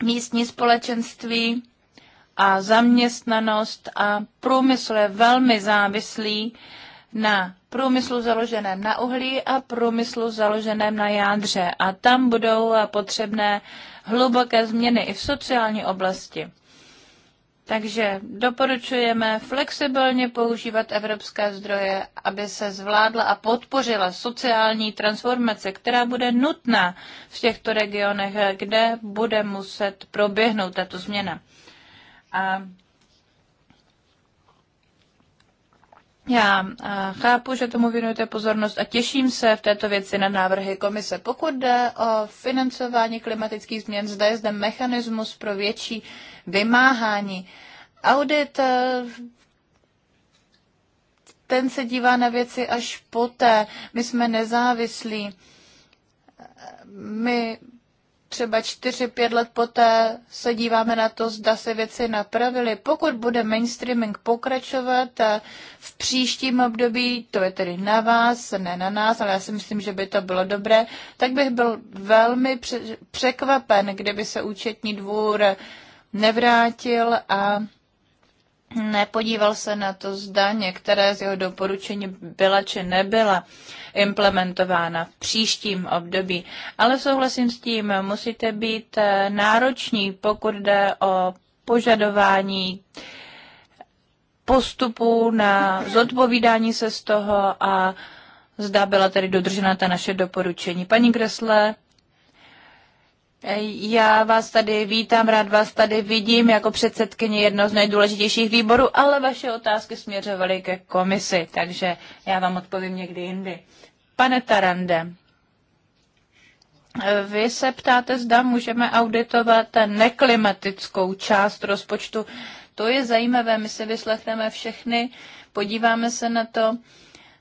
místní společenství a zaměstnanost a průmysl je velmi závislý na průmyslu založeném na uhlí a průmyslu založeném na jádře. A tam budou potřebné hluboké změny i v sociální oblasti. Takže doporučujeme flexibilně používat evropské zdroje, aby se zvládla a podpořila sociální transformace, která bude nutná v těchto regionech, kde bude muset proběhnout tato změna. A Já eh, chápu, že tomu věnujete pozornost a těším se v této věci na návrhy komise. Pokud jde o financování klimatických změn, zde je zde mechanismus pro větší vymáhání. Audit eh, ten se dívá na věci až poté. My jsme nezávislí. My třeba 4-5 let poté se díváme na to, zda se věci napravily. Pokud bude mainstreaming pokračovat eh, v příštím období, to je tedy na vás, ne na nás, ale já si myslím, že by to bylo dobré, tak bych byl velmi překvapen, kdyby se účetní dvůr nevrátil a nepodíval se na to, zda některé z jeho doporučení byla či nebyla implementována v příštím období. Ale souhlasím s tím, musíte být eh, nároční, pokud jde o požadování postupu na zodpovídání se z toho a zda byla tedy dodržena ta naše doporučení. Paní Kresle. Já vás tady vítám, rád vás tady vidím jako předsedkyně jedno z nejdůležitějších výborů, ale vaše otázky směřovaly ke komisi, takže já vám odpovím někdy jindy. Pane Tarande, vy se ptáte, zda můžeme auditovat neklimatickou část rozpočtu. To je zajímavé, my si vyslechneme všechny, podíváme se na to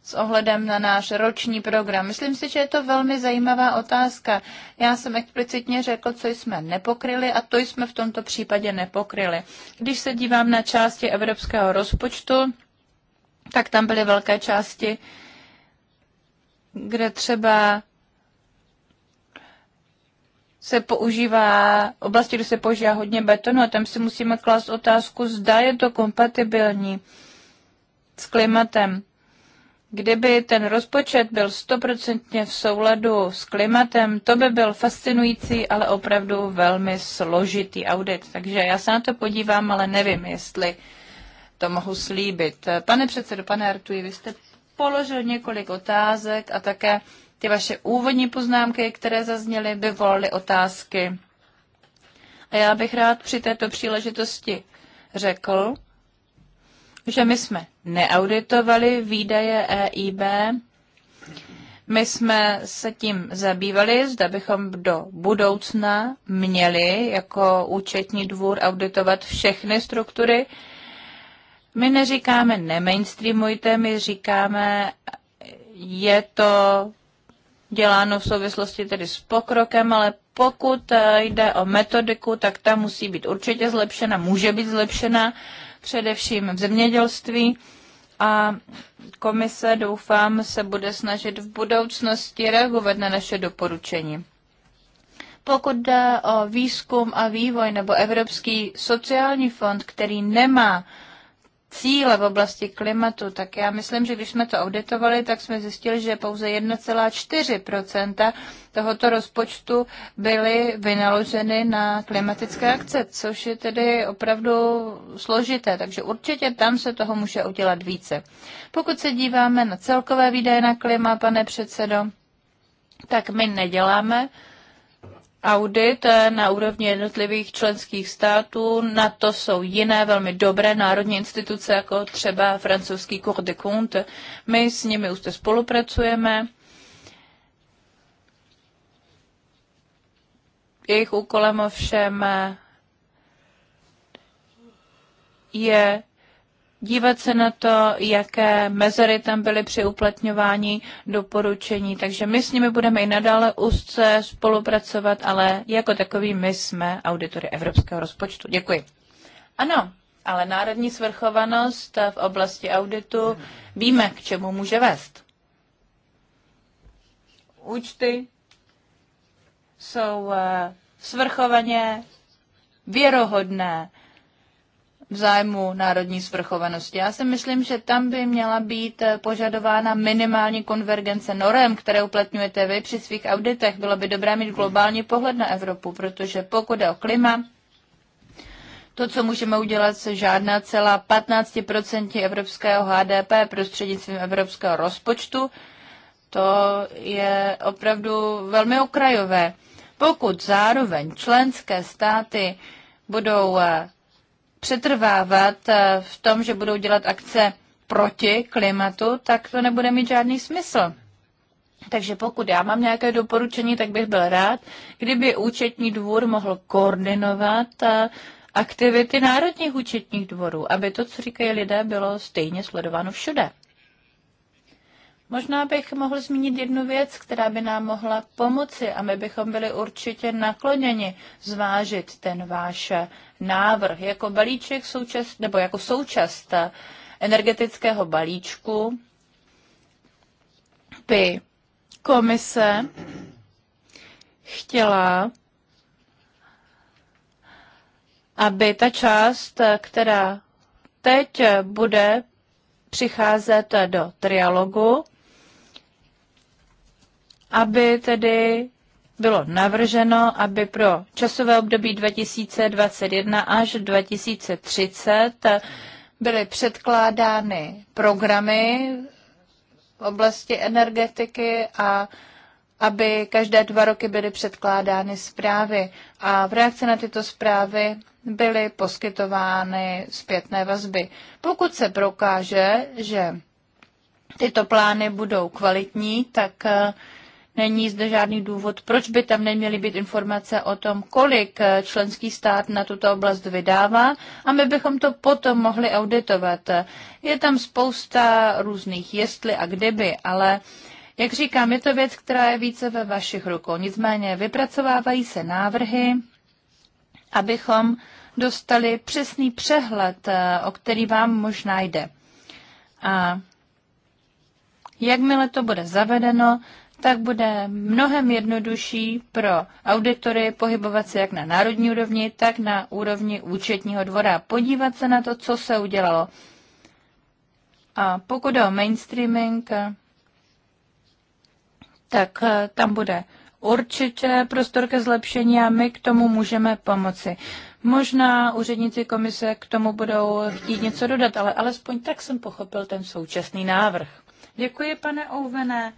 s ohledem na náš roční program? Myslím si, že je to velmi zajímavá otázka. Já jsem explicitně řekl, co jsme nepokryli a to jsme v tomto případě nepokryli. Když se dívám na části evropského rozpočtu, tak tam byly velké části, kde třeba se používá, oblasti, kde se používá hodně betonu a tam si musíme klást otázku, zda je to kompatibilní s klimatem. Kdyby ten rozpočet byl stoprocentně v souladu s klimatem, to by byl fascinující, ale opravdu velmi složitý audit. Takže já se na to podívám, ale nevím, jestli to mohu slíbit. Pane předsedo, pane Artuji, vy jste položil několik otázek a také ty vaše úvodní poznámky, které zazněly, vyvolaly otázky. A já bych rád při této příležitosti řekl, že my jsme neauditovali výdaje EIB, my jsme se tím zabývali, zda bychom do budoucna měli jako účetní dvůr auditovat všechny struktury. My neříkáme nemainstreamujte, my říkáme, je to děláno v souvislosti tedy s pokrokem, ale pokud jde o metodiku, tak ta musí být určitě zlepšena, může být zlepšena především v zemědělství a komise, doufám, se bude snažit v budoucnosti reagovat na naše doporučení. Pokud jde o výzkum a vývoj nebo Evropský sociální fond, který nemá cíle v oblasti klimatu, tak já myslím, že když jsme to auditovali, tak jsme zjistili, že pouze 1,4 tohoto rozpočtu byly vynaloženy na klimatické akce, což je tedy opravdu složité, takže určitě tam se toho může udělat více. Pokud se díváme na celkové výdaje na klima, pane předsedo, tak my neděláme audit eh, na úrovni jednotlivých členských států. Na to jsou jiné velmi dobré národní instituce, jako třeba francouzský Cour de compte. My s nimi už spolupracujeme. Jejich úkolem ovšem eh, je dívat se na to, jaké mezery tam byly při uplatňování doporučení. Takže my s nimi budeme i nadále úzce spolupracovat, ale jako takový my jsme auditory evropského rozpočtu. Děkuji. Ano, ale národní svrchovanost v oblasti auditu víme, k čemu může vést. Účty jsou eh, svrchovaně věrohodné v zájmu národní svrchovanosti. Já si myslím, že tam by měla být eh, požadována minimální konvergence norem, které uplatňujete vy při svých auditech. Bylo by dobré mít globální pohled na Evropu, protože pokud je o klima, to, co můžeme udělat, se žádná celá 15% evropského HDP prostřednictvím evropského rozpočtu, to je opravdu velmi okrajové. Pokud zároveň členské státy budou eh, přetrvávat eh, v tom, že budou dělat akce proti klimatu, tak to nebude mít žádný smysl. Takže pokud já mám nějaké doporučení, tak bych byl rád, kdyby účetní dvůr mohl koordinovat eh, aktivity národních účetních dvorů, aby to, co říkají lidé, bylo stejně sledováno všude. Možná bych mohl zmínit jednu věc, která by nám mohla pomoci a my bychom byli určitě nakloněni zvážit ten váš návrh jako balíček součas, nebo jako součást energetického balíčku by komise chtěla, aby ta část, která teď bude přicházet do trialogu, aby tedy bylo navrženo, aby pro časové období 2021 až 2030 byly předkládány programy v oblasti energetiky a aby každé dva roky byly předkládány zprávy a v reakci na tyto zprávy byly poskytovány zpětné vazby. Pokud se prokáže, že tyto plány budou kvalitní, tak eh, Není zde žádný důvod, proč by tam neměly být informace o tom, kolik eh, členský stát na tuto oblast vydává a my bychom to potom mohli auditovat. Je tam spousta různých jestli a kdyby, ale jak říkám, je to věc, která je více ve vašich rukou. Nicméně vypracovávají se návrhy, abychom dostali přesný přehled, eh, o který vám možná jde. A jakmile to bude zavedeno, tak bude mnohem jednodušší pro auditory pohybovat se jak na národní úrovni, tak na úrovni účetního dvora. Podívat se na to, co se udělalo. A pokud o mainstreaming, tak eh, tam bude určitě prostor ke zlepšení a my k tomu můžeme pomoci. Možná úředníci komise k tomu budou chtít něco dodat, ale alespoň tak jsem pochopil ten současný návrh. Děkuji, pane Ouvené.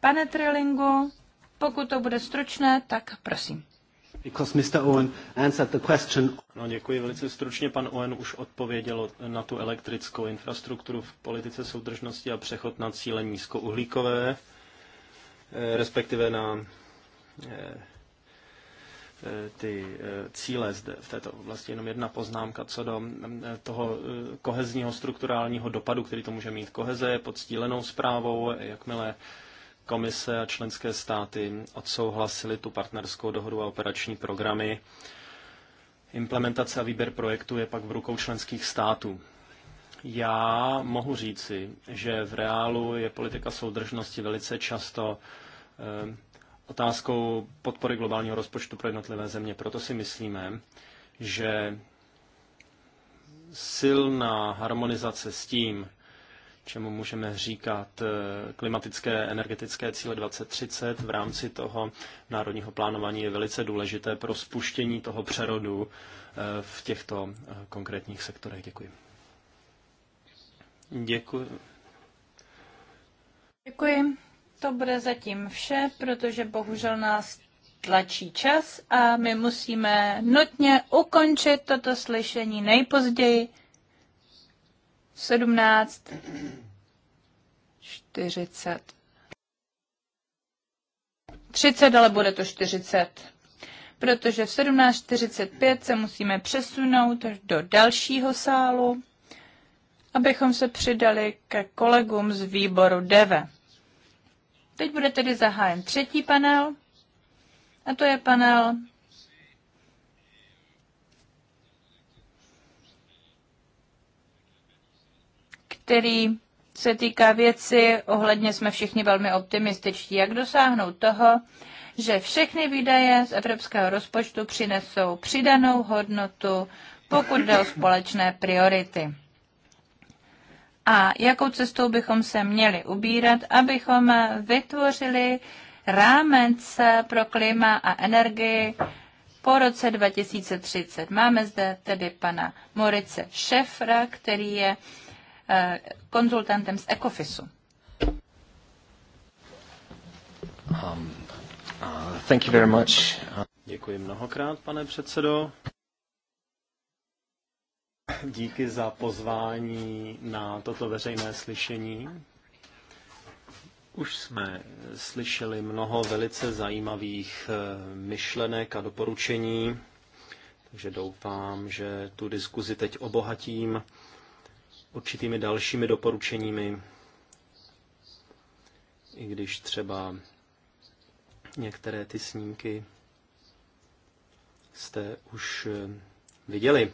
Pane Trillingu, pokud to bude stručné, tak prosím. Mr. Owen the question. No, děkuji velice stručně. Pan Owen už odpověděl na tu elektrickou infrastrukturu v politice soudržnosti a přechod na cíle nízkouhlíkové, eh, respektive na eh, eh, ty cíle zde v této oblasti. Jenom jedna poznámka co do toho kohezního strukturálního dopadu, který to může mít koheze pod stílenou zprávou, jakmile Komise a členské státy odsouhlasili tu partnerskou dohodu a operační programy. Implementace a výběr projektu je pak v rukou členských států. Já mohu říci, že v reálu je politika soudržnosti velice často eh, otázkou podpory globálního rozpočtu pro jednotlivé země. Proto si myslíme, že silná harmonizace s tím, čemu můžeme říkat eh, klimatické energetické cíle 2030 v rámci toho národního plánování je velice důležité pro spuštění toho přerodu eh, v těchto eh, konkrétních sektorech. Děkuji. Děkuji. Děkuji. To bude zatím vše, protože bohužel nás tlačí čas a my musíme nutně ukončit toto slyšení nejpozději 17, 40. 30, ale bude to 40. Protože v 17.45 se musíme přesunout do dalšího sálu, abychom se přidali ke kolegům z výboru DEVE. Teď bude tedy zahájen třetí panel, a to je panel který se týká věci, ohledně jsme všichni velmi optimističtí, jak dosáhnout toho, že všechny výdaje z evropského rozpočtu přinesou přidanou hodnotu, pokud jde o společné priority. A jakou cestou bychom se měli ubírat, abychom vytvořili rámec pro klima a energii po roce 2030. Máme zde tedy pana Morice Šefra, který je Eh, konzultantem z Ecofisu. Um, uh, thank you very much. Děkuji mnohokrát, pane předsedo. Díky za pozvání na toto veřejné slyšení. Už jsme slyšeli mnoho velice zajímavých eh, myšlenek a doporučení, takže doufám, že tu diskuzi teď obohatím určitými dalšími doporučeními, i když třeba některé ty snímky jste už eh, viděli.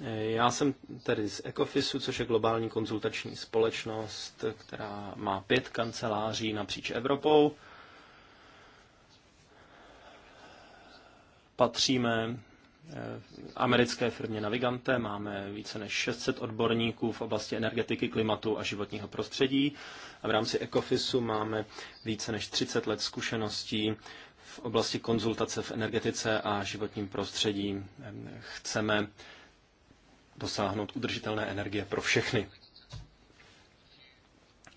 Eh, já jsem tedy z Ecofisu, což je globální konzultační společnost, která má pět kanceláří napříč Evropou. Patříme Eh, americké firmě Navigante. Máme více než 600 odborníků v oblasti energetiky, klimatu a životního prostředí. A v rámci Ecofisu máme více než 30 let zkušeností v oblasti konzultace v energetice a životním prostředí. Chceme dosáhnout udržitelné energie pro všechny.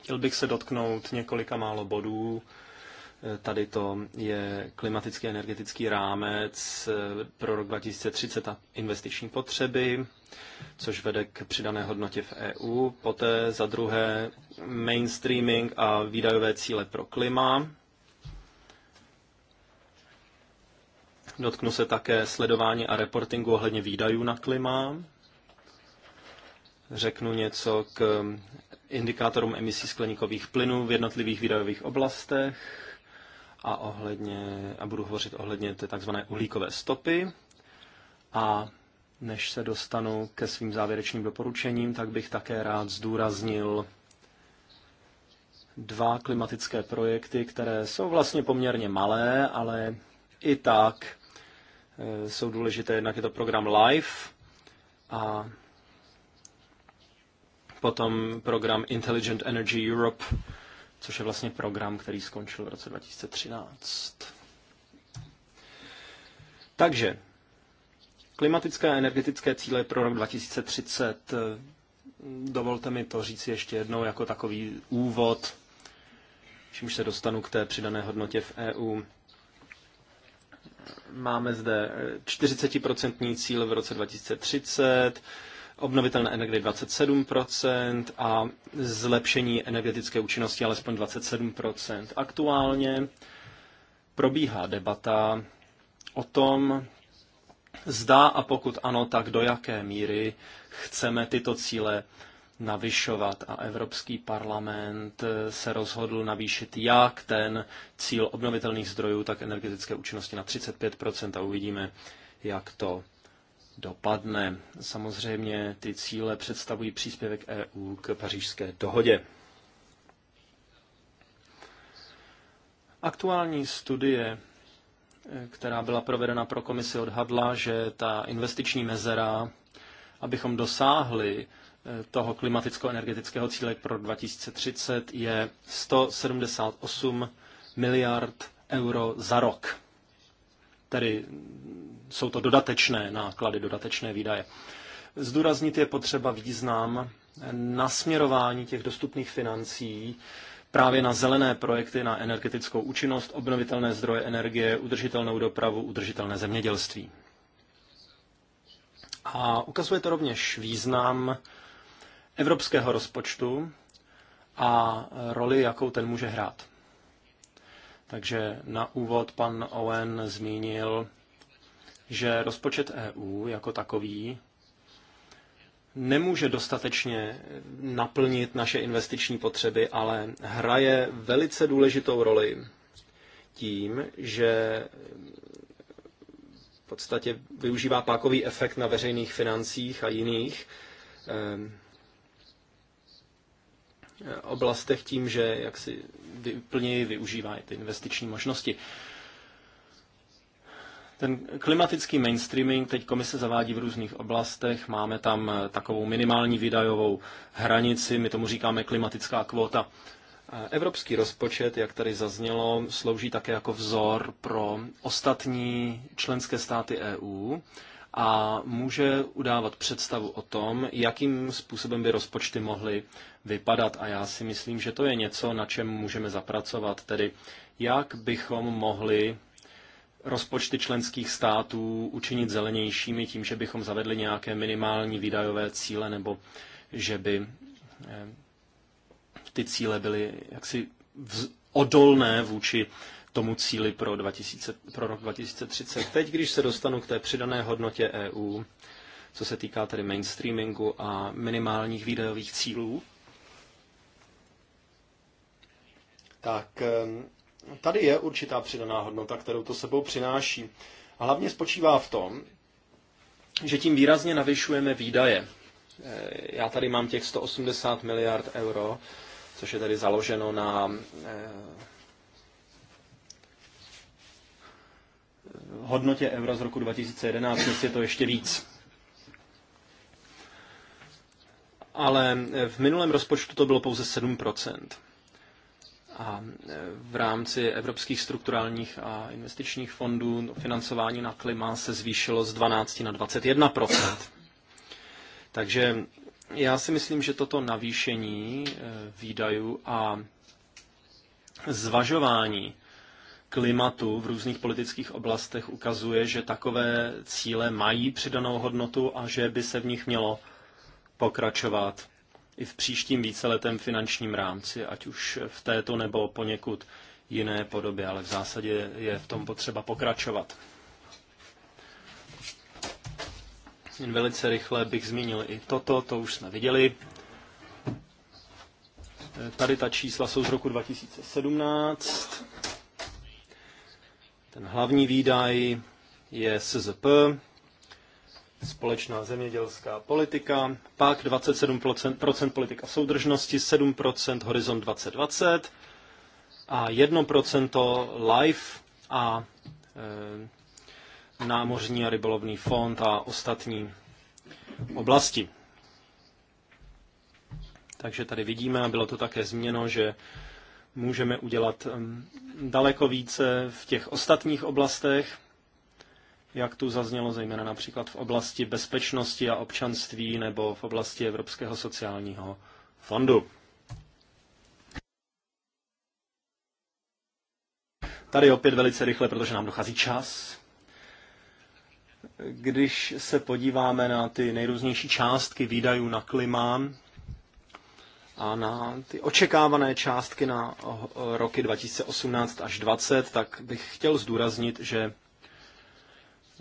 Chtěl bych se dotknout několika málo bodů, Tady to je klimatický energetický rámec eh, pro rok 2030 a investiční potřeby, což vede k přidané hodnotě v EU. Poté za druhé mainstreaming a výdajové cíle pro klima. Dotknu se také sledování a reportingu ohledně výdajů na klima. Řeknu něco k indikátorům emisí skleníkových plynů v jednotlivých výdajových oblastech a, ohledně, a budu hovořit ohledně té tzv. uhlíkové stopy. A než se dostanu ke svým závěrečným doporučením, tak bych také rád zdůraznil dva klimatické projekty, které jsou vlastně poměrně malé, ale i tak eh, jsou důležité. Jednak je to program LIFE a potom program Intelligent Energy Europe, což je vlastně program, který skončil v roce 2013. Takže klimatické a energetické cíle pro rok 2030. Dovolte mi to říct ještě jednou jako takový úvod, čímž se dostanu k té přidané hodnotě v EU. Máme zde 40% cíl v roce 2030, obnovitelné energie 27% a zlepšení energetické účinnosti alespoň 27%. Aktuálně probíhá debata o tom, zda a pokud ano, tak do jaké míry chceme tyto cíle navyšovat a Evropský parlament se rozhodl navýšit jak ten cíl obnovitelných zdrojů, tak energetické účinnosti na 35% a uvidíme, jak to dopadne. Samozřejmě ty cíle představují příspěvek EU k pařížské dohodě. Aktuální studie, která byla provedena pro komisi, odhadla, že ta investiční mezera, abychom dosáhli eh, toho klimaticko-energetického cíle pro 2030, je 178 miliard euro za rok. Tedy jsou to dodatečné náklady, dodatečné výdaje. Zdůraznit je potřeba význam nasměrování těch dostupných financí právě na zelené projekty, na energetickou účinnost, obnovitelné zdroje energie, udržitelnou dopravu, udržitelné zemědělství. A ukazuje to rovněž význam evropského rozpočtu a roli, jakou ten může hrát. Takže na úvod pan Owen zmínil že rozpočet EU jako takový nemůže dostatečně naplnit naše investiční potřeby, ale hraje velice důležitou roli tím, že v podstatě využívá pákový efekt na veřejných financích a jiných ehm, oblastech tím, že jak si plněji využívá ty investiční možnosti. Ten klimatický mainstreaming teď komise zavádí v různých oblastech. Máme tam eh, takovou minimální výdajovou hranici, my tomu říkáme klimatická kvota. Evropský rozpočet, jak tady zaznělo, slouží také jako vzor pro ostatní členské státy EU a může udávat představu o tom, jakým způsobem by rozpočty mohly vypadat. A já si myslím, že to je něco, na čem můžeme zapracovat, tedy jak bychom mohli rozpočty členských států učinit zelenějšími tím, že bychom zavedli nějaké minimální výdajové cíle nebo že by eh, ty cíle byly jaksi odolné vůči tomu cíli pro, 2000, pro rok 2030. Teď, když se dostanu k té přidané hodnotě EU, co se týká tedy mainstreamingu a minimálních výdajových cílů, tak eh, Tady je určitá přidaná hodnota, kterou to sebou přináší. A hlavně spočívá v tom, že tím výrazně navyšujeme výdaje. Eh, já tady mám těch 180 miliard euro, což je tady založeno na eh, hodnotě eura z roku 2011, dnes je to ještě víc. Ale eh, v minulém rozpočtu to bylo pouze 7 a e, v rámci evropských strukturálních a investičních fondů financování na klima se zvýšilo z 12 na 21 Takže já si myslím, že toto navýšení e, výdajů a zvažování klimatu v různých politických oblastech ukazuje, že takové cíle mají přidanou hodnotu a že by se v nich mělo pokračovat i v příštím víceletém finančním rámci, ať už v této nebo poněkud jiné podobě, ale v zásadě je v tom potřeba pokračovat. Jen velice rychle bych zmínil i toto, to už jsme viděli. Tady ta čísla jsou z roku 2017. Ten hlavní výdaj je SZP, společná zemědělská politika, pak 27% politika soudržnosti, 7% horizont 2020 a 1% LIFE a e, námořní a rybolovný fond a ostatní oblasti. Takže tady vidíme, a bylo to také změno, že můžeme udělat daleko více v těch ostatních oblastech, jak tu zaznělo, zejména například v oblasti bezpečnosti a občanství nebo v oblasti Evropského sociálního fondu. Tady opět velice rychle, protože nám dochází čas. Když se podíváme na ty nejrůznější částky výdajů na klima a na ty očekávané částky na roky 2018 až 2020, tak bych chtěl zdůraznit, že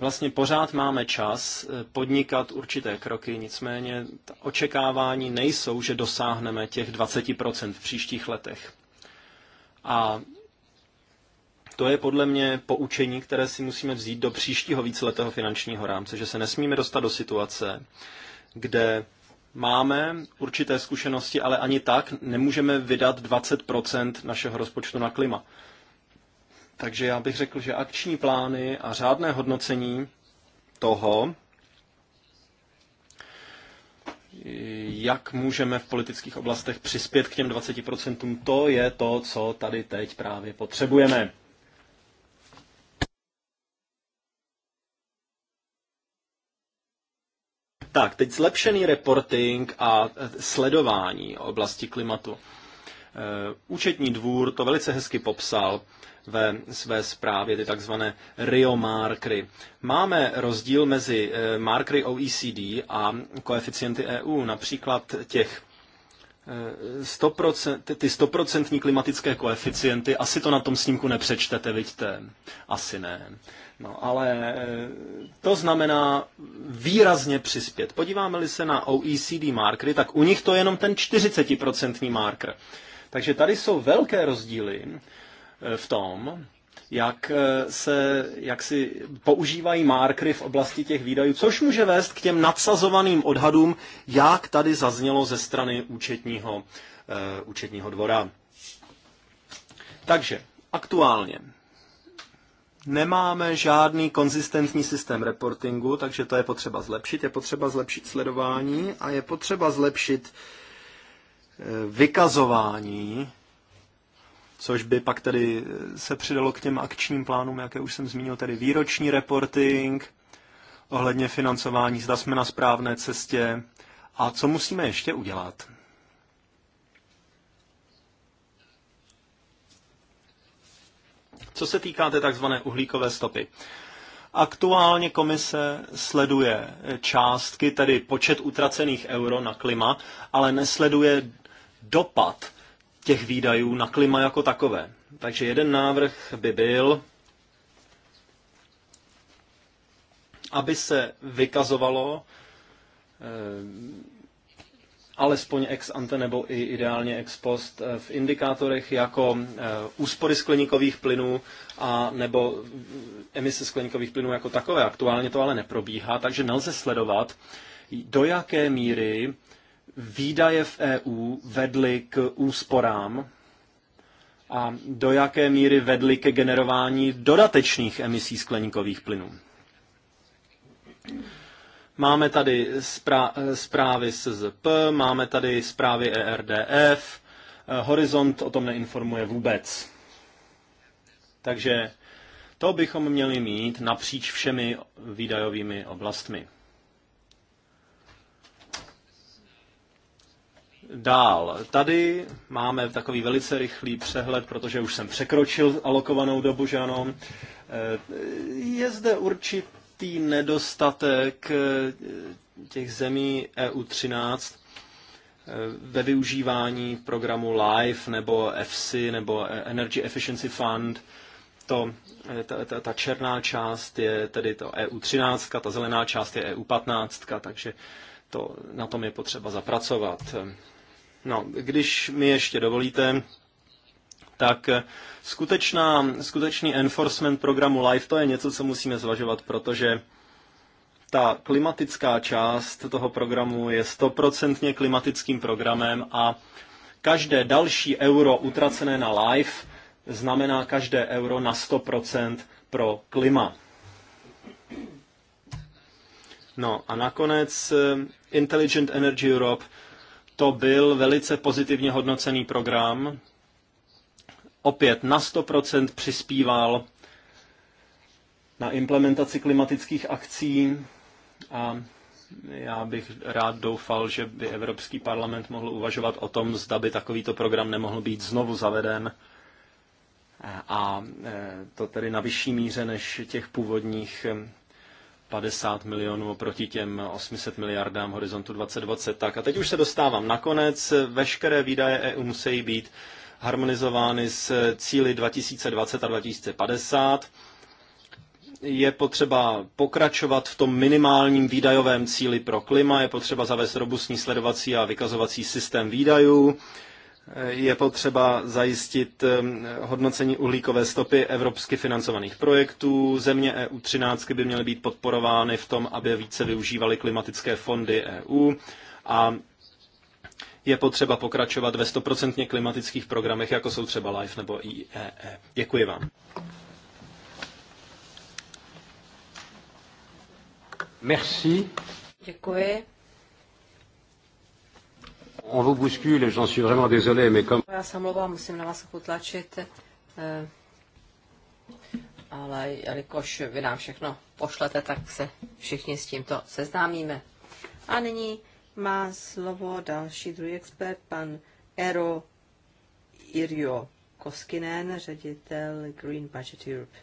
vlastně pořád máme čas eh, podnikat určité kroky, nicméně očekávání nejsou, že dosáhneme těch 20% v příštích letech. A to je podle mě poučení, které si musíme vzít do příštího víceletého finančního rámce, že se nesmíme dostat do situace, kde máme určité zkušenosti, ale ani tak nemůžeme vydat 20% našeho rozpočtu na klima. Takže já bych řekl, že akční plány a řádné hodnocení toho, jak můžeme v politických oblastech přispět k těm 20%, to je to, co tady teď právě potřebujeme. Tak, teď zlepšený reporting a sledování oblasti klimatu. Eh, účetní dvůr to velice hezky popsal ve své zprávě, ty takzvané Rio markry. Máme rozdíl mezi eh, markry OECD a koeficienty EU, například těch 100%, eh, ty 100% klimatické koeficienty, asi to na tom snímku nepřečtete, vidíte? Asi ne. No ale eh, to znamená výrazně přispět. Podíváme-li se na OECD markry, tak u nich to je jenom ten 40% marker. Takže tady jsou velké rozdíly Eh, v tom, jak eh, se jak si používají markry v oblasti těch výdajů, což může vést k těm nadsazovaným odhadům, jak tady zaznělo ze strany účetního, uh, účetního dvora. Takže aktuálně nemáme žádný konzistentní systém reportingu, takže to je potřeba zlepšit. Je potřeba zlepšit sledování a je potřeba zlepšit vykazování což by pak tedy eh, se přidalo k těm akčním plánům, jaké už jsem zmínil, tedy výroční reporting ohledně financování, zda jsme na správné cestě a co musíme ještě udělat. Co se týká té tzv. uhlíkové stopy. Aktuálně komise sleduje částky, tedy počet utracených euro na klima, ale nesleduje dopad těch výdajů na klima jako takové. Takže jeden návrh by byl, aby se vykazovalo eh, alespoň ex ante nebo i ideálně ex post eh, v indikátorech jako eh, úspory skleníkových plynů a nebo emise skleníkových plynů jako takové. Aktuálně to ale neprobíhá, takže nelze sledovat, do jaké míry výdaje v EU vedly k úsporám a do jaké míry vedly ke generování dodatečných emisí skleníkových plynů. Máme tady zprávy SZP, máme tady zprávy ERDF, Horizont o tom neinformuje vůbec. Takže to bychom měli mít napříč všemi výdajovými oblastmi. Dál, tady máme takový velice rychlý přehled, protože už jsem překročil alokovanou dobu, že ano. Eh, je zde určitý nedostatek eh, těch zemí EU13 eh, ve využívání programu LIFE nebo EFSI nebo Energy Efficiency Fund. To, ta, ta, ta černá část je tedy to EU13, ta zelená část je EU15, takže to, na tom je potřeba zapracovat. No, když mi ještě dovolíte, tak skutečná, skutečný enforcement programu LIFE to je něco, co musíme zvažovat, protože ta klimatická část toho programu je stoprocentně klimatickým programem a každé další euro utracené na LIFE znamená každé euro na 100% pro klima. No a nakonec eh, Intelligent Energy Europe – to byl velice pozitivně hodnocený program. Opět na 100% přispíval na implementaci klimatických akcí a já bych rád doufal, že by Evropský parlament mohl uvažovat o tom, zda by takovýto program nemohl být znovu zaveden a e, to tedy na vyšší míře než těch původních 50 milionů oproti těm 800 miliardám horizontu 2020. Tak a teď už se dostávám. Nakonec veškeré výdaje EU musí být harmonizovány s cíly 2020 a 2050. Je potřeba pokračovat v tom minimálním výdajovém cíli pro klima, je potřeba zavést robustní sledovací a vykazovací systém výdajů, je potřeba zajistit hodnocení uhlíkové stopy evropsky financovaných projektů. Země EU 13 by měly být podporovány v tom, aby více využívaly klimatické fondy EU a je potřeba pokračovat ve stoprocentně klimatických programech, jako jsou třeba LIFE nebo IEE. E. Děkuji vám. Merci. Děkuji on vous bouscule, j'en suis vraiment désolé, mais comme... Já se omlouvám, musím na vás potlačit, eh, ale jelikož vy nám všechno pošlete, tak se všichni s tímto seznámíme. A nyní má slovo další druhý expert, pan Ero Irio Koskinen, ředitel Green Budget Europe.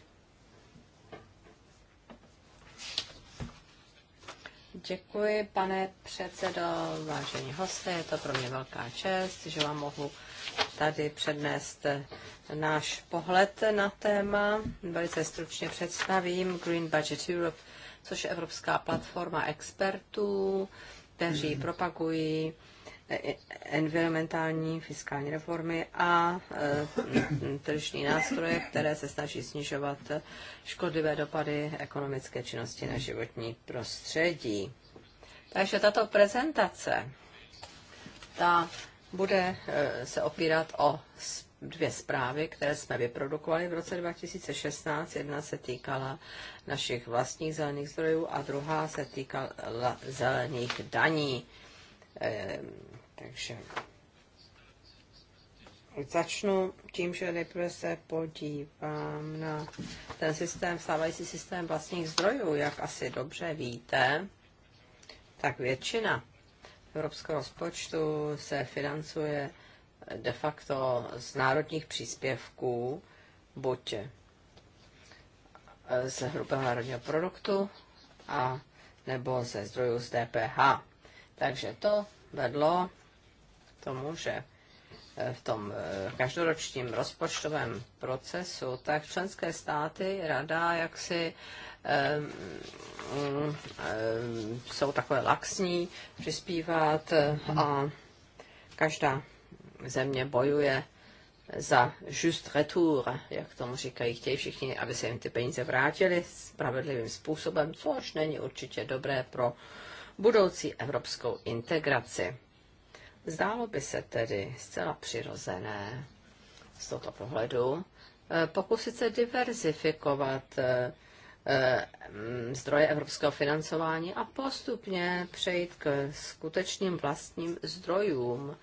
Děkuji, pane předsedo, vážení hosté, je to pro mě velká čest, že vám mohu tady přednést náš pohled na téma. Velice stručně představím Green Budget Europe, což je evropská platforma expertů, kteří hmm. propagují environmentální fiskální reformy a eh, tržní nástroje, které se snaží snižovat škodlivé dopady ekonomické činnosti na životní prostředí. Takže tato prezentace ta bude eh, se opírat o dvě zprávy, které jsme vyprodukovali v roce 2016. Jedna se týkala našich vlastních zelených zdrojů a druhá se týkala zelených daní eh, takže začnu tím, že nejprve se podívám na ten systém, stávající systém vlastních zdrojů. Jak asi dobře víte, tak většina evropského rozpočtu se financuje de facto z národních příspěvků, buď eh, z hrubého národního produktu a nebo ze zdrojů z DPH. Takže to vedlo tomu, že eh, v tom eh, každoročním rozpočtovém procesu, tak členské státy, rada, jak si eh, mm, jsou takové laxní přispívat a každá země bojuje za just retour, jak tomu říkají, chtějí všichni, aby se jim ty peníze vrátily spravedlivým způsobem, což není určitě dobré pro budoucí evropskou integraci. Zdálo by se tedy zcela přirozené z tohoto pohledu eh, pokusit se diverzifikovat eh, eh, zdroje evropského financování a postupně přejít k skutečným vlastním zdrojům,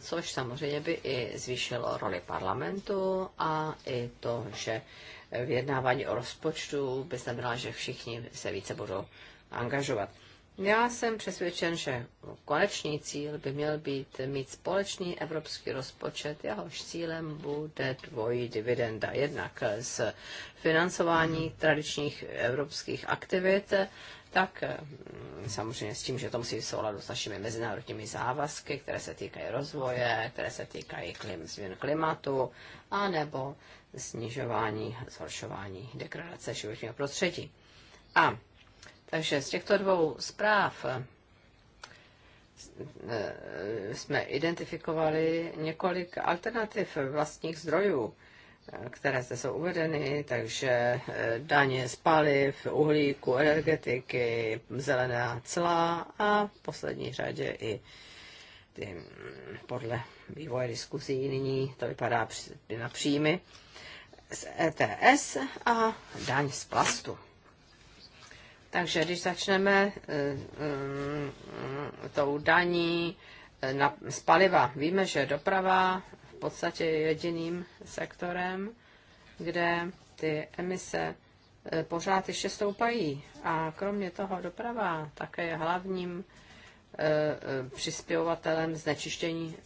což samozřejmě by i zvýšilo roli parlamentu a i to, že vyjednávání o rozpočtu by znamenalo, že všichni se více budou angažovat. Já jsem přesvědčen, že konečný cíl by měl být mít společný evropský rozpočet. Jehož cílem bude dvojí dividenda. Jednak z financování tradičních evropských aktivit, tak mm, samozřejmě s tím, že to musí v souladu s našimi mezinárodními závazky, které se týkají rozvoje, které se týkají klim, změn klimatu, anebo snižování, zhoršování degradace životního prostředí. A takže z těchto dvou zpráv eh, jsme identifikovali několik alternativ vlastních zdrojů, eh, které zde jsou uvedeny, takže eh, daně z paliv, uhlíku, energetiky, zelená cla a v poslední řadě i ty, mm, podle vývoje diskuzí nyní to vypadá na příjmy z ETS a daň z plastu. Takže když začneme eh, eh, tou daní eh, na, z paliva, víme, že doprava v podstatě je jediným sektorem, kde ty emise pořád ještě stoupají. A kromě toho doprava také je hlavním přispěvatelem znečištění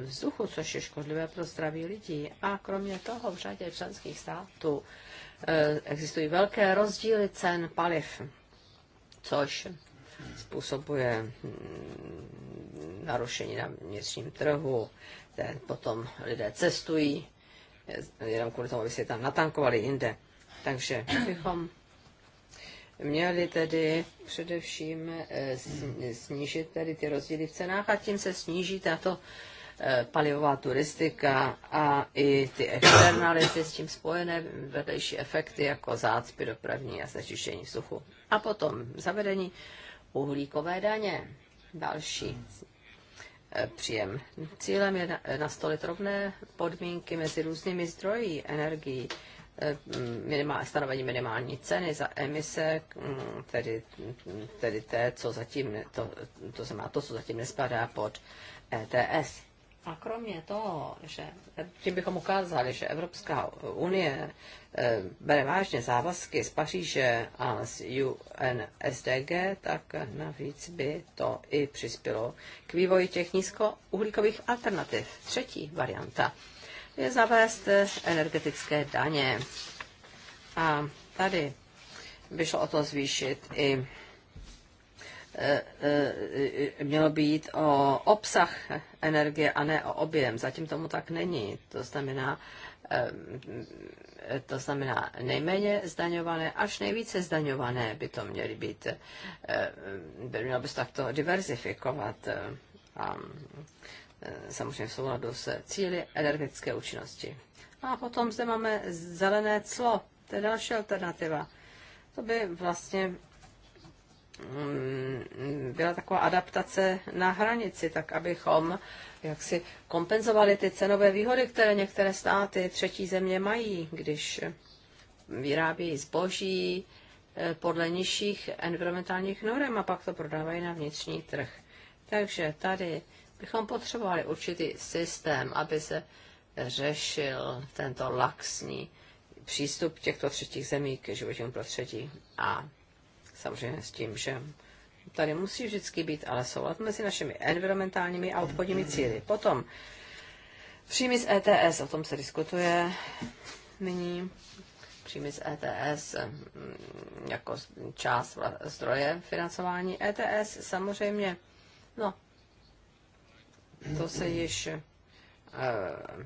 vzduchu, což je škodlivé pro zdraví lidí. A kromě toho v řadě členských států existují velké rozdíly cen paliv což způsobuje hm, narušení na vnitřním trhu, potom lidé cestují, jenom kvůli tomu, aby si tam natankovali jinde. Takže bychom měli tedy především eh, snížit tedy ty rozdíly v cenách a tím se sníží tato eh, palivová turistika a i ty externality s tím spojené vedlejší efekty jako zácpy dopravní a znečištění vzduchu. A potom zavedení uhlíkové daně. Další eh, příjem. Cílem je eh, nastolit rovné podmínky mezi různými zdroji energií, eh, minimál, stanovení minimální ceny za emise, mm, tedy, tedy té, co zatím, to, to znamená to, co zatím nespadá pod ETS. A kromě toho, že tím bychom ukázali, že Evropská unie eh, bere vážně závazky z Paříže a z UNSDG, tak navíc by to i přispělo k vývoji těch nízkouhlíkových alternativ. Třetí varianta je zavést eh, energetické daně. A tady by šlo o to zvýšit i Eh, eh, mělo být o obsah energie a ne o objem. Zatím tomu tak není. To znamená, eh, to znamená nejméně zdaňované až nejvíce zdaňované by to měly být. Mělo by se takto diverzifikovat a samozřejmě v souladu s cíly energetické účinnosti. A potom zde máme zelené clo, to je další alternativa. To by vlastně Mm, byla taková adaptace na hranici, tak abychom jak si kompenzovali ty cenové výhody, které některé státy třetí země mají, když vyrábějí zboží eh, podle nižších environmentálních norm a pak to prodávají na vnitřní trh. Takže tady bychom potřebovali určitý systém, aby se řešil tento laxní přístup těchto třetích zemí k životnímu prostředí. A Samozřejmě s tím, že tady musí vždycky být ale soulad mezi našimi environmentálními a obchodními cíly. Potom příjmy z ETS, o tom se diskutuje nyní. Příjmy z ETS mm, jako část zdroje financování. ETS samozřejmě, no, to se již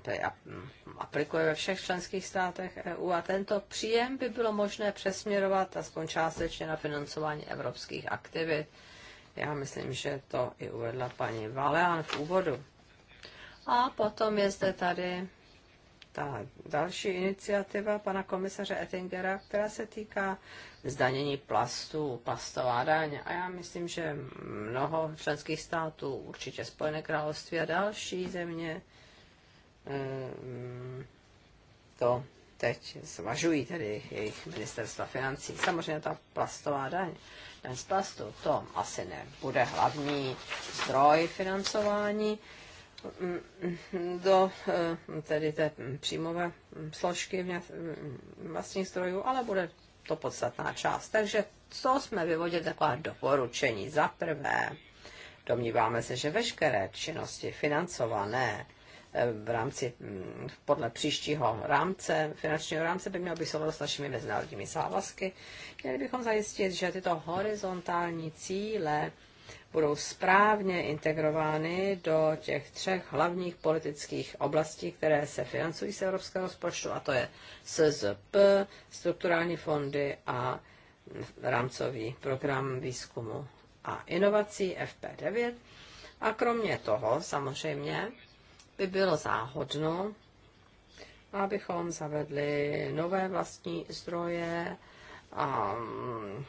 Eh, hm, aplikuje ve všech členských státech EU a tento příjem by bylo možné přesměrovat aspoň částečně na financování evropských aktivit. Já myslím, že to i uvedla paní Valean v úvodu. A potom je zde tady ta další iniciativa pana komisaře Ettingera, která se týká zdanění plastů, plastová daň. A já myslím, že mnoho členských států, určitě Spojené království a další země, Mm, to teď zvažují tedy jejich ministerstva financí. Samozřejmě ta plastová daň, daň z plastu, to asi nebude hlavní zdroj financování mm, do eh, tedy té příjmové složky mm, vlastních zdrojů, ale bude to podstatná část. Takže co jsme vyvodili taková doporučení? Za prvé, domníváme se, že veškeré činnosti financované v rámci, mm, podle příštího rámce, finančního rámce by mělo být souhlas s našimi mezinárodními závazky. Měli bychom zajistit, že tyto horizontální cíle budou správně integrovány do těch třech hlavních politických oblastí, které se financují z evropského rozpočtu, a to je SZP, strukturální fondy a rámcový program výzkumu a inovací FP9. A kromě toho samozřejmě by bylo záhodno, abychom zavedli nové vlastní zdroje, a, mm,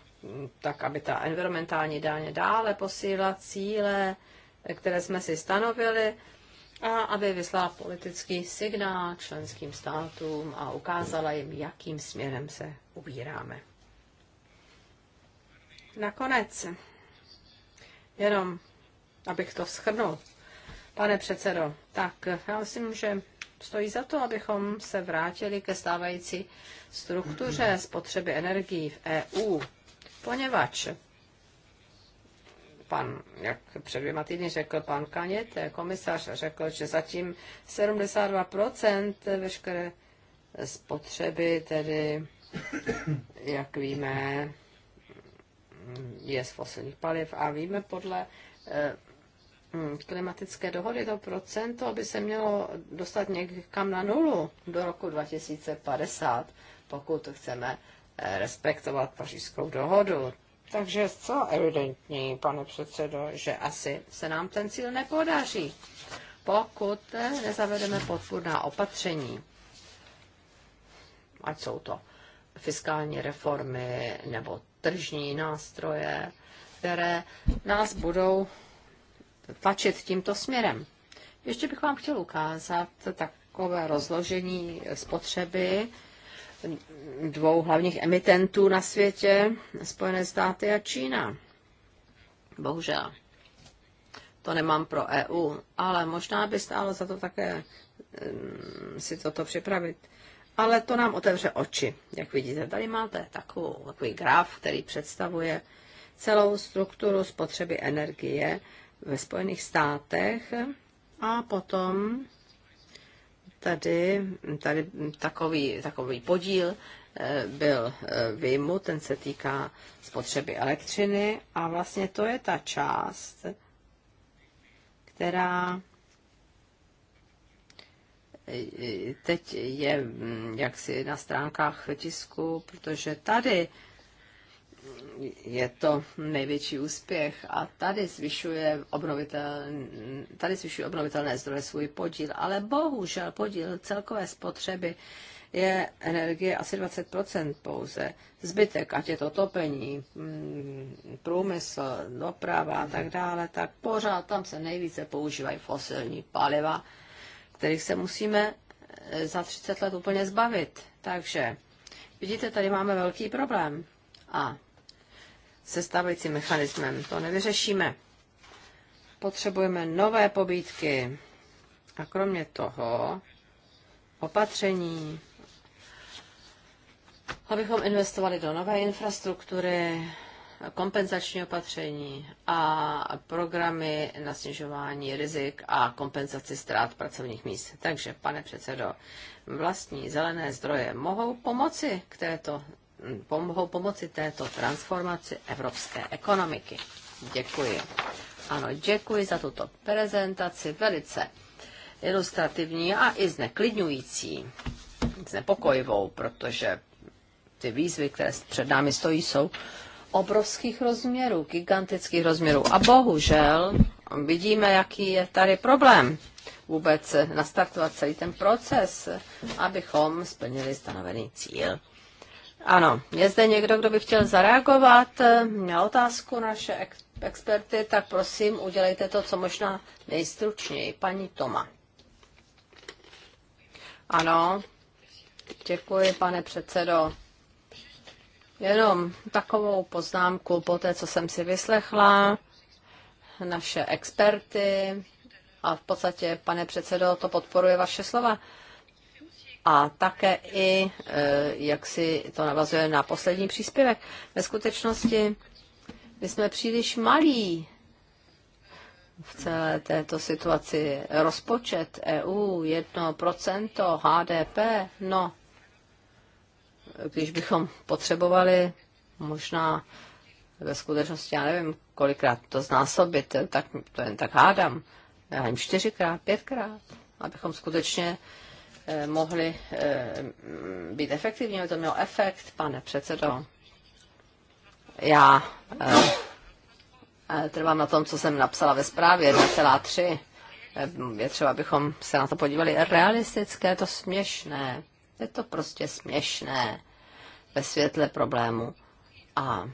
tak aby ta environmentální dáně dále posílila cíle, které jsme si stanovili, a aby vyslala politický signál členským státům a ukázala jim, jakým směrem se ubíráme. Nakonec, jenom abych to shrnul, Pane předsedo, tak já myslím, že stojí za to, abychom se vrátili ke stávající struktuře spotřeby energií v EU, poněvadž pan, jak před dvěma týdny řekl pan Kanět, komisař, řekl, že zatím 72% veškeré spotřeby, tedy, jak víme, je z fosilních paliv a víme podle eh, Hm, klimatické dohody, to procento by se mělo dostat někam na nulu do roku 2050, pokud chceme eh, respektovat pařížskou dohodu. Takže co, evidentní, pane předsedo, že asi se nám ten cíl nepodaří, pokud eh, nezavedeme podpůrná opatření. Ať jsou to fiskální reformy nebo tržní nástroje, které nás budou tlačit tímto směrem. Ještě bych vám chtěl ukázat takové rozložení spotřeby dvou hlavních emitentů na světě, Spojené státy a Čína. Bohužel. To nemám pro EU, ale možná by stálo za to také mm, si toto připravit. Ale to nám otevře oči. Jak vidíte, tady máte takovou, takový graf, který představuje celou strukturu spotřeby energie ve Spojených státech a potom tady, tady takový, takový podíl eh, byl eh, výjimu, ten se týká spotřeby elektřiny a vlastně to je ta část, která eh, teď je hm, jaksi na stránkách tisku, protože tady je to největší úspěch a tady zvyšuje, obnovitel, tady zvyšuje obnovitelné zdroje svůj podíl, ale bohužel podíl celkové spotřeby je energie asi 20% pouze. Zbytek, ať je to topení, mm, průmysl, doprava a tak dále, tak pořád tam se nejvíce používají fosilní paliva, kterých se musíme e, za 30 let úplně zbavit. Takže vidíte, tady máme velký problém. A se stávajícím mechanismem. To nevyřešíme. Potřebujeme nové pobídky a kromě toho opatření, abychom investovali do nové infrastruktury, kompenzační opatření a programy na snižování rizik a kompenzaci ztrát pracovních míst. Takže, pane předsedo, vlastní zelené zdroje mohou pomoci k této pomohou pomoci této transformaci evropské ekonomiky. Děkuji. Ano, děkuji za tuto prezentaci, velice ilustrativní a i zneklidňující, znepokojivou, protože ty výzvy, které před námi stojí, jsou obrovských rozměrů, gigantických rozměrů. A bohužel vidíme, jaký je tady problém vůbec nastartovat celý ten proces, abychom splnili stanovený cíl. Ano, je zde někdo, kdo by chtěl zareagovat eh, na otázku naše experty, tak prosím, udělejte to, co možná nejstručněji. Paní Toma. Ano, děkuji, pane předsedo. Jenom takovou poznámku po té, co jsem si vyslechla, naše experty a v podstatě, pane předsedo, to podporuje vaše slova a také i, e, jak si to navazuje na poslední příspěvek, ve skutečnosti my jsme příliš malí v celé této situaci. Rozpočet EU 1% HDP, no, když bychom potřebovali možná ve skutečnosti, já nevím, kolikrát to znásobit, tak to jen tak hádám, já nevím, čtyřikrát, pětkrát, abychom skutečně uh, Eh, mohly eh, být efektivní, aby to mělo efekt, pane předsedo. Já eh, trvám na tom, co jsem napsala ve zprávě 1,3. Je třeba, abychom se na to podívali. Realistické, je to směšné. Je to prostě směšné ve světle problému. A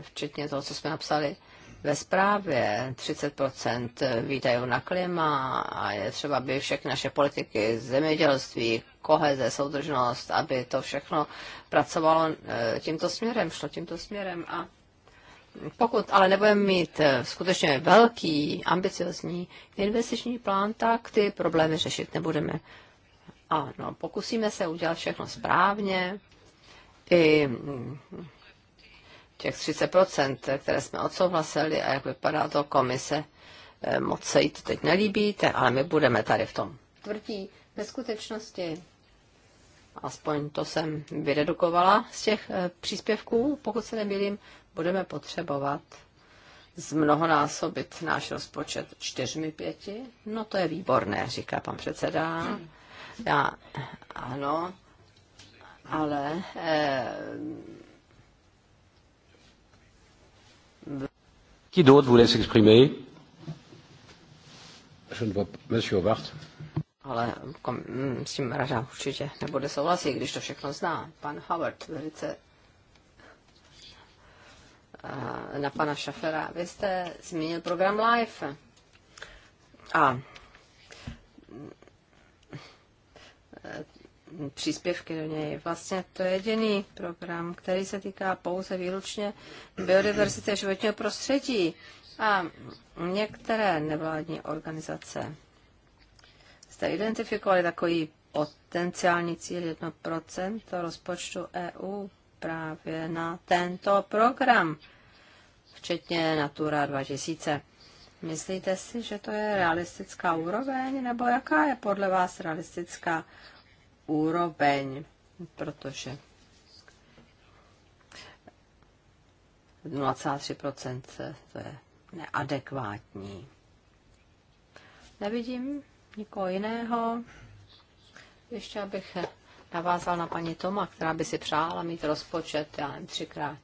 včetně toho, co jsme napsali, ve zprávě 30 výdajů na klima a je třeba, aby všechny naše politiky, zemědělství, koheze, soudržnost, aby to všechno pracovalo eh, tímto směrem, šlo tímto směrem a pokud ale nebudeme mít eh, skutečně velký, ambiciozní investiční plán, tak ty problémy řešit nebudeme. Ano, pokusíme se udělat všechno správně, i mm, těch 30%, které jsme odsouhlasili a jak vypadá to komise, eh, moc se jí to teď nelíbí, ale my budeme tady v tom tvrdí ve skutečnosti. Aspoň to jsem vyredukovala z těch eh, příspěvků, pokud se nemýlím, budeme potřebovat zmnohonásobit náš rozpočet čtyřmi pěti. No to je výborné, říká pan předseda. Hmm. Já, ano, ale eh, Qui d'autre voulait s'exprimer Je ne vois pas. Monsieur Obart. Ale kom, mm, s tím Raža určitě nebude souhlasit, když to všechno zná. Pan Howard velice eh, na pana Šafera. Vy jste zmínil program Life. A mm, příspěvky do něj. Vlastně to je jediný program, který se týká pouze výlučně biodiverzity a životního prostředí a některé nevládní organizace jste identifikovali takový potenciální cíl 1% rozpočtu EU právě na tento program, včetně Natura 2000. Myslíte si, že to je realistická úroveň, nebo jaká je podle vás realistická úroveň, protože 0,3% to je neadekvátní. Nevidím nikoho jiného. Ještě abych navázal na paní Toma, která by si přála mít rozpočet, já nevím, třikrát,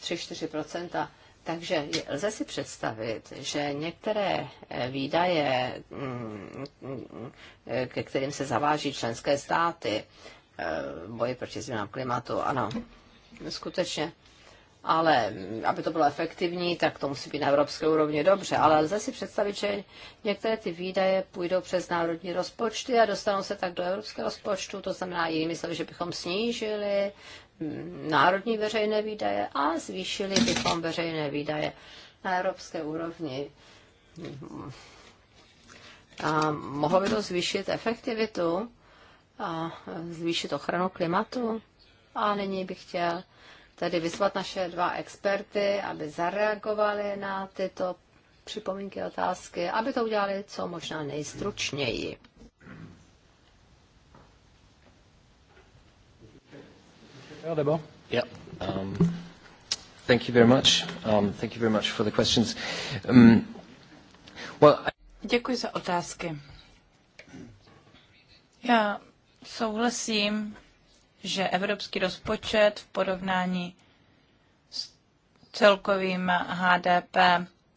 3-4%. Takže lze si představit, že některé eh, výdaje, mm, mm, ke kterým se zaváží členské státy, eh, boji proti změnám klimatu, ano, skutečně, ale mm, aby to bylo efektivní, tak to musí být na evropské úrovni dobře. Ale lze si představit, že některé ty výdaje půjdou přes národní rozpočty a dostanou se tak do evropského rozpočtu. To znamená, jinými slovy, že bychom snížili národní veřejné výdaje a zvýšili bychom veřejné výdaje na evropské úrovni. A mohlo by to zvýšit efektivitu a zvýšit ochranu klimatu. A nyní bych chtěl tedy vyzvat naše dva experty, aby zareagovali na tyto připomínky, otázky, aby to udělali co možná nejstručněji. Yeah, Debo. Yeah. Um, thank you very much. Um, thank you very much for the questions. Um, well, I... Děkuji za otázky. Já souhlasím, že evropský rozpočet v porovnání s celkovým HDP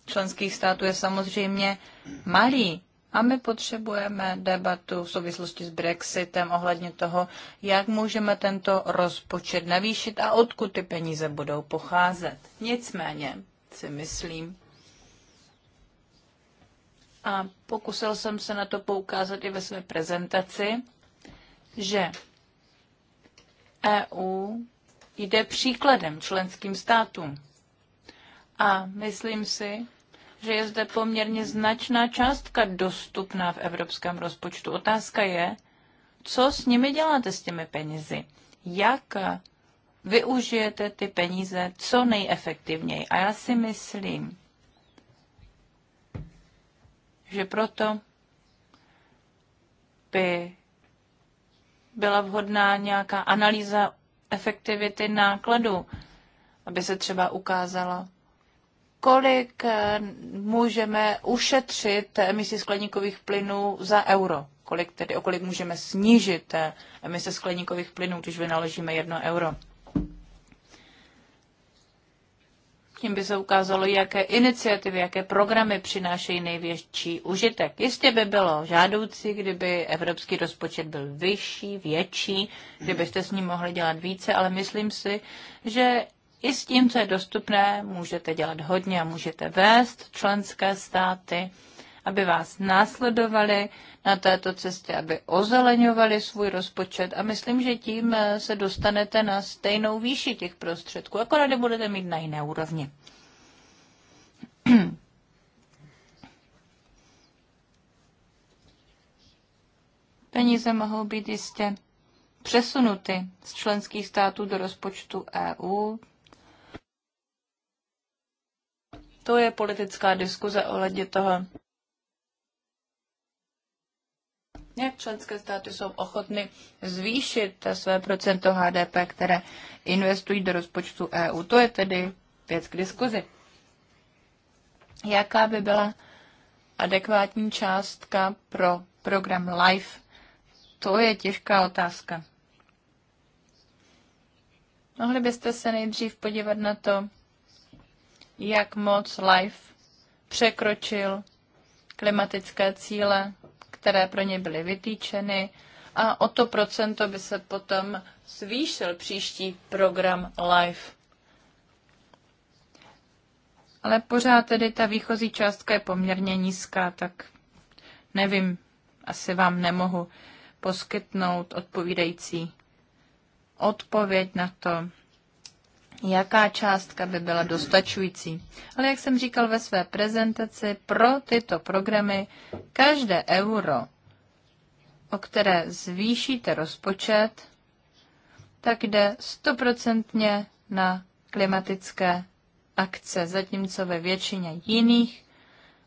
členských států je samozřejmě malý. A my potřebujeme debatu v souvislosti s Brexitem ohledně toho, jak můžeme tento rozpočet navýšit a odkud ty peníze budou pocházet. Nicméně si myslím, a pokusil jsem se na to poukázat i ve své prezentaci, že EU jde příkladem členským státům. A myslím si, že je zde poměrně značná částka dostupná v evropském rozpočtu. Otázka je, co s nimi děláte s těmi penězi? Jak využijete ty peníze co nejefektivněji? A já si myslím, že proto by byla vhodná nějaká analýza efektivity nákladu, aby se třeba ukázalo, kolik eh, můžeme ušetřit emisi skleníkových plynů za euro? Kolik tedy, o kolik můžeme snížit eh, emise skleníkových plynů, když vynaložíme jedno euro? Tím by se ukázalo, jaké iniciativy, jaké programy přinášejí největší užitek. Jistě by bylo žádoucí, kdyby evropský rozpočet byl vyšší, větší, kdybyste s ním mohli dělat více, ale myslím si, že i s tím, co je dostupné, můžete dělat hodně a můžete vést členské státy, aby vás následovali na této cestě, aby ozeleňovali svůj rozpočet a myslím, že tím eh, se dostanete na stejnou výši těch prostředků, akorát je budete mít na jiné úrovni. Peníze mohou být jistě přesunuty z členských států do rozpočtu EU To je politická diskuze ohledně toho, jak členské státy jsou ochotny zvýšit své procento HDP, které investují do rozpočtu EU. To je tedy věc k diskuzi. Jaká by byla adekvátní částka pro program LIFE? To je těžká otázka. Mohli byste se nejdřív podívat na to, jak moc LIFE překročil klimatické cíle, které pro ně byly vytýčeny a o to procento by se potom zvýšil příští program LIFE. Ale pořád tedy ta výchozí částka je poměrně nízká, tak nevím, asi vám nemohu poskytnout odpovídající odpověď na to, jaká částka by byla dostačující. Ale jak jsem říkal ve své prezentaci, pro tyto programy každé euro, o které zvýšíte rozpočet, tak jde stoprocentně na klimatické akce, zatímco ve většině jiných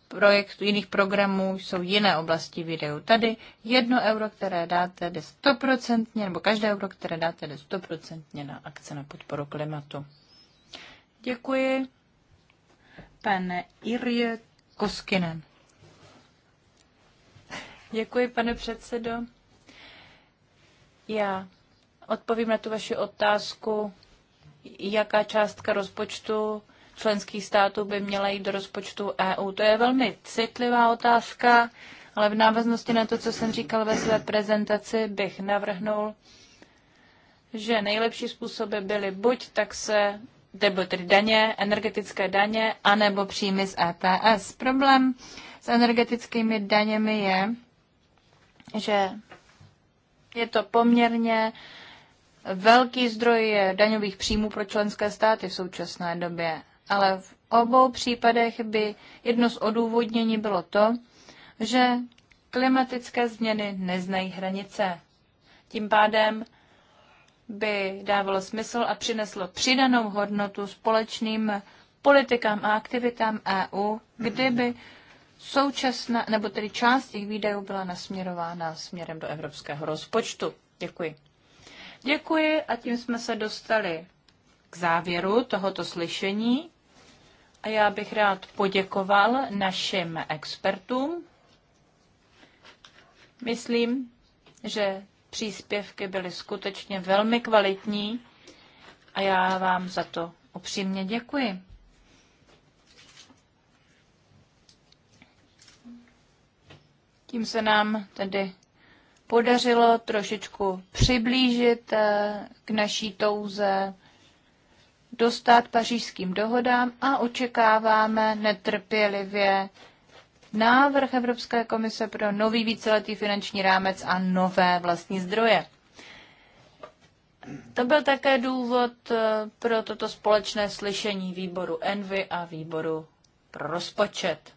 projektů, jiných programů jsou jiné oblasti videu. Tady jedno euro, které dáte, jde stoprocentně, nebo každé euro, které dáte, jde stoprocentně na akce na podporu klimatu. Děkuji. Pane Irje Koskinen. Děkuji, pane předsedo. Já odpovím na tu vaši otázku, jaká částka rozpočtu členských států by měla jít do rozpočtu EU. To je velmi citlivá otázka, ale v návaznosti na to, co jsem říkal ve své prezentaci, bych navrhnul, že nejlepší způsoby byly buď tak se nebo tedy daně, energetické daně, anebo příjmy z EPS. Problém s energetickými daněmi je, že je to poměrně velký zdroj daňových příjmů pro členské státy v současné době ale v obou případech by jedno z odůvodnění bylo to, že klimatické změny neznají hranice. Tím pádem by dávalo smysl a přineslo přidanou hodnotu společným politikám a aktivitám EU, kdyby současná, nebo tedy část těch výdajů byla nasměrována směrem do evropského rozpočtu. Děkuji. Děkuji a tím jsme se dostali k závěru tohoto slyšení. A já bych rád poděkoval našim expertům. Myslím, že příspěvky byly skutečně velmi kvalitní a já vám za to upřímně děkuji. Tím se nám tedy podařilo trošičku přiblížit eh, k naší touze dostat pařížským dohodám a očekáváme netrpělivě návrh Evropské komise pro nový víceletý finanční rámec a nové vlastní zdroje. To byl také důvod eh, pro toto společné slyšení výboru Envy a výboru pro rozpočet.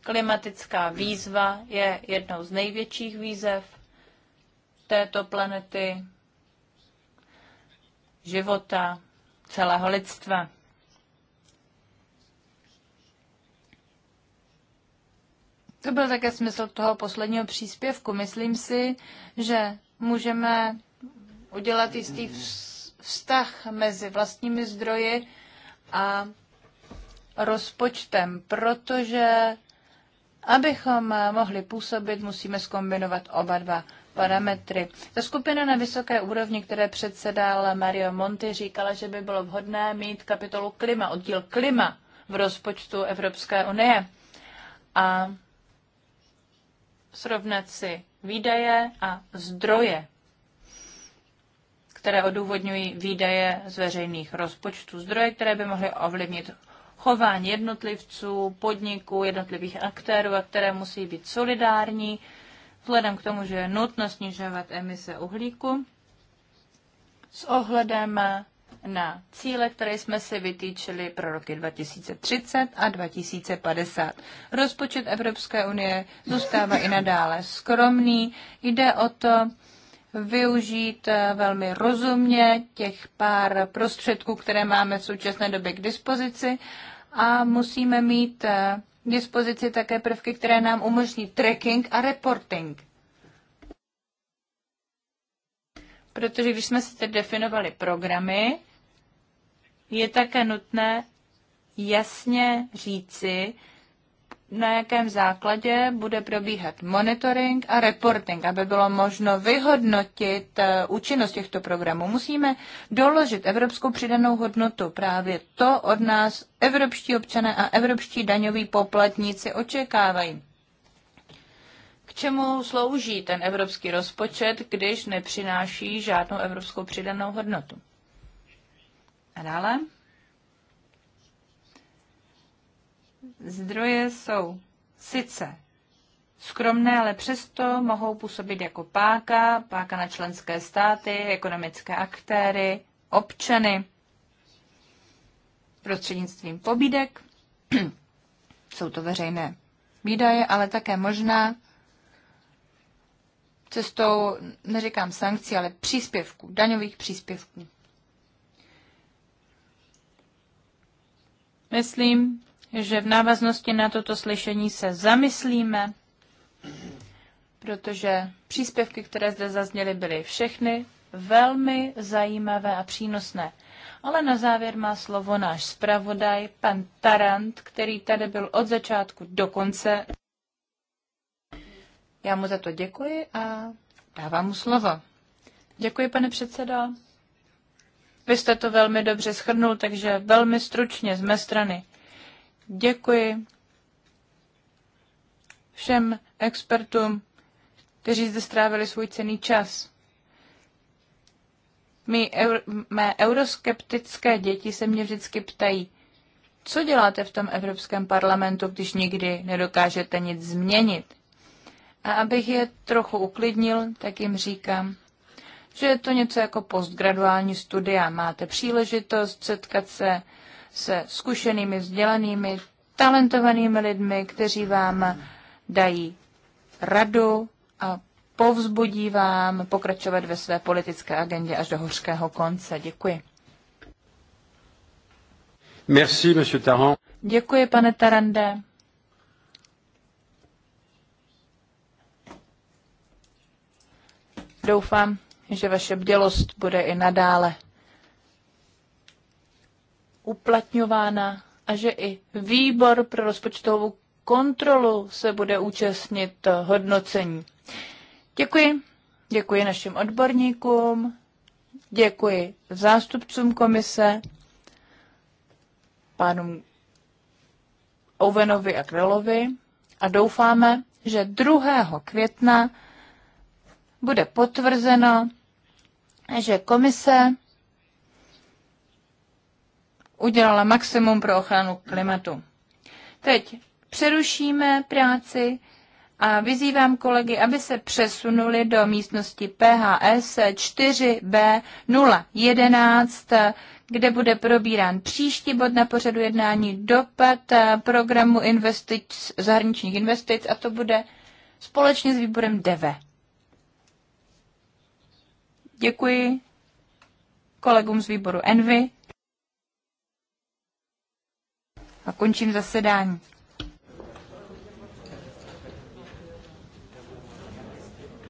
Klimatická výzva je jednou z největších výzev této planety, života, celého lidstva. To byl také smysl toho posledního příspěvku. Myslím si, že můžeme udělat jistý vztah mezi vlastními zdroji a rozpočtem, protože abychom mohli působit, musíme skombinovat oba dva parametry. Ta skupina na vysoké úrovni, které předsedal Mario Monti, říkala, že by bylo vhodné mít kapitolu klima, oddíl klima v rozpočtu Evropské unie a srovnat si výdaje a zdroje, které odůvodňují výdaje z veřejných rozpočtů. Zdroje, které by mohly ovlivnit chování jednotlivců, podniků, jednotlivých aktérů a které musí být solidární vzhledem k tomu, že je nutno snižovat emise uhlíku, s ohledem na cíle, které jsme si vytýčili pro roky 2030 a 2050. Rozpočet Evropské unie zůstává i nadále skromný. Jde o to využít velmi rozumně těch pár prostředků, které máme v současné době k dispozici a musíme mít dispozici také prvky, které nám umožní tracking a reporting. Protože když jsme si teď definovali programy, je také nutné jasně říci, na jakém základě bude probíhat monitoring a reporting, aby bylo možno vyhodnotit eh, účinnost těchto programů. Musíme doložit evropskou přidanou hodnotu. Právě to od nás evropští občané a evropští daňoví poplatníci očekávají. K čemu slouží ten evropský rozpočet, když nepřináší žádnou evropskou přidanou hodnotu? A dále? zdroje jsou sice skromné, ale přesto mohou působit jako páka, páka na členské státy, ekonomické aktéry, občany, prostřednictvím pobídek. jsou to veřejné výdaje, ale také možná cestou, neříkám sankcí, ale příspěvků, daňových příspěvků. Myslím, že v návaznosti na toto slyšení se zamyslíme, protože příspěvky, které zde zazněly, byly všechny velmi zajímavé a přínosné. Ale na závěr má slovo náš zpravodaj, pan Tarant, který tady byl od začátku do konce. Já mu za to děkuji a dávám mu slovo. Děkuji, pane předsedo. Vy jste to velmi dobře schrnul, takže velmi stručně z mé strany. Děkuji všem expertům, kteří zde strávili svůj cený čas. Mí, eur, mé euroskeptické děti se mě vždycky ptají, co děláte v tom Evropském parlamentu, když nikdy nedokážete nic změnit. A abych je trochu uklidnil, tak jim říkám, že je to něco jako postgraduální studia. Máte příležitost setkat se se zkušenými, vzdělanými, talentovanými lidmi, kteří vám dají radu a povzbudí vám pokračovat ve své politické agendě až do hořkého konce. Děkuji. Merci, monsieur Tarand. Děkuji, pane Tarande. Doufám, že vaše bdělost bude i nadále uplatňována a že i výbor pro rozpočtovou kontrolu se bude účastnit hodnocení. Děkuji. Děkuji našim odborníkům, děkuji zástupcům komise, pánům Ovenovi a Krelovi a doufáme, že 2. května bude potvrzeno, že komise udělala maximum pro ochranu klimatu. Teď přerušíme práci a vyzývám kolegy, aby se přesunuli do místnosti PHS 4B011, kde bude probírán příští bod na pořadu jednání dopad programu investic, zahraničních investic a to bude společně s výborem DEVE. Děkuji kolegům z výboru ENVY A končím zasedání.